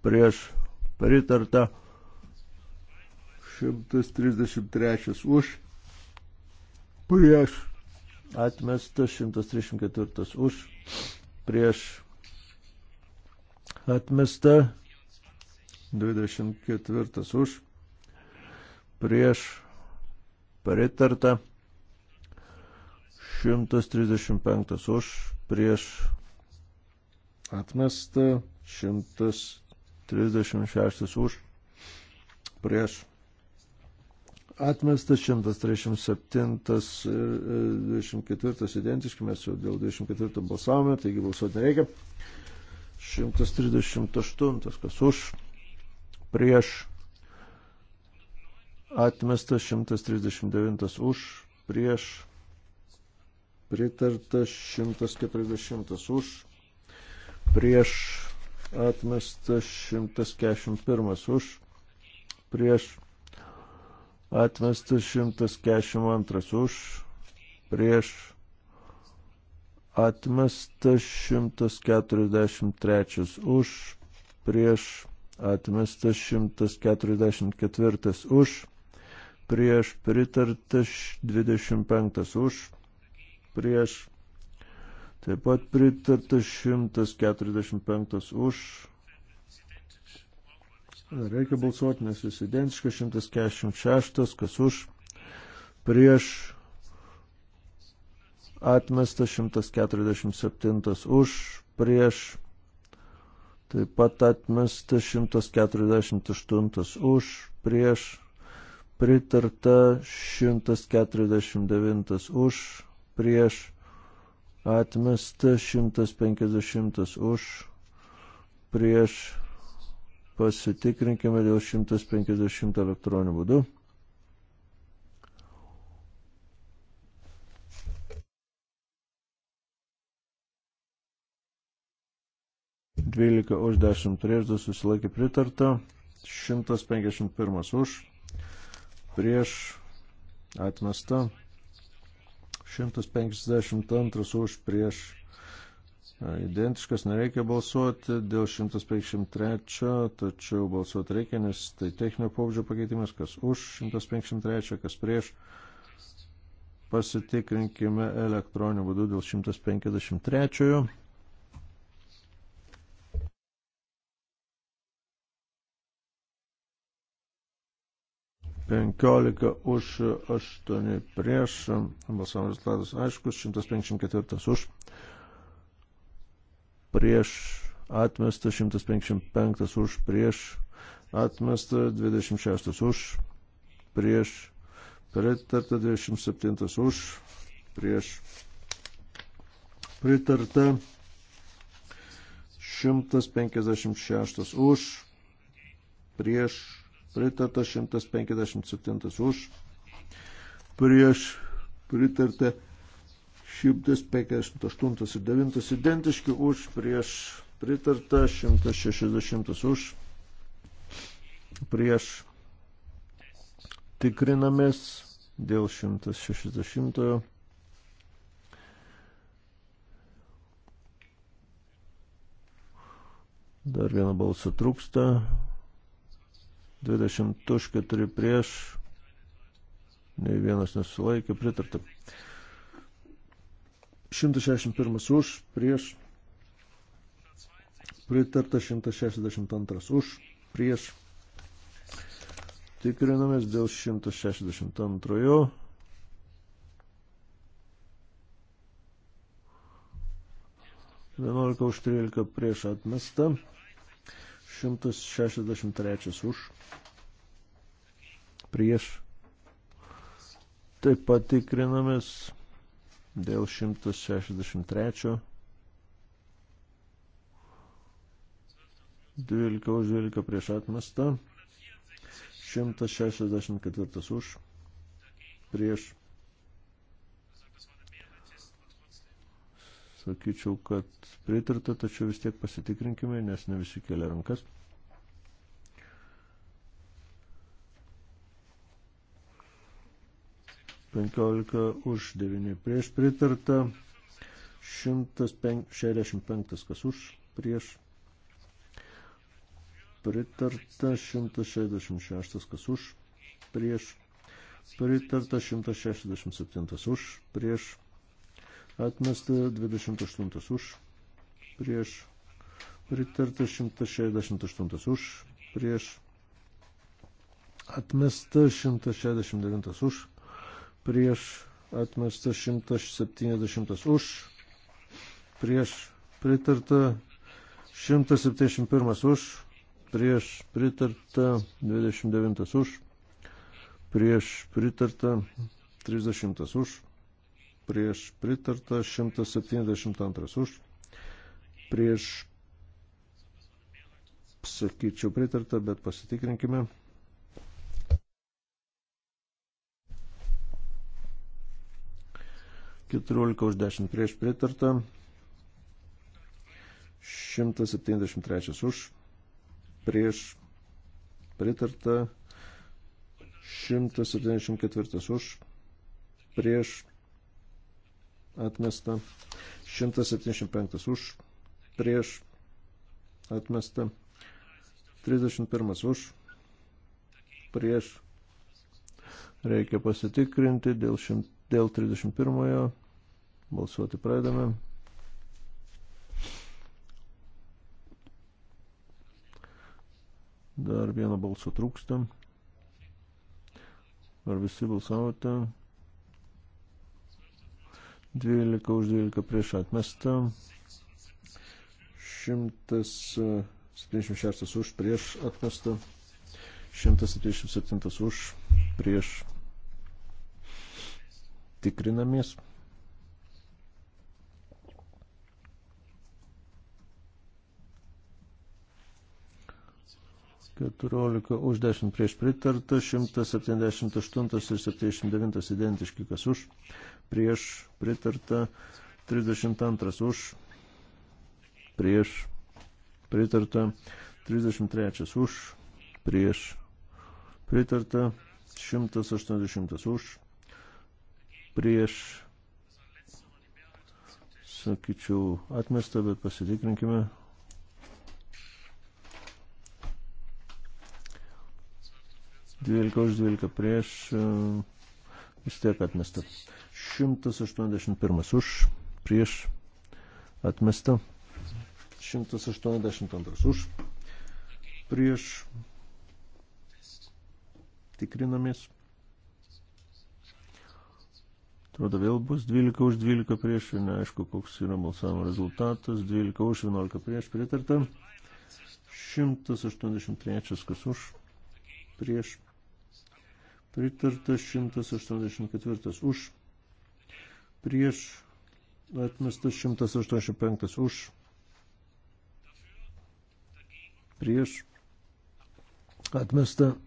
prieš pritarta, 133 už, prieš atmestas, 134 už, prieš atmestą, 24 už, prieš pritarta, 135 už, prieš atmesta, 136 už, prieš atmestas 137 ir 24 identiški, mes jau dėl 24 balsavome, taigi balsuoti nereikia. 138, kas už, prieš, atmestas 139 už, prieš, pritartas 140 už, prieš atmestas 141 už, prieš atmestas 142 už, prieš atmestas 143 už, prieš atmestas 144 už, prieš pritartas 25 už, prieš Taip pat pritarta 145 už. Reikia balsuoti, nes jis identiškas 146, kas už. Prieš atmestas 147 už. Prieš taip pat atmestas 148 už. Prieš pritarta 149 už. Prieš atmesta 150 už, prieš pasitikrinkime dėl 150 elektroninių būdų. Dvylika už 10 prieš, 2 susilaikė pritarta, 151 už, prieš atmesta 152 už prieš e, identiškas, nereikia balsuoti dėl 153, tačiau balsuoti reikia, nes tai techninio pobūdžio pakeitimas, kas už 153, kas prieš. Pasitikrinkime elektroniniu būdu dėl 153. 15 už, 8 prieš, balsavimo rezultatas aiškus, 154 už, prieš atmesta, 155 už, prieš atmesta, 26 už, prieš pritarta, 27 už, prieš pritarta, 156 už, prieš pritarta 157 už, prieš pritarta 158 ir 9 identiški už, prieš pritarta 160 už, prieš tikrinamės dėl 160. Dar vieną balsą trūksta. 20 už 4 prieš, nei vienas nesilaikė, pritarta. 161 už, prieš, pritarta 162 už, prieš. Tikrinamės dėl 162. Vienuolika už 13 prieš atmestą. 163 už. Prieš. Taip pat tikrinamės dėl 163. 12 už 12 prieš atmestą. 164 už. Prieš Sakyčiau, kad pritarta, tačiau vis tiek pasitikrinkime, nes ne visi kelia rankas. Penkiolika už, devyni prieš pritarta. 165 kas už, prieš pritarta 166 kas už, prieš pritarta 167 už, prieš atmesta 28 už, prieš pritarta 168 už, prieš atmesta 169 už, prieš atmesta 170 už, prieš pritarta 171 už, prieš pritarta 29 už, prieš pritarta 30 už prieš pritarta 172 už, prieš, sakyčiau, pritarta, bet pasitikrinkime. Keturiolika už dešimt prieš pritarta, 173 už, prieš pritarta, 174 už, prieš pritarta atmesta. 175 už, prieš, atmesta. 31 už, prieš. Reikia pasitikrinti dėl, šimt, dėl 31. Balsuoti pradame. Dar vieno balso trūksta. Ar visi balsavote? 12 už 12 prieš atmestą. 176 e, už prieš atmestą. 177 už prieš tikrinamės. 14 už 10 prieš pritarta, 178 ir 79 identiški, kas už, prieš pritarta, 32 už, prieš pritarta, 33 už, prieš pritarta, 180 už, prieš, sakyčiau, atmesta, bet pasitikrinkime. 12 už 12 prieš e, vis tiek atmesta. 181 už prieš atmesta. 182 už prieš tikrinamės. Atrodo, vėl bus 12 už 12 prieš, neaišku, koks yra balsavimo rezultatas, 12 už 11 prieš, pritarta, 183 kas už, prieš, Pritartas 184 už. Prieš atmestas 185 už. Prieš atmestą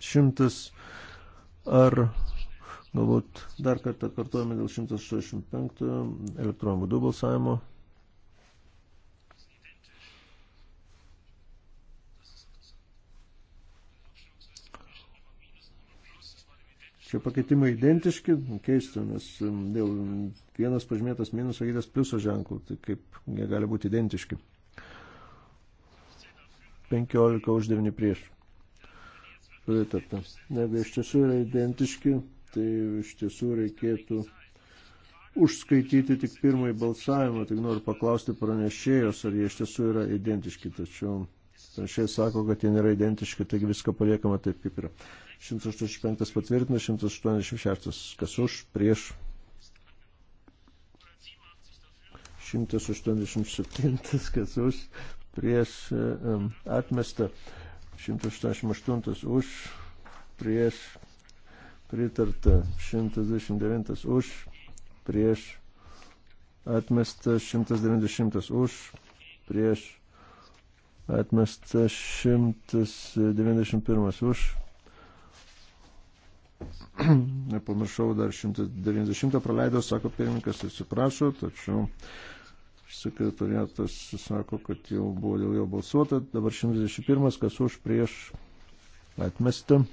100 ar galbūt dar kartą kartuojame dėl 185 elektronų būdų balsavimo. Šie pakeitimai identiški, keista, nes dėl vienas pažymėtas minuso, kitas pliuso ženklų, tai kaip jie gali būti identiški. 15 už 9 prieš. Pritarta. Jeigu iš tiesų yra identiški, tai iš tiesų reikėtų užskaityti tik pirmąjį balsavimą, tik noriu paklausti pranešėjos, ar jie iš tiesų yra identiški, tačiau pranešėjai sako, kad jie nėra identiški, taigi viską paliekama taip, kaip yra. 185 patvirtina, 186 kas už, prieš. 187 kas už, prieš atmestą. 188 už, prieš pritarta. 129 už, prieš atmestas. 190 už, prieš atmestas. 191 už [clears throat] Nepamiršau dar 190 praleido, sako pirmininkas, tai atsiprašau, tačiau sekretariatas sako, kad jau buvo dėl jo balsuota. Dabar 121, kas už prieš atmestą.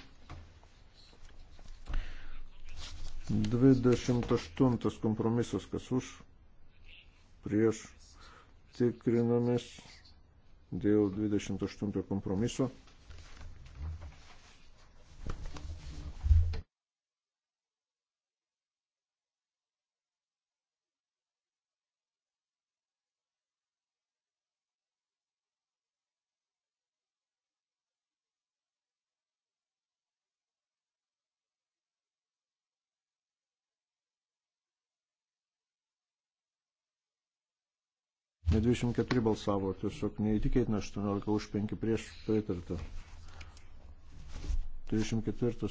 28 kompromisas, kas už prieš tikrinamės dėl 28 kompromiso. Ne 24 balsavo, tiesiog neįtikėtina 18 už 5 prieš pritartą. 34.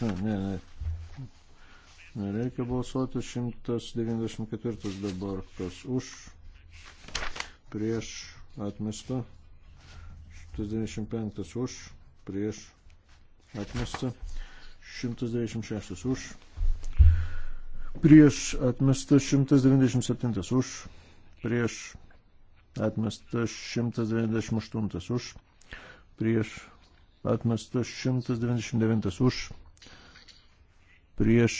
Ne, ne, ne. Nereikia balsuoti 194 dabar, kas už, prieš atmestą, 195 už, prieš atmestą, 196 už prieš atmestas 197 už, prieš atmestas 198 už, prieš atmestas 199 už, prieš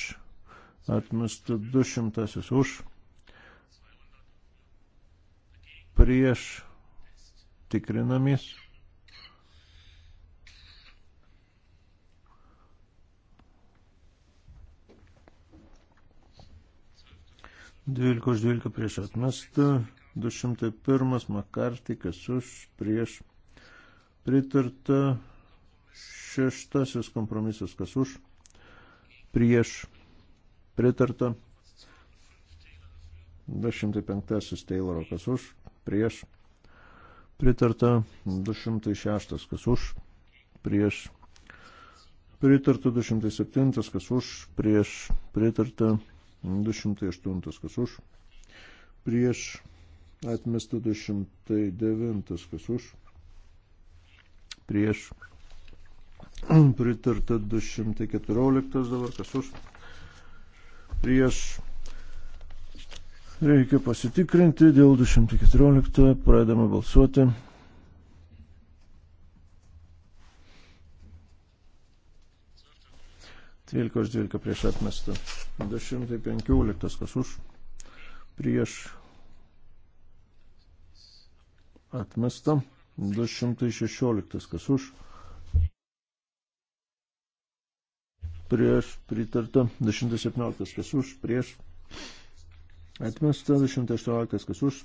atmestas 200 už, prieš tikrinamės 12 už 12 prieš atmestą, 201 Makartį, kas už prieš pritarta, šeštasis kompromisas, kas už prieš pritarta, 205 Tayloro, kas už prieš pritarta, 206 kas už prieš pritarta, 207 kas už prieš pritarta. 208 kas už, prieš atmesta 209 kas už, prieš pritarta 214 dabar kas už, prieš reikia pasitikrinti dėl 214 pradedame balsuoti. 12 už 12 prieš atmestą. 215 kas už prieš atmestą. 216 kas už prieš pritarta. 217 kas už prieš atmestą. 218 kas už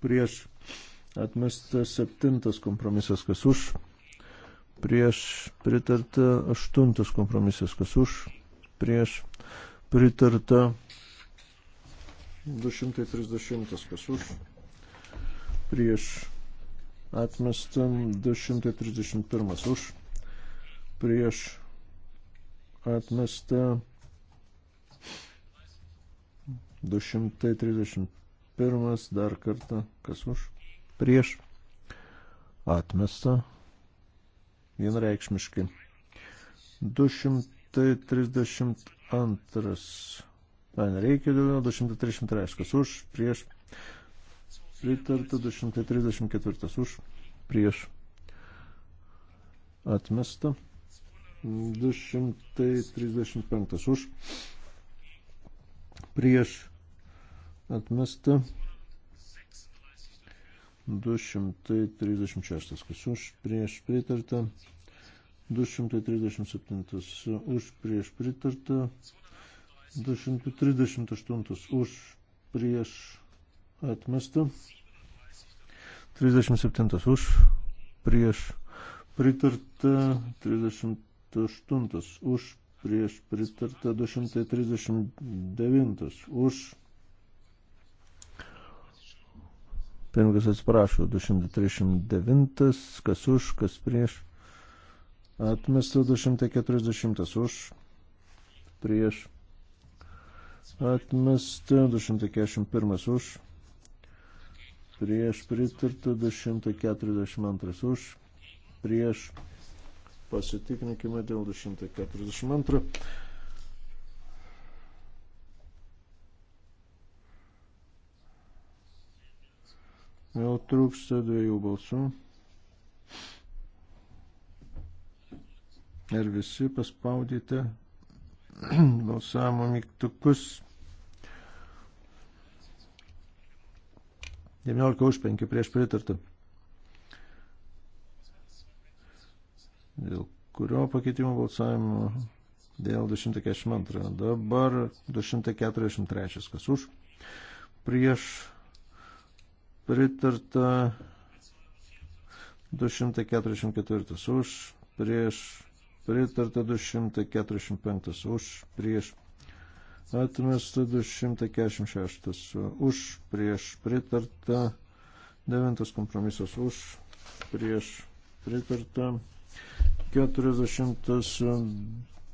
prieš atmestą. 7 kompromisas kas už prieš pritarta, aštuntas kompromisas, kas už, prieš pritarta, 230, kas už, prieš atmestam, 231 už, prieš atmestą 231 dar kartą, kas už, prieš atmestą vienreikšmiškai. 232. Na, nereikia daugiau, 233. Kas už, prieš. Pritarta 234. Už, prieš. Atmesta. 235 už prieš atmestą 236, kas už prieš pritarta, 237 už prieš pritarta, 238 už prieš atmestą, 37 už prieš pritarta, 38 už prieš pritarta, 239 už Pirmininkas atsiprašo, 239, kas už, kas prieš. Atmesta 240 už, prieš. Atmesta 241 už, prieš pritarta 242 už, prieš. Pasitikrinkime dėl 242. Vėl trūksta dviejų balsų. Ir visi paspaudėte [clears throat] balsavimo mygtukus. 19 už 5 prieš pritartą. Dėl kurio pakeitimo balsavimo dėl 242. Dabar 243. Kas už? Prieš pritarta 244 už, prieš, pritarta 245 už, prieš, atmesta 246 už, prieš, pritarta 9 kompromisas už, prieš, pritarta 40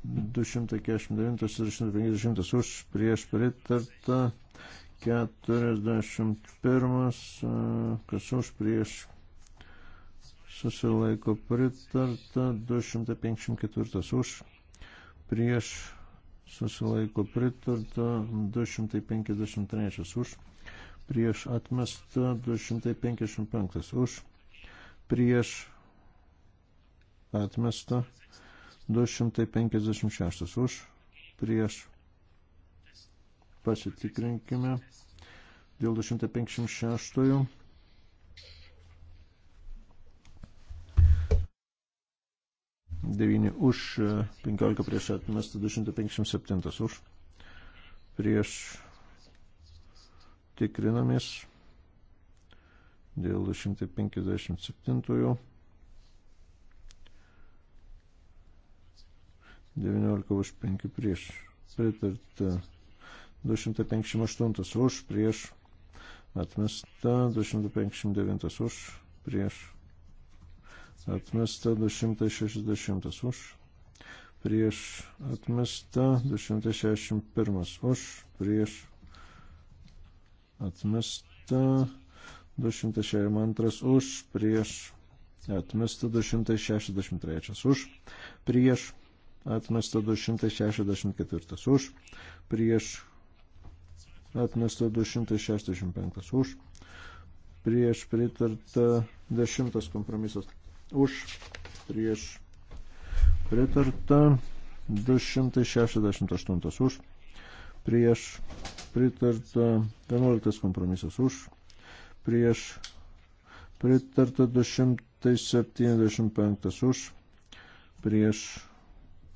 249 ir 150 už, prieš, pritarta 41, e, kas už prieš susilaiko pritarta, 254 už prieš susilaiko pritarta, 253 už prieš atmesta, 255 už prieš atmesta, 256 už prieš Pasitikrinkime dėl 256. Devyni už, 15 prieš atmestą, 257 už, prieš tikrinamės dėl 257. 19 už 5 prieš. Pritarta 258 už, prieš, atmesta, 259 už, prieš, atmesta, 260 už, prieš, atmesta, 261 už, prieš, atmesta, 262 už, prieš, atmesta, 263 už, prieš, atmesta 264 už, prieš atmesta 265 už, prieš pritarta 10 kompromisas už, prieš pritarta 268 už, prieš pritarta 11 kompromisas už, prieš pritarta 275 už, prieš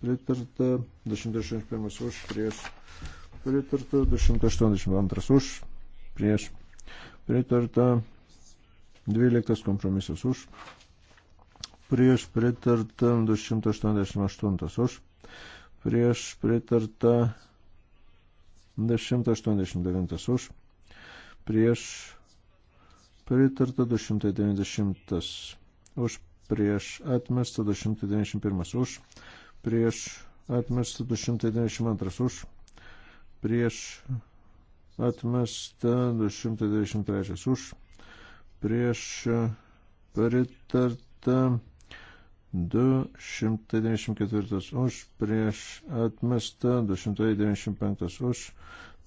pritarta, 281 už, prieš pritarta, 282 už, prieš pritarta, 12 kompromisas už, prieš pritarta, 288 už, prieš pritarta, 189 už, prieš pritarta, 290 už, prieš atmestą, 291 už, prieš atmestą 292 už, prieš atmestą 293 už, prieš pritartą 294 už, prieš atmestą 295 už,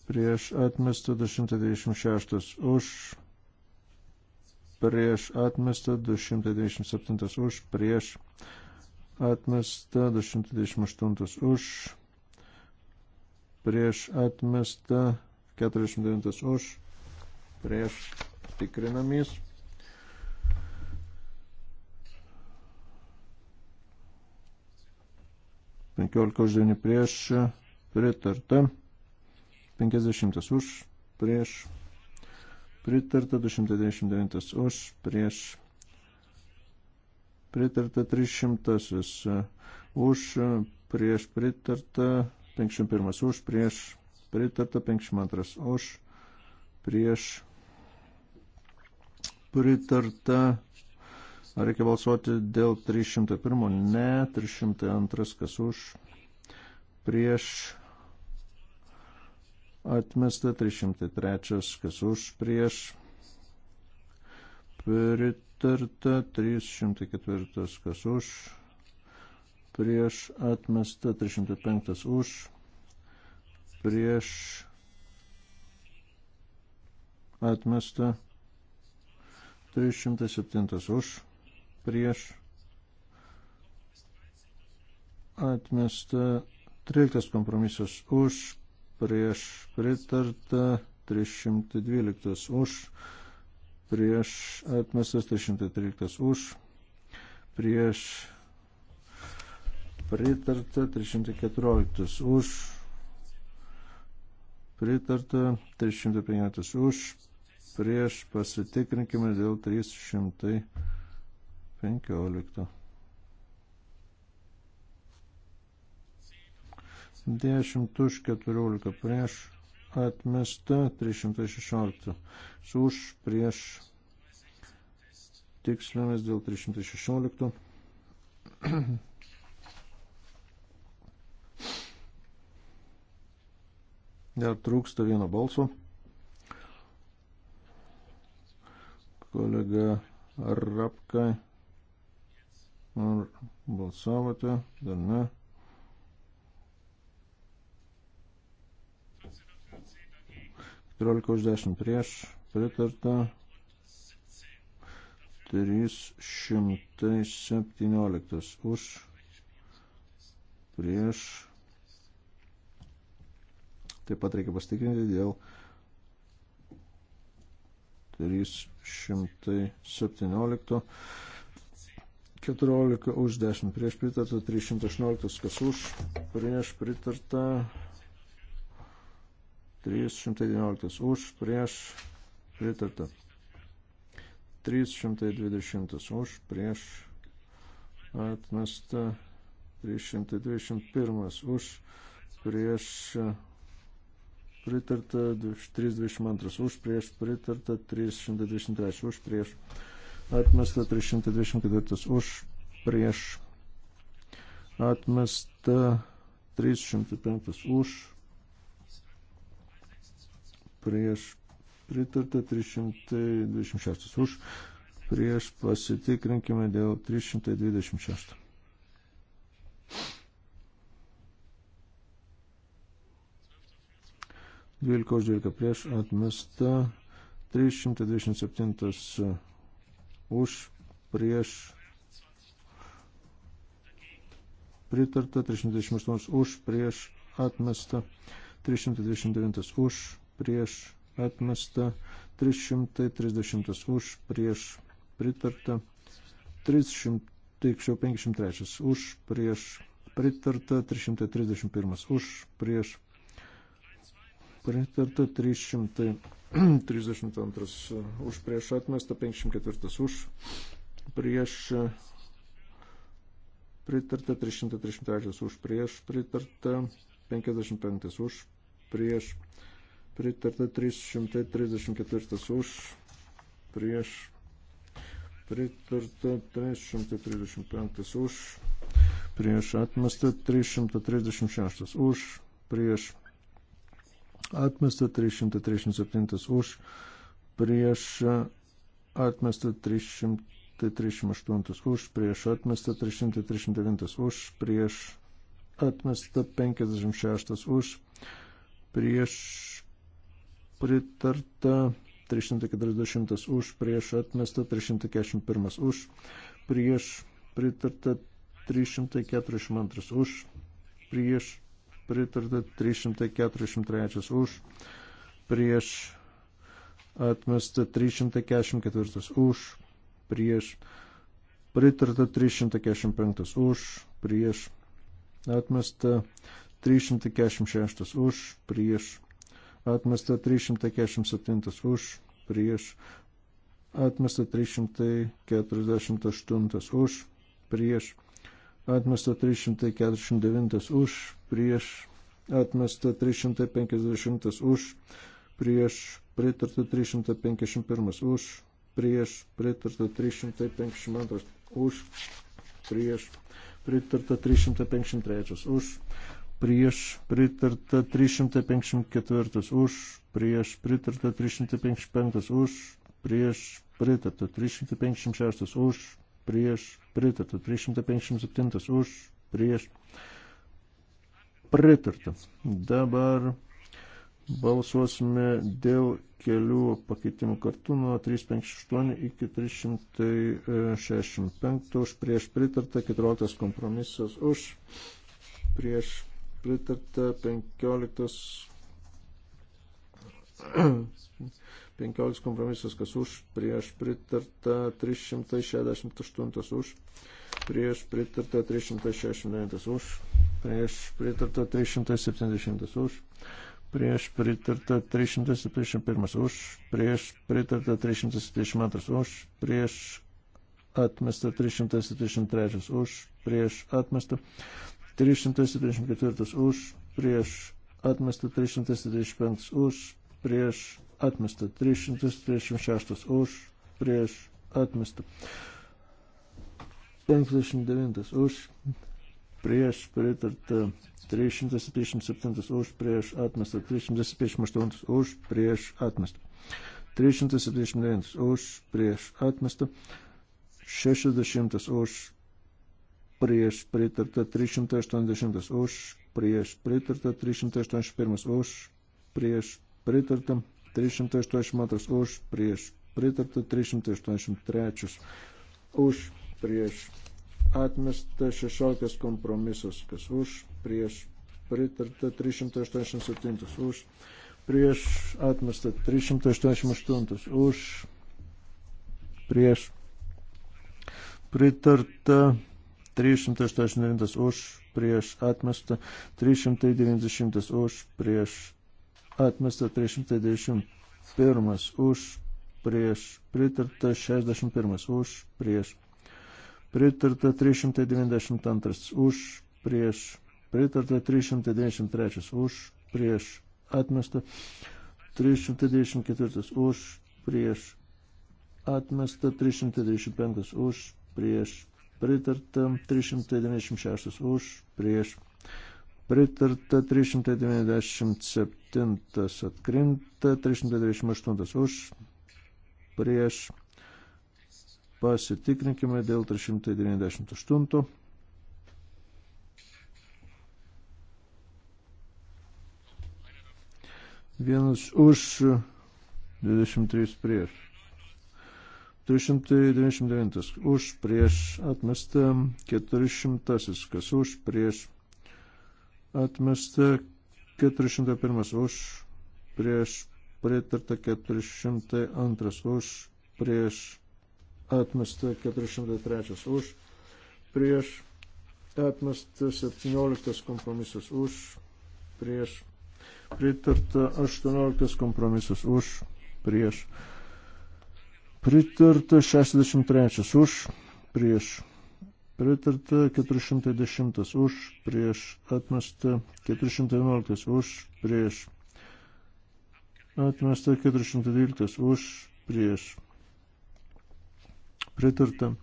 prieš atmestą 296 už, prieš atmestą 297 už, prieš atmestą atmesta, 228 už, prieš atmesta, 49 už, prieš tikrinamis. Penkiolika už devyni prieš pritarta, penkisdešimtas už prieš pritarta, du šimtai dešimt devintas už prieš pritarta 300 už, prieš pritarta 51 už, prieš pritarta 52 už, prieš pritarta. Ar reikia balsuoti dėl 301? Ne. 302 kas už, prieš atmesta 303 kas už, prieš pritarta, 304 kas už, prieš atmesta, 305 už, prieš atmesta, 307 už, prieš atmesta, 13 kompromisas už, prieš pritarta, 312 už, prieš prieš atmestas 313 tai už, prieš pritarta 314 už, pritarta 315 už, prieš pasitikrinkime dėl 315. Dešimt už keturiolika prieš atmesta 316. Už prieš tiksliamės dėl 316. [clears throat] Dar trūksta vieno balso. Kolega Rapka. Ar balsavote? Dar ne. 14 už 10 prieš pritarta. 317 už prieš. Taip pat reikia pastikrinti dėl 317. 14 už 10 prieš pritarta, 318 kas už, prieš pritarta, 319 už, prieš, pritarta. 320 už, prieš, atmesta. 321 už, prieš, pritarta. 322 už, prieš, pritarta. 323 už, prieš, atmesta. 324 už, prieš, atmesta. 305 už, prieš pritarta 326 už, prieš pasitikrinkime dėl 326. Dvylika už dvylika prieš atmesta 327 už prieš pritarta 328 už prieš atmesta 329 už prieš atmesta, 330 už prieš pritarta, 300, tiksliau 503 už prieš pritarta, 331 už prieš pritarta, 332 už prieš atmesta, 54 už prieš pritarta, 333 už prieš pritarta, 55 už prieš pritarta pritarta 334 už, prieš, pritarta 335 už, prieš, atmesta 336 už, prieš, atmesta 337 už, prieš, atmesta 338 už, prieš, atmesta 339 už, prieš, atmesta 56 už, prieš pritarta, 340 už, prieš atmesta, 341 už, prieš pritarta, 342 už, prieš pritarta, 343 už, prieš atmesta, 344 už, prieš pritarta, 345 už, prieš atmesta, 346 už, prieš atmesta 347 už, prieš, atmesta 348 už, prieš, atmesta 349 už, prieš, atmesta 350 už, prieš, pritarta 351 už, prieš, pritarta 352 už, prieš, pritarta 353 už, prieš pritarta 354, už prieš pritarta 355, už prieš pritarta 356, už prieš pritarta 357, už prieš pritarta. Dabar balsuosime dėl kelių pakeitimų kartu nuo 358 iki 365 už prieš pritartą, 14 kompromisas už prieš pritarta 15 15 [clears throat] kompromisas, kas už, prieš pritarta 368 už, prieš pritarta 369 už, prieš pritarta 370 už, prieš pritarta 371 už, prieš pritarta 372 už, prieš atmesta 373 už, prieš atmesta 374 už, prieš atmestą 375 už, prieš atmestą 336 už, prieš atmestą 59 už, prieš pritartą 377 už, prieš atmestą 358 už, prieš atmestą 379 už, prieš atmestą 60 už, prieš pritarta 380 už, prieš pritarta 381 už, prieš pritarta 382 už, prieš pritarta 383 už, prieš atmesta 16 kompromisas, kas už, prieš pritarta 387 už, prieš atmesta 388 už, prieš pritarta 389 už prieš atmestą, 390 už prieš atmestą, 391 už prieš pritarta, 61 už prieš pritarta, 392 už prieš pritarta, 393 už prieš atmestą, 394 už prieš atmestą, 395 už prieš pritarta 396 už, prieš pritarta 397 atkrinta, 398 už, prieš pasitikrinkime dėl 398. Vienas už, 23 prieš. 399 už prieš atmestą 400, kas už prieš atmestą 401, už prieš pritarta 402, už prieš atmestą 403, už prieš atmestą 17 kompromisas, už prieš pritarta 18 kompromisas, už prieš atmestą Pritarta 63 už, prieš. Pritarta 410 už, prieš. Atmesta 411 už, prieš. Atmesta 412 už, prieš. Pritarta.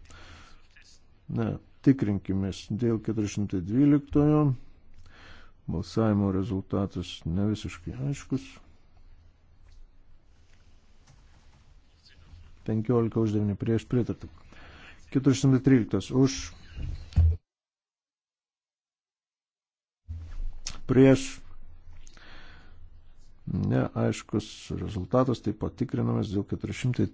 Ne, tikrinkimės dėl 412. Balsavimo rezultatas nevisiškai aiškus. 15 už 9 prieš pritartą. 413 už prieš neaiškus rezultatas, tai patikrinamas dėl 413.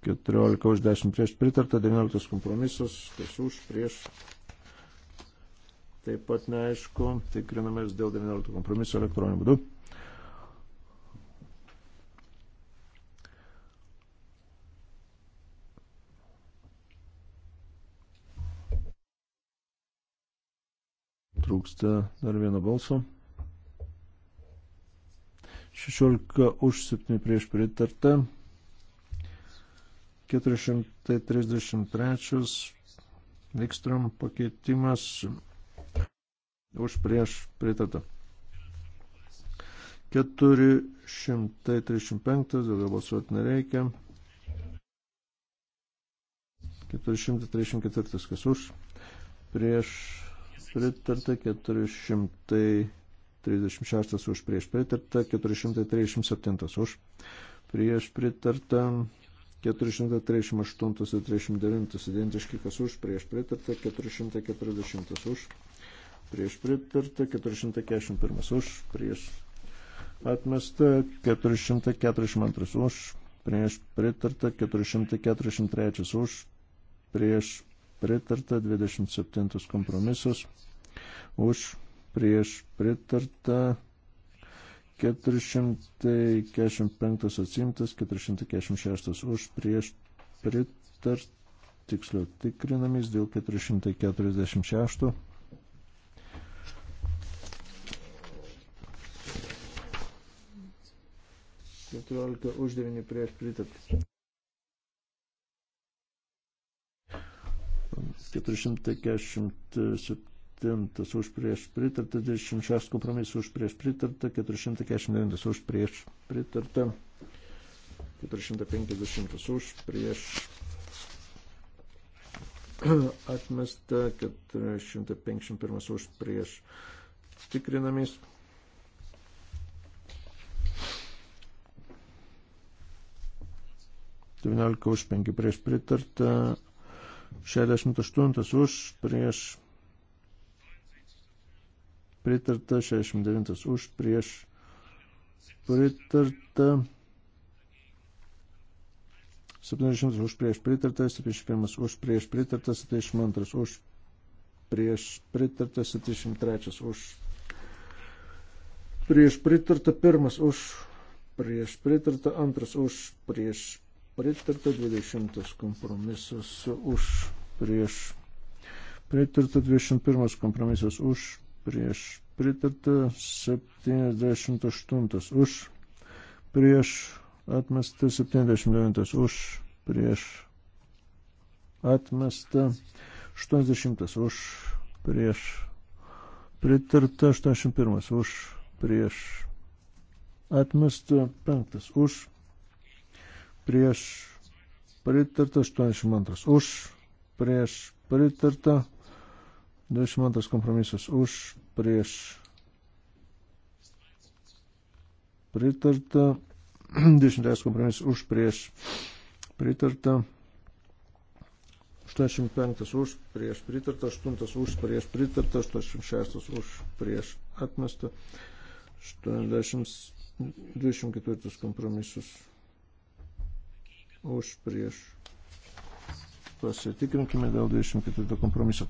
Keturiolika už dešimt prieš pritarta, devynioliktas kompromisas, tas už prieš Taip pat neaišku, tikrinamės dėl 19 kompromiso elektroniniu būdu. Trūksta dar vieno balso. 16 už 7 prieš pritartą. 433 Vikstrom pakeitimas už prieš pritartą. 435, daugiau balsuoti nereikia. 434, kas už, prieš pritarta, 436 už, prieš pritarta, 437 už, prieš pritarta, 438 ir 39 identiški, kas už, prieš pritarta, 440 už prieš pritarta, 441 už, prieš atmesta, 442 už, prieš pritarta, 443 už, prieš pritarta, 27 kompromisas už, prieš pritarta, 445 atsimtas, 446 už, prieš pritarta, tiksliau tikrinamės dėl 446. 14 už 9 prieš pritartis. 447 už prieš pritartą, 26 kompromisų už prieš pritartą, 449 už prieš pritartą, 450 už prieš atmesta, 451 už prieš tikrinamės. 19 už 5 prieš pritarta, 68 už prieš pritarta, 69 už prieš pritarta, 70 už prieš pritarta, 71 už prieš pritarta, 72 už prieš pritarta, 73 už prieš pritarta, pirmas už prieš pritarta, antras už prieš pritarta 20 kompromisas už prieš pritarta 21 kompromisas už prieš pritarta 78 už prieš atmesta 79 už prieš atmesta 80 už prieš pritarta 81 už prieš atmesta 5 už prieš pritarta, 82 už, prieš pritarta, 22 kompromisas už, prieš pritarta, 23 [clears throat] kompromisas už, prieš pritarta. 85 už, prieš pritarta, 8 už, prieš pritarta, 86 už, prieš atmestą, 80, 24 kompromisus už prieš. Pasitikrinkime dėl 24 kompromiso.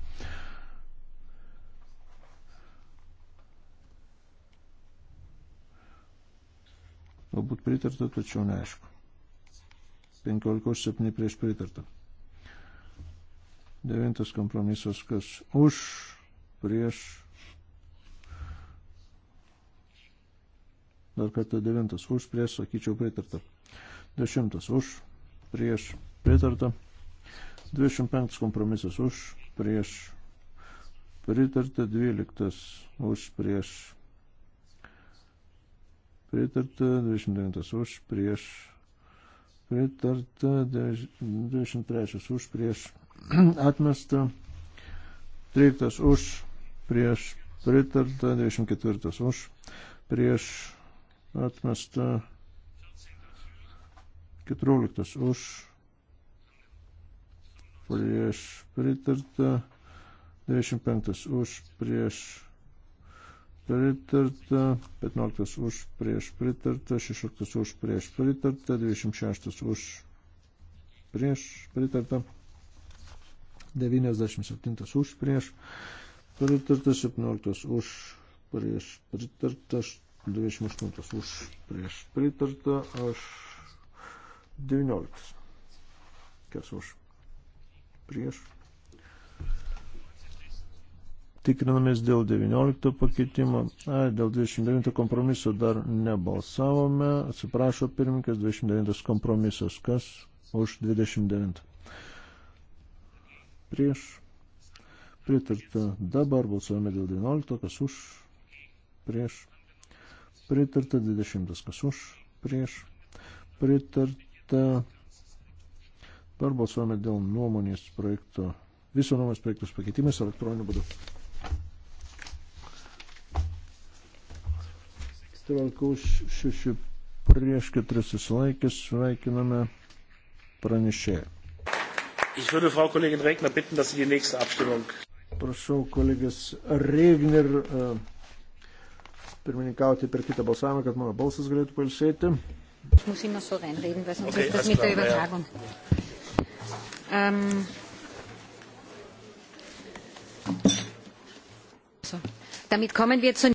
Galbūt pritarta, tačiau neaišku. 15 už 7 prieš pritarta. Devintas kompromisas, kas už, prieš. Dar kartą devintas, už, prieš, sakyčiau, pritarta. Dešimtas, už, prieš pritarta. 25 kompromisas už prieš pritarta. 12 už prieš pritarta. 29 už prieš pritarta. 23 [clears throat] už prieš atmesta. 13 už prieš pritarta. 24 už prieš atmesta. 14 už, prieš pritarta, 25 už, prieš pritarta, 15 už, prieš pritarta, 16 už, prieš pritarta, 26 už, prieš pritarta. 97 už prieš, pritarta 17 už prieš, pritarta 28 už prieš, pritarta aš. 19. Kas už? Prieš. Tikrinamės dėl 19 pakeitimo. A, dėl 29 kompromiso dar nebalsavome. Atsiprašo pirmininkas, 29 kompromisas. Kas už 29? Prieš. Pritarta dabar, balsuojame dėl 19, kas už, prieš. Pritarta 20, kas už, prieš. Pritarta projektą. Dabar balsuojame dėl nuomonės projekto, viso nuomonės projektus pakeitimais elektroniniu būdu. 14 už 6 prieš 4 susilaikęs sveikiname pranešėją. Ich würde Frau Kollegin Regner bitten, dass sie die nächste Abstimmung. Prašau kolegės Regner e, pirmininkauti per kitą balsavimą, kad mano balsas galėtų palsėti. Ich muss immer so reinreden, weil sonst okay, ist das mit klar, der Übertragung. Ja. Ähm, so. Damit kommen wir zu.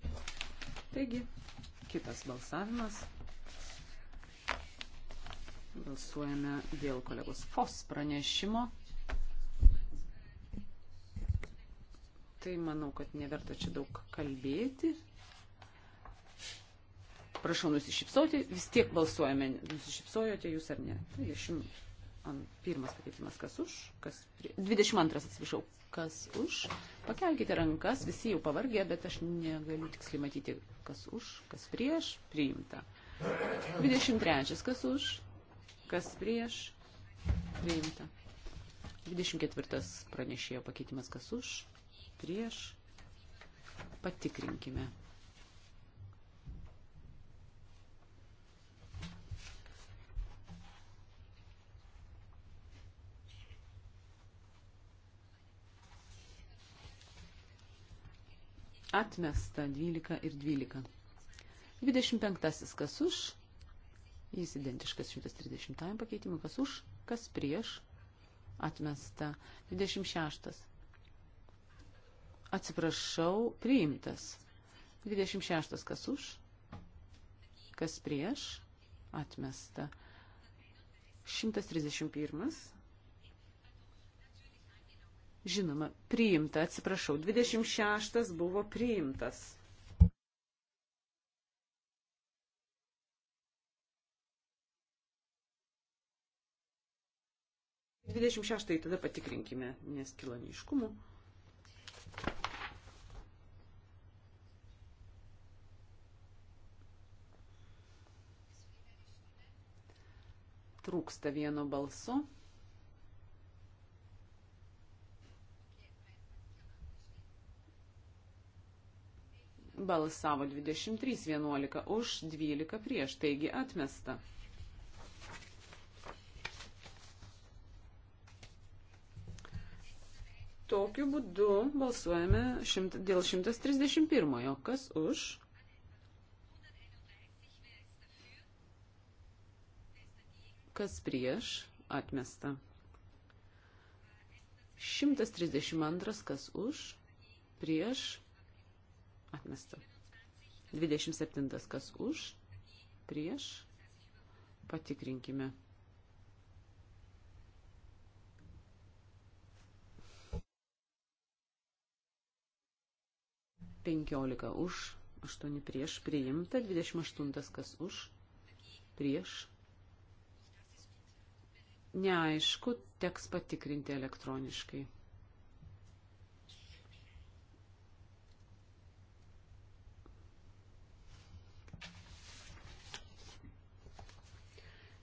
Taigi, kitas balsavimas. Balsuojame dėl kolegos FOS pranešimo. Tai manau, kad neverta čia daug kalbėti. Prašau nusišypsoti, vis tiek balsuojame, nusišypsojote jūs ar ne. 21 pakeitimas, kas už, kas prie, 22 atsiprašau, kas už. Pakelkite rankas, visi jau pavargė, bet aš negaliu tiksliai matyti, kas už, kas prieš, priimta. 23 kas už, kas prieš, priimta. 24 pranešėjo pakeitimas, kas už, prieš, patikrinkime. Atmesta 12 ir 12. 25. Kas už? Jis identiškas 130 pakeitimui. Kas už? Kas prieš? Atmesta 26. Atsiprašau, priimtas. 26. Kas už? Kas prieš? Atmesta. 131 Žinoma, priimta, atsiprašau, 26 buvo priimtas. Dvidešimt šeštai tada patikrinkime, nes kilo neiškumų. Trūksta vieno balso. balsavo 23, 11 už, 12 prieš, taigi atmesta. Tokiu būdu balsuojame šimt, dėl 131. Kas už? Kas prieš? Atmesta. 132. Kas už? Prieš? Atmesta. 27. Kas už? Prieš? Patikrinkime. Penkiolika už, aštuoni prieš, priimta, dvidešimt aštuntas kas už, prieš. Neaišku, teks patikrinti elektroniškai.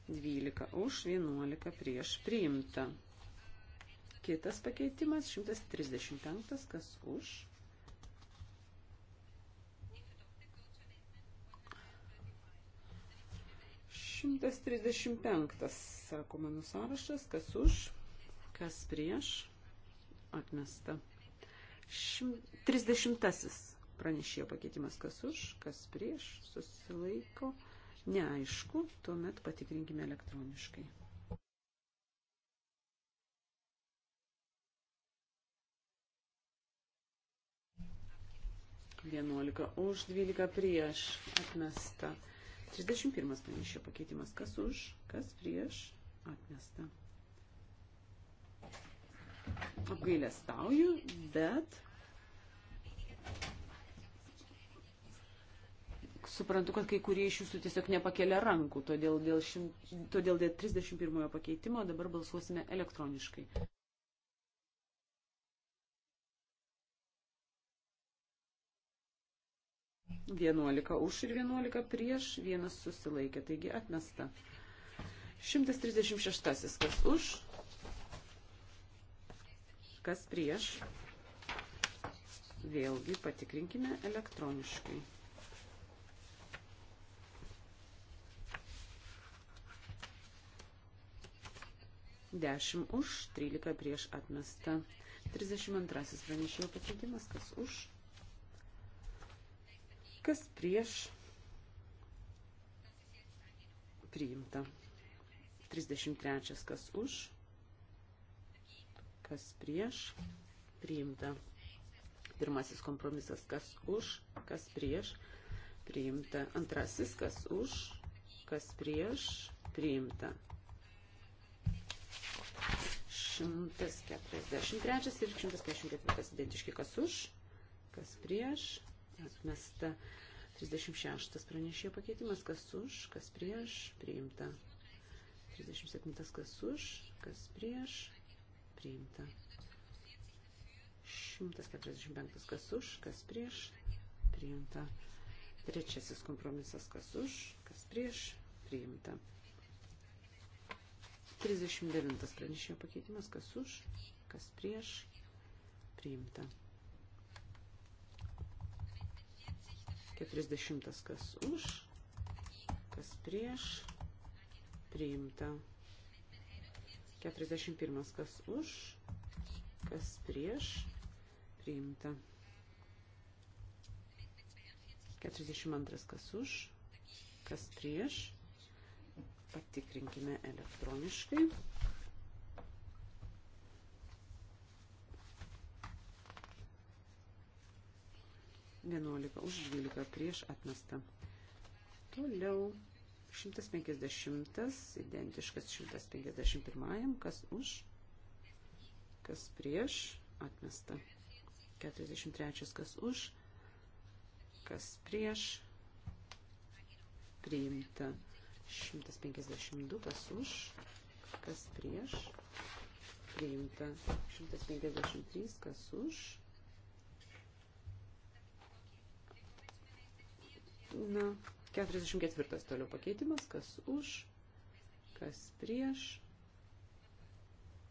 12 už, 11 prieš priimta. Kitas pakeitimas 135, kas už. Šimtas trisdešimt penktas, sako mano sąrašas, kas už, kas prieš, atmesta. Trisdešimtasis pranešėjo pakeitimas, kas už, kas prieš, susilaiko, atmesta neaišku, tuomet patikrinkime elektroniškai. Vienuolika už, dvylika prieš atmesta. 31 pranešė pakeitimas. Kas už, kas prieš atmesta. Apgailę stauju, bet suprantu, kad kai kurie iš jūsų tiesiog nepakelia rankų, todėl dėl, šim, todėl dėl 31 pakeitimo dabar balsuosime elektroniškai. Vienuolika už ir vienuolika prieš, vienas susilaikė, taigi atmesta. 136. Kas už, kas prieš. Vėlgi patikrinkime elektroniškai. 10 už, 13 prieš atmesta. 32 pranešėjo pakeitimas, kas už, kas prieš priimta. 33 kas už, kas prieš priimta. Pirmasis kompromisas, kas už, kas prieš, priimta. Antrasis, kas už, kas prieš, priimta. 143 ir 144 identiški, kas už, kas prieš, atmesta 36 pranešė pakeitimas, kas už, kas prieš, priimta 37 kas už, kas prieš, priimta 145 kas už, kas prieš, priimta trečiasis kompromisas, kas už, kas prieš, priimta 39 pranešėjo pakeitimas, kas už, kas prieš, priimta. 40 kas už, kas prieš, priimta. 41 kas už, kas prieš, priimta. 42 kas už, kas prieš, Patikrinkime elektroniškai. Vienuolika už dvylika prieš atmestą. Toliau 150, identiškas 151, kas už, kas prieš atmestą. 43, kas už, kas prieš priimta. 152, kas už, kas prieš, priimta. 153, kas už. Na, 44 toliau pakeitimas, kas už, kas prieš.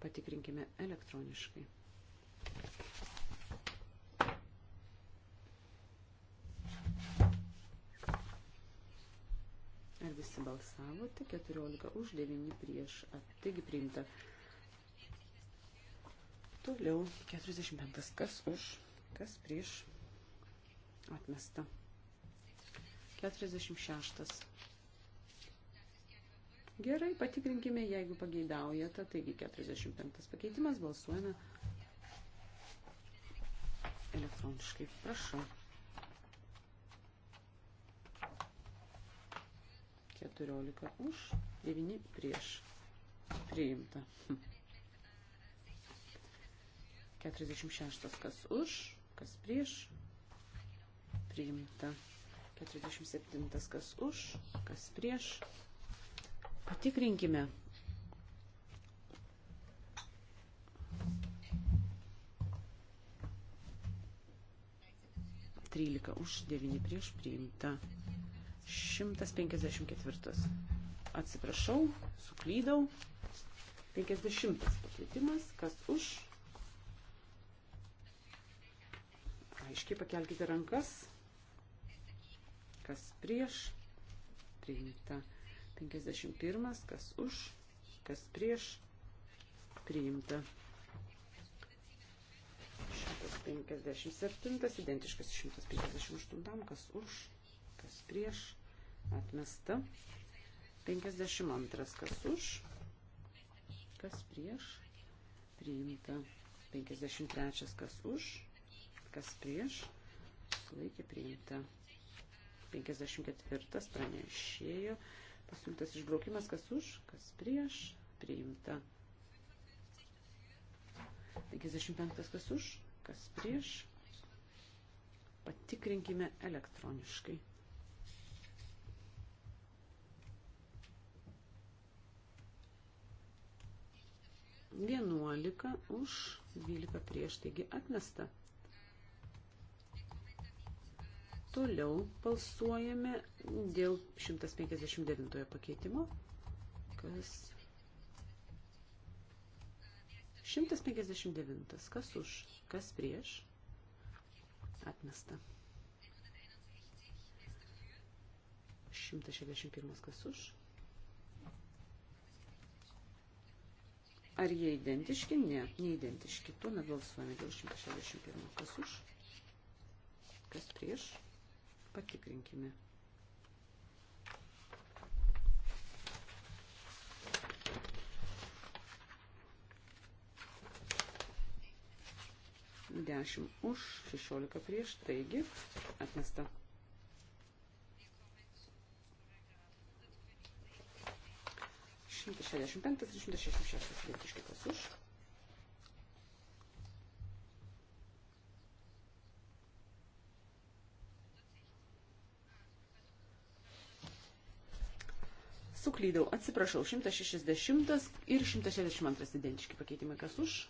Patikrinkime elektroniškai. balsavote, 14 už, 9 prieš, taigi priimta. Toliau 45, kas už, kas prieš, atmesta. 46. Gerai, patikrinkime, jeigu pageidaujate, taigi 45 pakeitimas, balsuojame elektroniškai, prašau. 14 už, 9 prieš. Priimta. 46 kas už, kas prieš. Priimta. 47 kas už, kas prieš. Patikrinkime. Trylika už, devyni prieš priimta. 154. Atsiprašau, suklydau. 50 pakeitimas, kas už. Aiškiai pakelkite rankas. Kas prieš. Priimta. 51, kas už, kas prieš. Priimta. 157, identiškas 158, kas už, kas prieš Atmesta. 52. Kas už? Kas prieš? Priimta. 53. Kas už? Kas prieš? Sulaikė priimta. 54. Pranešėjo. Pasiūlytas išbraukimas. Kas už? Kas prieš? Priimta. 55. Kas už? Kas prieš? Patikrinkime elektroniškai. 11 už, 12 prieš, taigi atmesta. Toliau balsuojame dėl 159 pakeitimo. Kas? 159. Kas už? Kas prieš? Atmesta. 161. Kas už? Ar jie identiški? Ne, neidentiški. Tuomet balsuojame dėl 161. Kas už? Kas prieš? Patikrinkime. Dešimt už, šešiolika prieš, taigi atmesta. 165 ir 166 identiški kas už. Suklydau, atsiprašau, 160 ir 162 identiški pakeitimai. Kas už,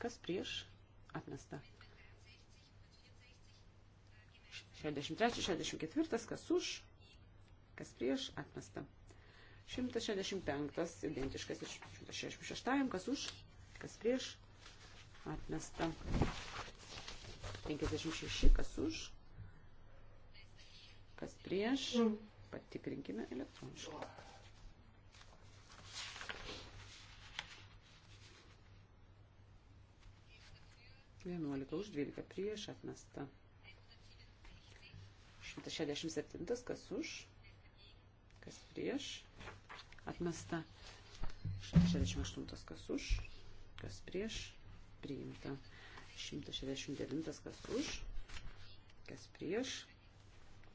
kas prieš, atmesta. 63, 64, kas už, kas prieš, atmesta. 165 identiškas ir 166, kas už, kas prieš, atmesta. 56, kas už, kas prieš, patikrinkime elektroniškai. Vienuolika už, dvylika prieš, atmesta. 167, kas už, kas prieš, atmesta. 68 kas už, kas prieš, priimta. 169 kas už, kas prieš,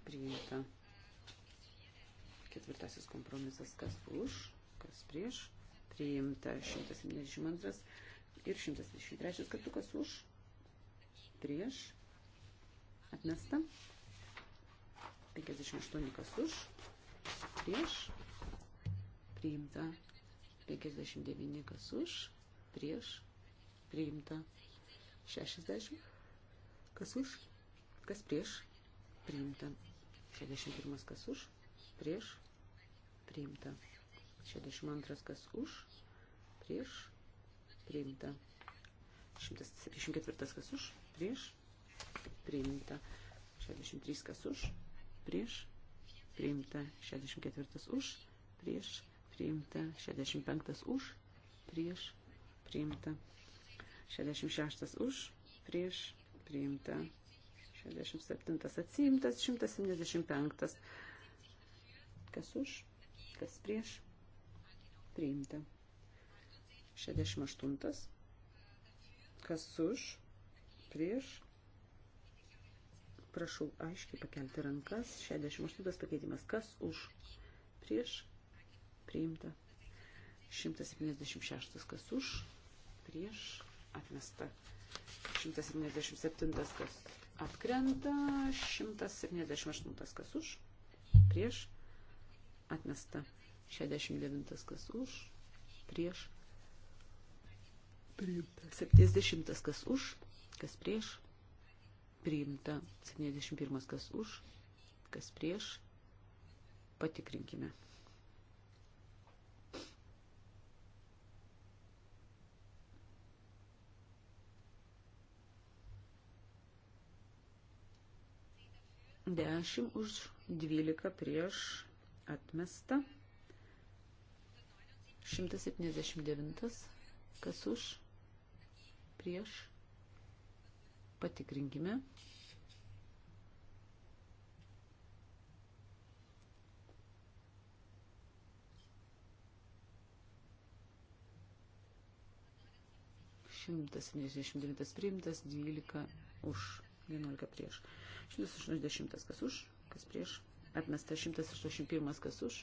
priimta. Ketvirtasis kompromisas kas už, kas prieš, priimta. 172 ir 123 kartu kas už, prieš, atmesta. 58 kas už, prieš, priimta. 59 kas už, prieš, priimta. 60 kas už, kas prieš, priimta. 61 kas už, prieš, priimta. 62 kas už, prieš, priimta. 174 kas už, prieš, priimta. 63 kas už, prieš, priimta. 64 už, prieš, priimta priimta, 65 už, prieš, priimta, 66 už, prieš, priimta, 67 atsiimtas, 175, kas už, kas prieš, priimta, 68, kas už, prieš, prašau aiškiai pakelti rankas, 68 pakeitimas, kas už, prieš, priimta, priimta. 176 kas už, prieš atmesta. 177 kas atkrenta, 178 kas už, prieš atmesta. 69 kas už, prieš priimta. 70 kas už, kas prieš priimta. 71 kas už, kas prieš patikrinkime. 10 už 12 prieš atmesta. 179 kas už prieš patikrinkime. Šimtas septyniasdešimt devintas priimtas, dvylika už 11 prieš. 180 kas už, kas prieš, atmesta 181 kas už,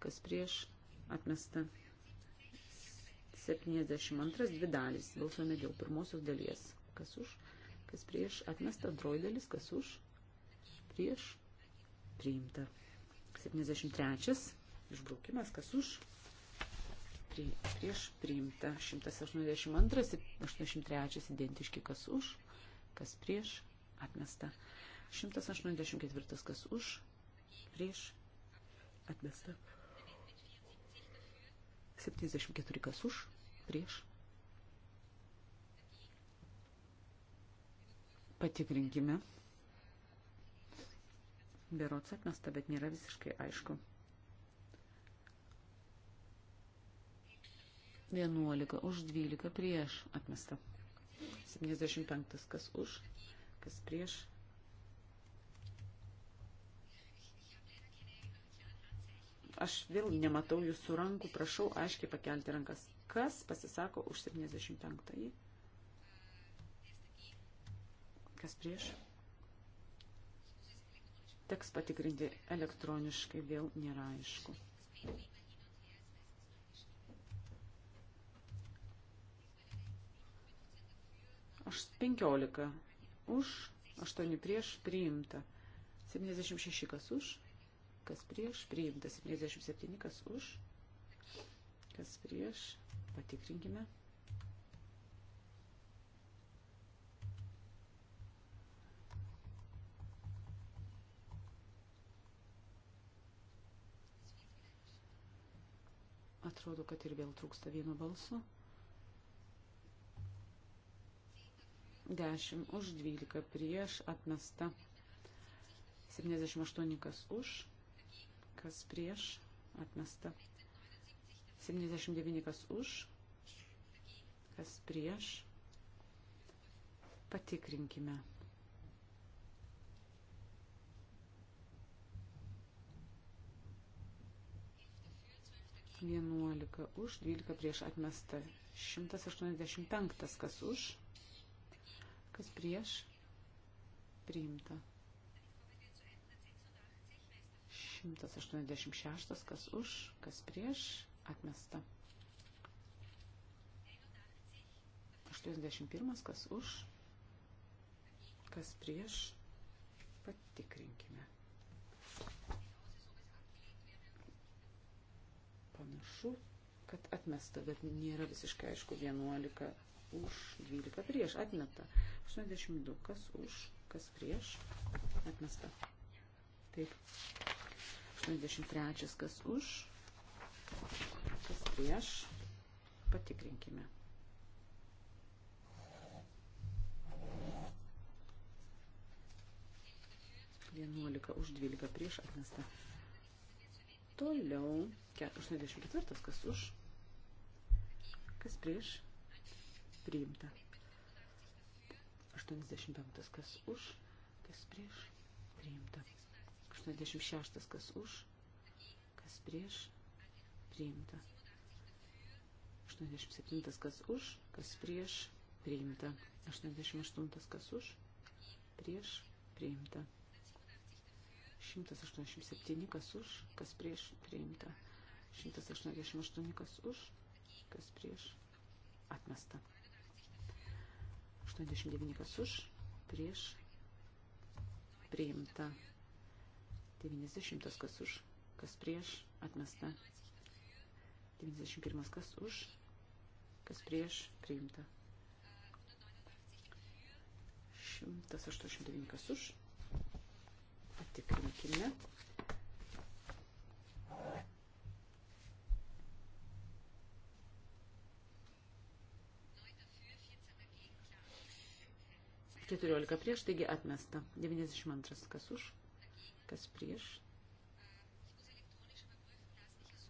kas prieš, atmesta 72 dvi dalys. Balsuojame dėl pirmosios dalies. Kas už, kas prieš, atmesta antroji dalis, kas už, prieš, priimta. 73 išbraukimas, kas už, prie, prieš priimta 182 ir 83 identiški kas už, kas prieš atmesta. 184 kas už, prieš, atmesta. 74 kas už, prieš. Patikrinkime. Berots atmesta, bet nėra visiškai aišku. 11 už 12 prieš atmesta. 75 kas už, kas prieš. Aš vėl nematau jūsų rankų, prašau aiškiai pakelti rankas. Kas pasisako už 75-ąjį? Kas prieš? Teks patikrinti elektroniškai, vėl nėra aišku. Aš 15 už, 8 prieš, priimta. 76 kas už, kas prieš, priimta. 77 kas už, kas prieš, patikrinkime. Atrodo, kad ir vėl trūksta vieno balso. 10 už 12 prieš atmesta. 78 kas už, kas prieš atmesta. 79 kas už, kas prieš. Patikrinkime. Vienuolika už, dvylika prieš atmesta. 185 kas už kas prieš, priimta. 186, kas už, kas prieš, atmesta. 81, kas už, kas prieš, patikrinkime. Panašu, kad atmesta, bet nėra visiškai aišku 11 už, 12 prieš, atmeta. 82, kas už, kas prieš, atmesta. Taip. 83, kas už, kas prieš, patikrinkime. Vienuolika už 12 prieš atmesta. Toliau 84 kas už, kas prieš priimta. 85 kas už, kas prieš, priimta. 86 kas už, kas prieš, priimta. 87 kas už, kas prieš, priimta. 88 kas už, prieš, priimta. 187 kas už, kas prieš, priimta. 188 kas už, kas prieš, atmesta. 89 kas už, prieš, priimta. 90 kas už, kas prieš, atmesta. 91 kas už, kas prieš, priimta. 189 kas už. Patikrinkime. Thank you. 14 prieš, taigi atmesta. 92 kas už, kas prieš.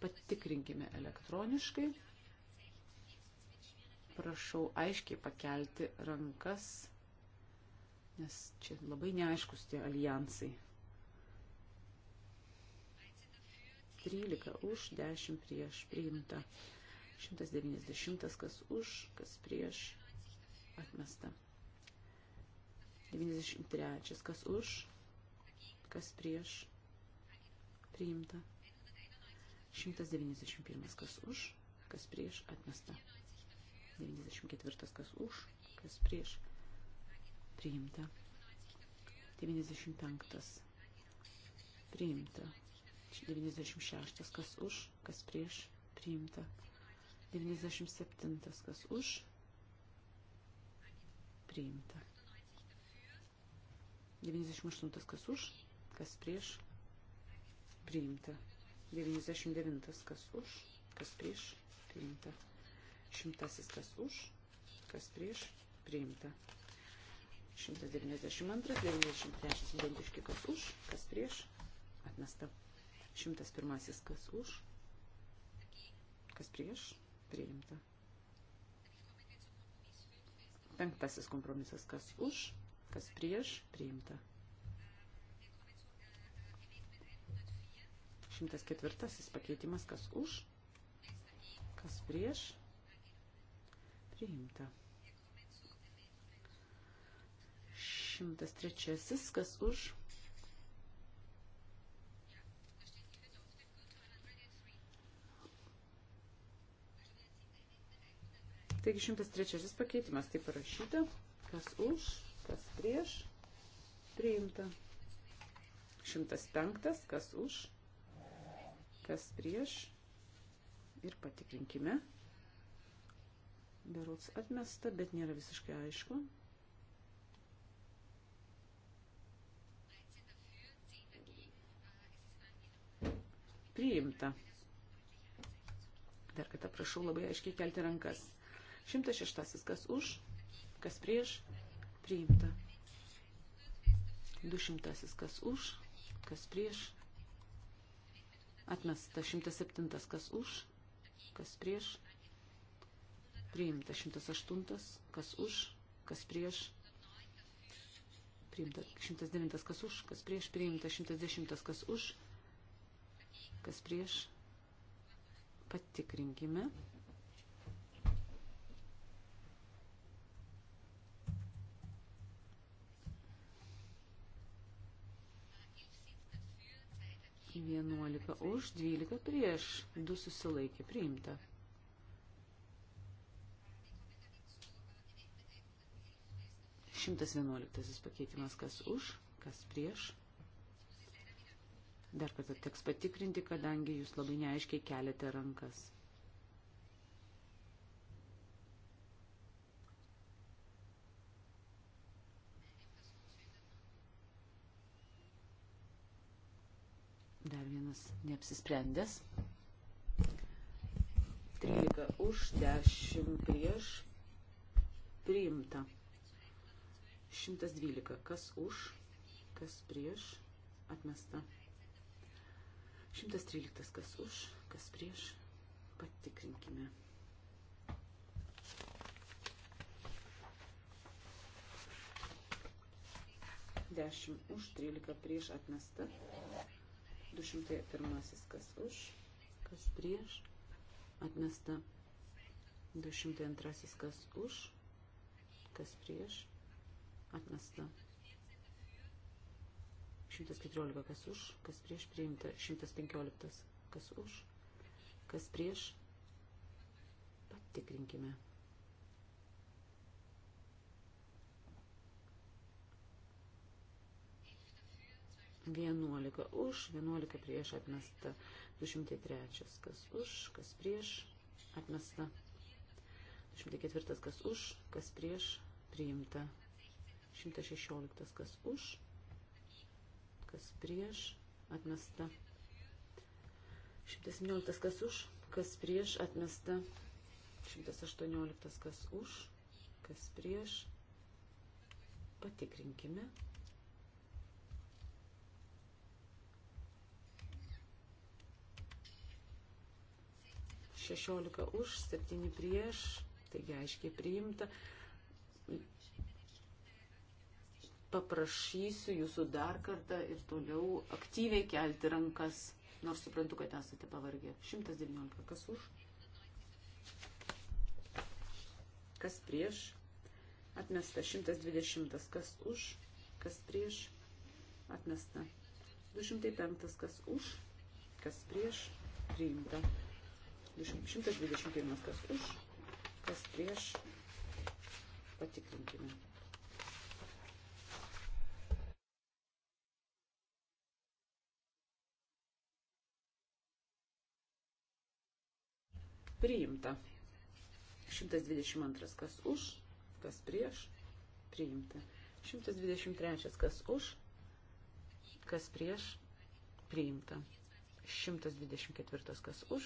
Patikrinkime elektroniškai. Prašau aiškiai pakelti rankas, nes čia labai neaiškus tie alijansai. 13 už, 10 prieš priimta. 190 kas už, kas prieš atmesta. 93. Kas už, kas prieš, priimta. 191. Kas už, kas prieš, atmesta. 94. Kas už, kas prieš, priimta. 95. Priimta. 96. Kas už, kas prieš, priimta. 97. Kas už, priimta. 98 kas už, kas prieš, priimta. 99 kas už, kas prieš, priimta. Šimtasis kas už, kas prieš, priimta. 192, 93 identiški kas už, kas prieš, atmesta. 101 kas už, kas prieš, priimta. Penktasis kompromisas kas už, kas prieš, priimta. 104 pakeitimas, kas už, kas prieš, priimta. 103 kas už, Taigi 103 pakeitimas, tai parašyta, kas už, kas prieš, priimta. 105, kas už, kas prieš ir patikrinkime. Berots atmesta, bet nėra visiškai aišku. Priimta. Dar kartą prašau labai aiškiai kelti rankas. 106. Kas už, kas prieš, priimta. Du šimtasis kas už, kas prieš, atmesta. Šimtas septintas kas už, kas prieš, priimta. Šimtas aštuntas kas už, kas prieš, priimta. Šimtas devintas kas už, kas prieš, priimta. Šimtas dešimtas kas už, kas prieš, patikrinkime. 11 už, 12 prieš, 2 susilaikė priimta. Šimtas vienuoliktasis pakeitimas, kas už, kas prieš. Dar kartą teks patikrinti, kadangi jūs labai neaiškiai keliate rankas. Vienas neapsisprendęs. 13 už, 10 prieš. Priimta. 112. Kas už, kas prieš. Atmesta. 113. Kas už, kas prieš. Patikrinkime. Dešimt už, trylika prieš atmesta. 201 kas už, kas prieš, atmesta 202 kas už, kas prieš, atmesta 114 kas už, kas prieš, priimta 115 kas už, kas prieš, patikrinkime. 11 už, 11 prieš atmesta, 203 kas už, kas prieš atmesta, 204 kas už, kas prieš priimta, 116 kas už, kas prieš atmesta, 117 kas už, kas prieš atmesta, 118 kas už, kas prieš, patikrinkime. 16 už, 7 prieš, taigi aiškiai priimta. Paprašysiu jūsų dar kartą ir toliau aktyviai kelti rankas, nors suprantu, kad esate pavargę. 119 kas už, kas prieš, atmesta 120 kas už, kas prieš, atmesta 205 kas už, kas prieš, priimta. 121 kas už, kas prieš. Patikrinkime. Priimta. 122 kas už, kas prieš. Priimta. 123 kas už, kas prieš. Priimta. 124 kas už,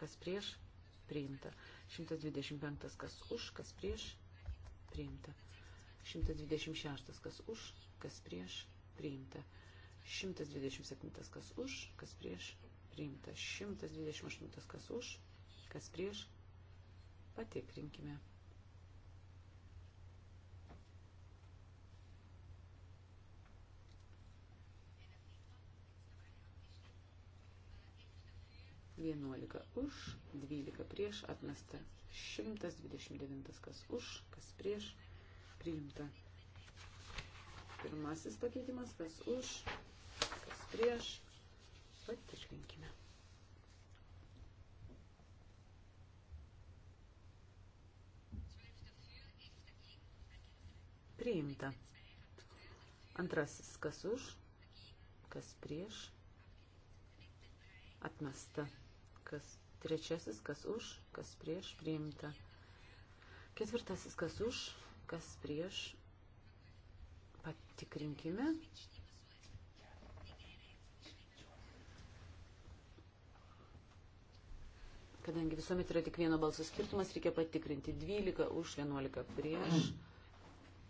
kas prieš, priimta. 125 kas už, kas prieš, priimta. 126 kas už, kas prieš, priimta. 127 kas už, kas prieš, priimta. 128 kas už, kas prieš, patikrinkime. 11 už, 12 prieš, atmesta 129 kas už, kas prieš, priimta. Pirmasis pakeitimas, kas už, kas prieš, patikrinkime. Priimta. Antrasis, kas už, kas prieš, atmesta. Kas trečiasis, kas už, kas prieš, priimta. Ketvirtasis, kas už, kas prieš, patikrinkime. Kadangi visuomet yra tik vieno balso skirtumas, reikia patikrinti 12 už 11 prieš.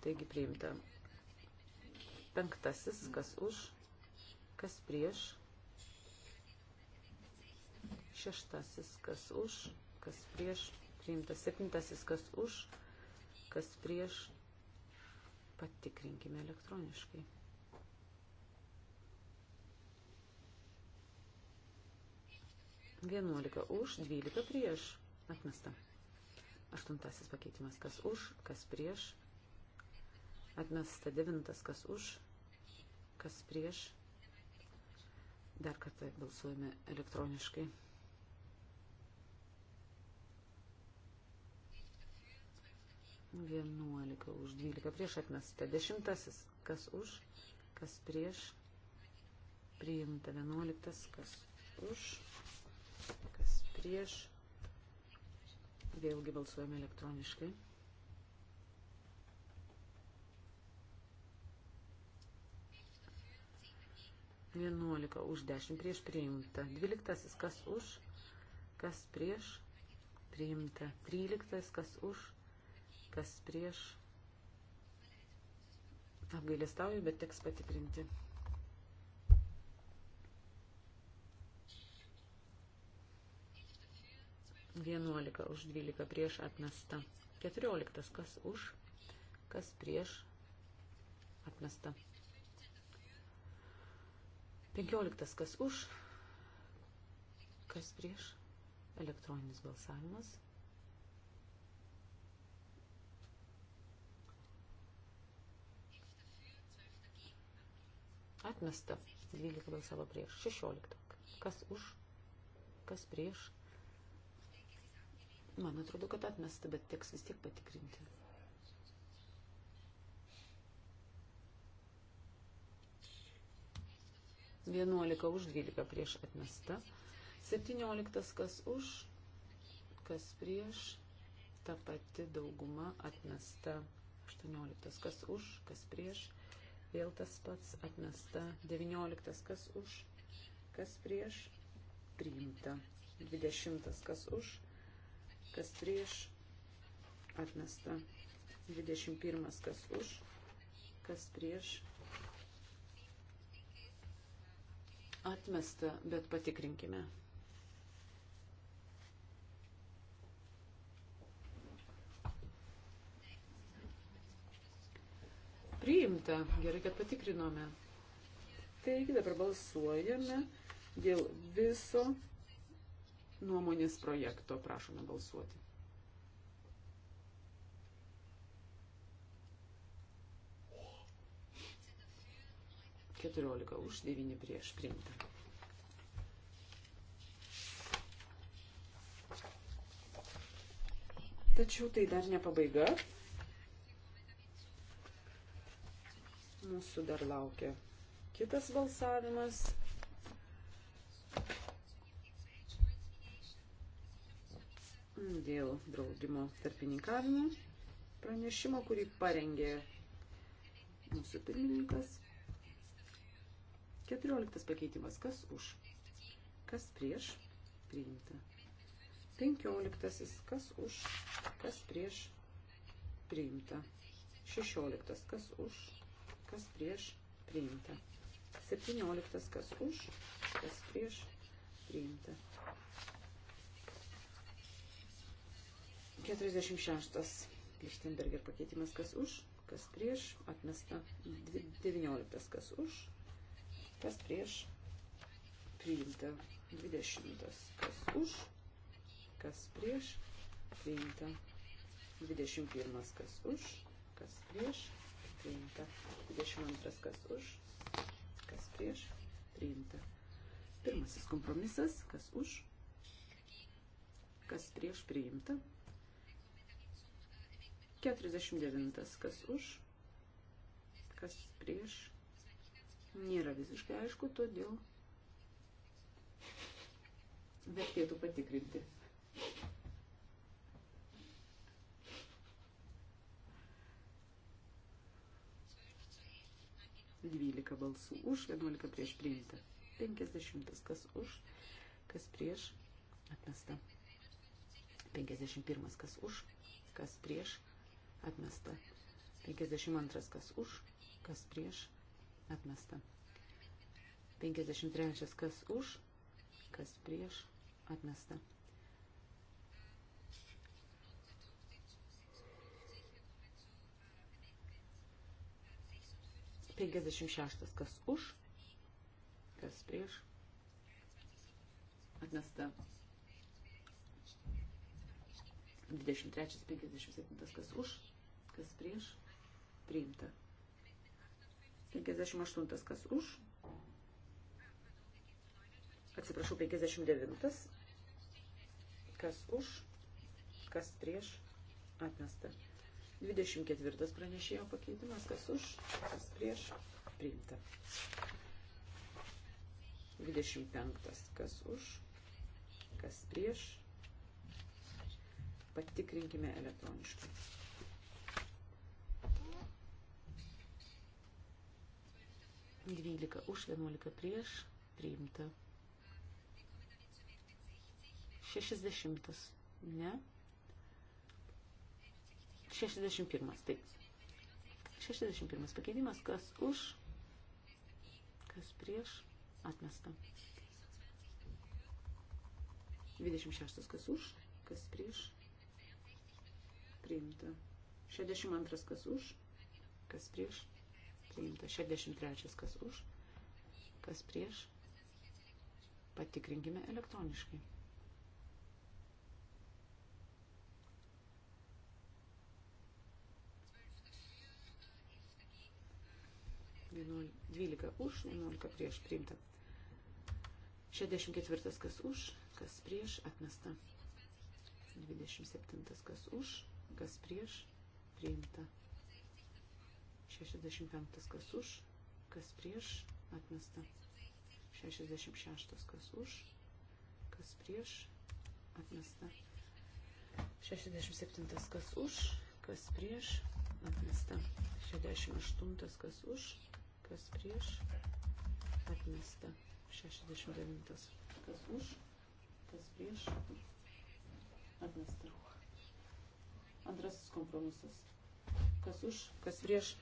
Taigi priimta. Penktasis, kas už, kas prieš, Šeštasis, kas už, kas prieš, priimtas. Septintasis, kas už, kas prieš, patikrinkime elektroniškai. Vienuolika už, dvylika prieš, atmesta. Aštuntasis pakeitimas, kas už, kas prieš, atmesta. Devintas, kas už, kas prieš, Dar kartą balsuojame elektroniškai. 11 už 12 prieš atmestą. Dešimtasis, kas už, kas prieš, priimta. Vienuoliktas, kas už, kas prieš. Vėlgi balsuojame elektroniškai. Vienuolika už dešimt prieš priimta. Dvyliktasis, kas už, kas prieš priimta. Tryliktas, kas už, kas prieš. Apgailestauju, bet teks patikrinti. Vienuolika už dvylika prieš atmesta. Keturioliktas kas už, kas prieš atmesta. Penkioliktas kas už, kas prieš elektroninis balsavimas. Atmesta. 12 balsavo prieš. 16. Kas už? Kas prieš? Man atrodo, kad atmesta, bet teks vis tiek patikrinti. Vienuolika už, dvylika prieš atmesta. Septynioliktas kas už, kas prieš, ta pati dauguma atmesta. Aštuonioliktas kas už, kas prieš, atmesta. Vėl tas pats atmesta. 19. Kas už, kas prieš, priimta. 20. Kas už, kas prieš, atmesta. 21. Kas už, kas prieš, atmesta, bet patikrinkime. priimta. Gerai, kad patikrinome. Taigi dabar balsuojame dėl viso nuomonės projekto. Prašome balsuoti. Keturiolika už, devyni prieš priimta. Tačiau tai dar ne pabaiga. Mūsų dar laukia kitas balsavimas. Dėl draudimo tarpininkavimo pranešimo, kurį parengė mūsų pirmininkas. 14 pakeitimas. Kas už? Kas prieš? Priimta. 15. Kas už? Kas prieš? Priimta. 16. Kas už? kas prieš priimta. 17 kas už, kas prieš priimta. 46 Lichtenberger pakeitimas kas už, kas prieš atmesta. 19 kas už, kas prieš priimta. 20 kas už, kas prieš priimta. 21 kas už, kas prieš priimta priimta. 22 kas už, kas prieš, priimta. Pirmasis kompromisas, kas už, kas prieš, priimta. 49 kas už, kas prieš, nėra visiškai aišku, todėl vertėtų patikrinti. 12 balsų už, 11 prieš priimta. 50 kas už, kas prieš atmesta. 51 kas už, kas prieš atmesta. 52 kas už, kas prieš atmesta. 53 kas už, kas prieš atmesta. 56. Kas už, kas prieš. Atmesta. 23. 57. Kas už, kas prieš. Priimta. 58. Kas už. Atsiprašau, 59. Kas už, kas prieš. Atmesta. 24 pranešėjo pakeitimas, kas už, kas prieš, priimta. 25 kas už, kas prieš, patikrinkime elektroniškai. Dvylika už, vienuolika prieš, priimta. Šešisdešimtas, ne? 61. Taip. 61 pakeitimas, kas už, kas prieš, atmesta. 26 kas už, kas prieš, priimta. 62 kas už, kas prieš, priimta. 63 kas už, kas prieš, patikrinkime elektroniškai. 12 už, 11 prieš priimta. 64 kas už, kas prieš atmesta. 27 kas už, kas prieš priimta. 65 kas už, kas prieš atmesta. 66 kas už, kas prieš atmesta. 67 kas už, kas prieš atmesta. 68 kas už, kas prieš, atmesta 69, kas už, kas prieš, atmesta. Antrasis kompromisas, kas už, kas prieš,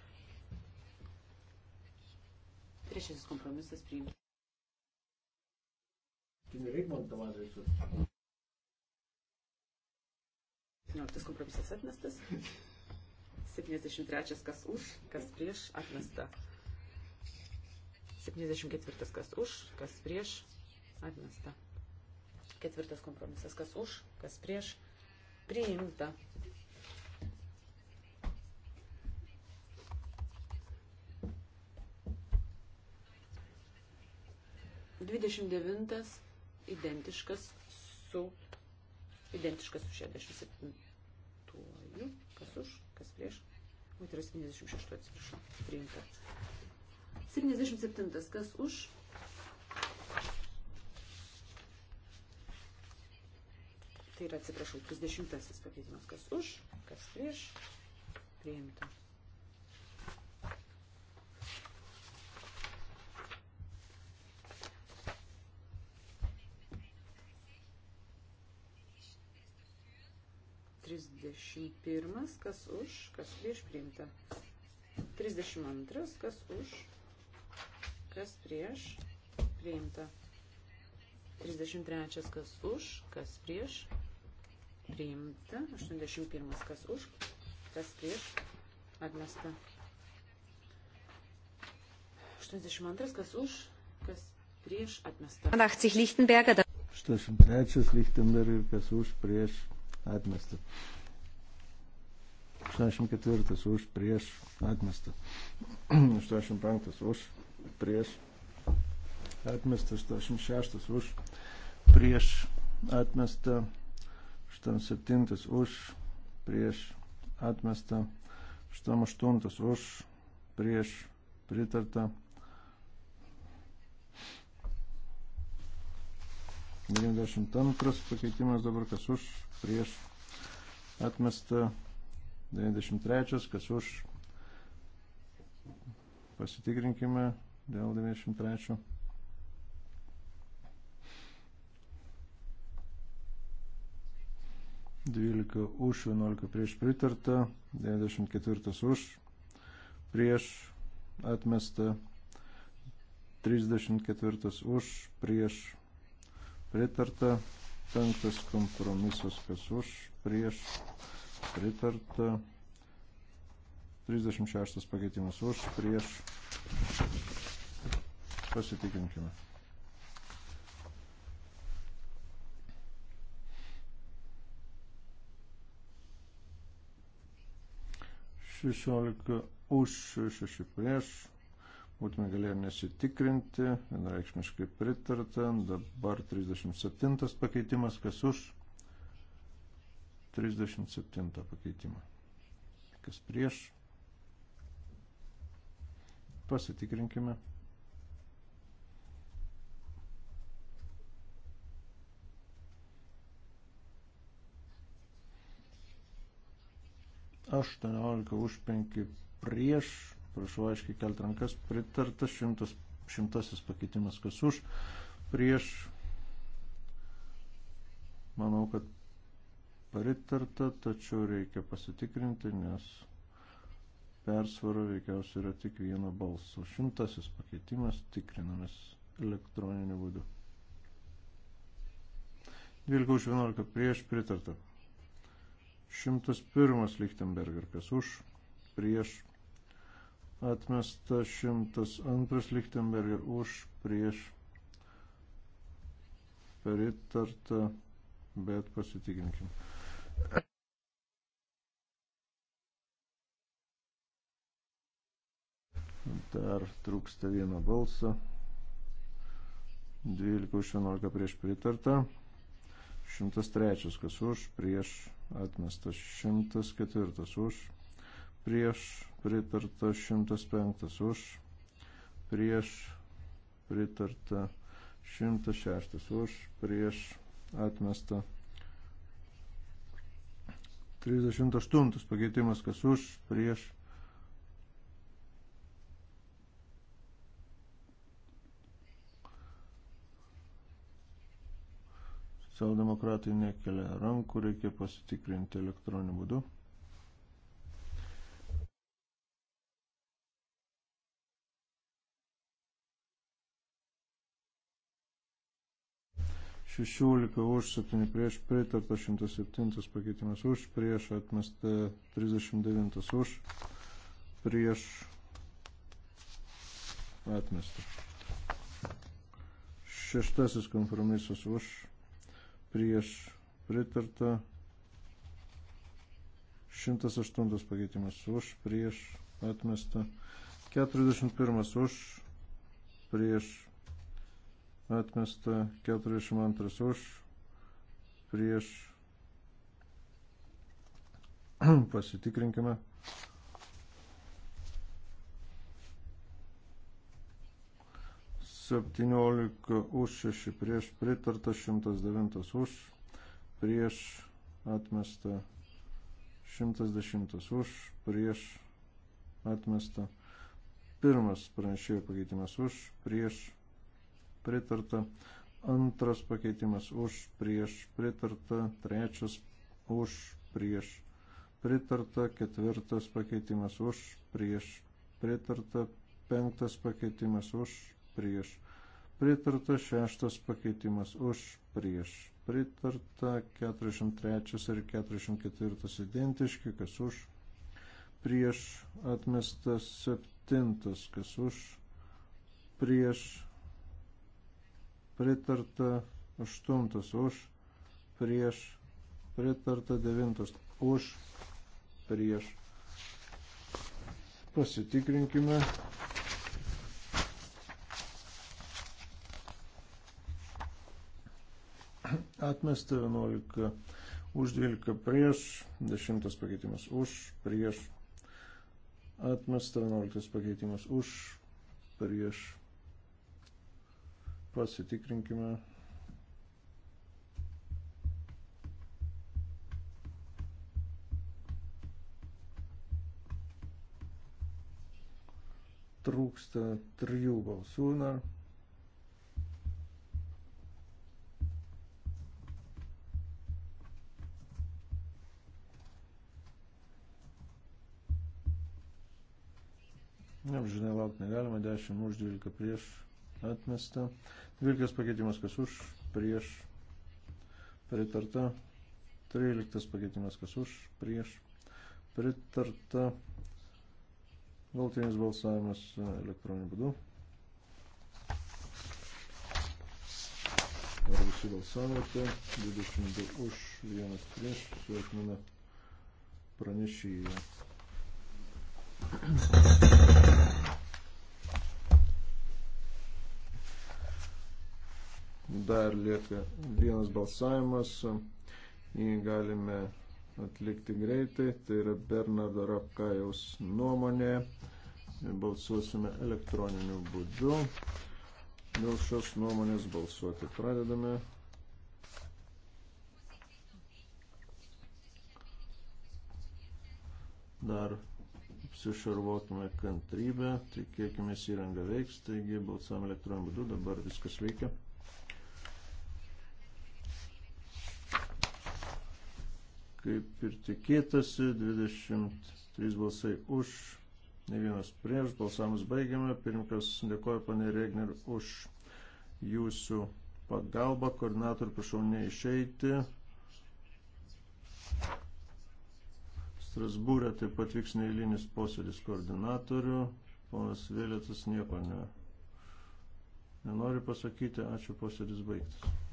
trečiasis kompromisas priimtas. Septynioliktas kompromisas atmestas. 73 kas už, kas prieš atmesta. 74 kas už, kas prieš, atmesta. Ketvirtas kompromisas kas už, kas prieš, priimta. Dvidešimt devintas identiškas su identiškas su 67-uoju. Kas už, kas prieš. Moteris 56 atsiprašau. Priimta. 77. Kas už? Tai yra, atsiprašau, 30 pakeitimas. Kas už, kas prieš. Priimta. Trisdešimt pirmas, kas už, kas prieš priimta. Trisdešimt antras, kas už, kas prieš, priimta. 33 kas už, kas prieš, priimta. 81 kas už, kas prieš, atmesta. 82 kas už, kas prieš, atmesta. 80 Lichtenberger. 83 Lichtenberger kas už, prieš, atmesta. 84 už, prieš, atmesta. 85 [clears throat] už, prieš atmestas, 86 už, prieš atmestą, 87 už, prieš atmestą, 88 už, prieš pritartą. 92 pakeitimas dabar kas už, prieš atmestą, 93 kas už, pasitikrinkime, dėl 93. Dvylika už, 11 prieš pritarta, 94 už, prieš atmesta, 34 už, prieš pritarta, 5 kompromisas, kas už, prieš pritarta, 36 pakeitimas už, prieš pritarta. Pasitikrinkime. Šešiolika už, šeši prieš. Būtume galėję nesitikrinti, vienareikšmiškai pritarta. Dabar 37 pakeitimas, kas už 37 pakeitimą. Kas prieš? Pasitikrinkime. 18 už 5 prieš, prašau aiškiai kelt rankas, pritartas šimtas, šimtasis pakeitimas, kas už, prieš, manau, kad pritarta, tačiau reikia pasitikrinti, nes persvara veikiausiai yra tik vieno balso. Šimtasis pakeitimas tikrinamas elektroniniu būdu. 12 už 11 prieš pritarta. 101 Lichtenberger, kas už, prieš, atmesta 102 Lichtenberger, už, prieš, peritarta, bet pasitikinkim. Dar trūksta vieno balso. 12 už 11 prieš pritarta. 103 kas už prieš atmestas 104 už, prieš pritarta 105 už, prieš pritarta 106 už, prieš atmesta 38 pakeitimas, kas už, prieš Socialdemokratai nekelia rankų, reikia pasitikrinti elektroniniu būdu. Šešiolika už, septyni prieš, pritarta 107 pakeitimas už, prieš atmesta 39 už, prieš atmesta. Šeštasis kompromisas už prieš pritarta. 108 pakeitimas už, prieš atmesta. 41 už, prieš atmesta. 42 už, prieš [clears throat] pasitikrinkime. 17 už 6 prieš pritarta 109 už prieš atmesta 110 už prieš atmesta pirmas pranešėjo pakeitimas už prieš pritarta antras pakeitimas už prieš pritarta trečias už prieš pritarta ketvirtas pakeitimas už prieš pritarta penktas pakeitimas už prieš pritarta, šeštas pakeitimas už, prieš pritarta, 43 ir 44 identiški, kas už, prieš atmestas, septintas, kas už, prieš pritarta, aštuntas už, prieš pritarta, devintas už, prieš. Pasitikrinkime. atmesta 11 už 12 prieš, 10 pakeitimas už, prieš, atmesta 11 pakeitimas už, prieš. Pasitikrinkime. Trūksta trijų balsų. Na. Amžinai laukti negalima. 10 už, 12 prieš. Atmesta. 12 pakeitimas kas už, prieš. Pritarta. 13 pakeitimas kas už, prieš. Pritarta. Galtinis balsavimas elektroniniu būdu. Ar visi balsavote? 22 už, 1 prieš. Sveikiname pranešėjai. dar lieka vienas balsavimas, jį galime atlikti greitai, tai yra Bernardo Rapkajaus nuomonė, balsuosime elektroniniu būdu. Dėl šios nuomonės balsuoti pradedame. Dar apsišarvokime kantrybę, tikėkime įranga veiks, taigi balsam elektroniniu būdu, dabar viskas veikia. kaip ir tikėtasi, 23 balsai už, ne vienas prieš, balsavimus baigiame. Pirmkas dėkoja panė Regner už jūsų pagalbą, koordinatorių prašau neišeiti. Strasbūrė taip pat vyks neįlinis posėdis koordinatorių. Ponas Vėlėtas nieko ne, nenori pasakyti. Ačiū posėdis baigtas.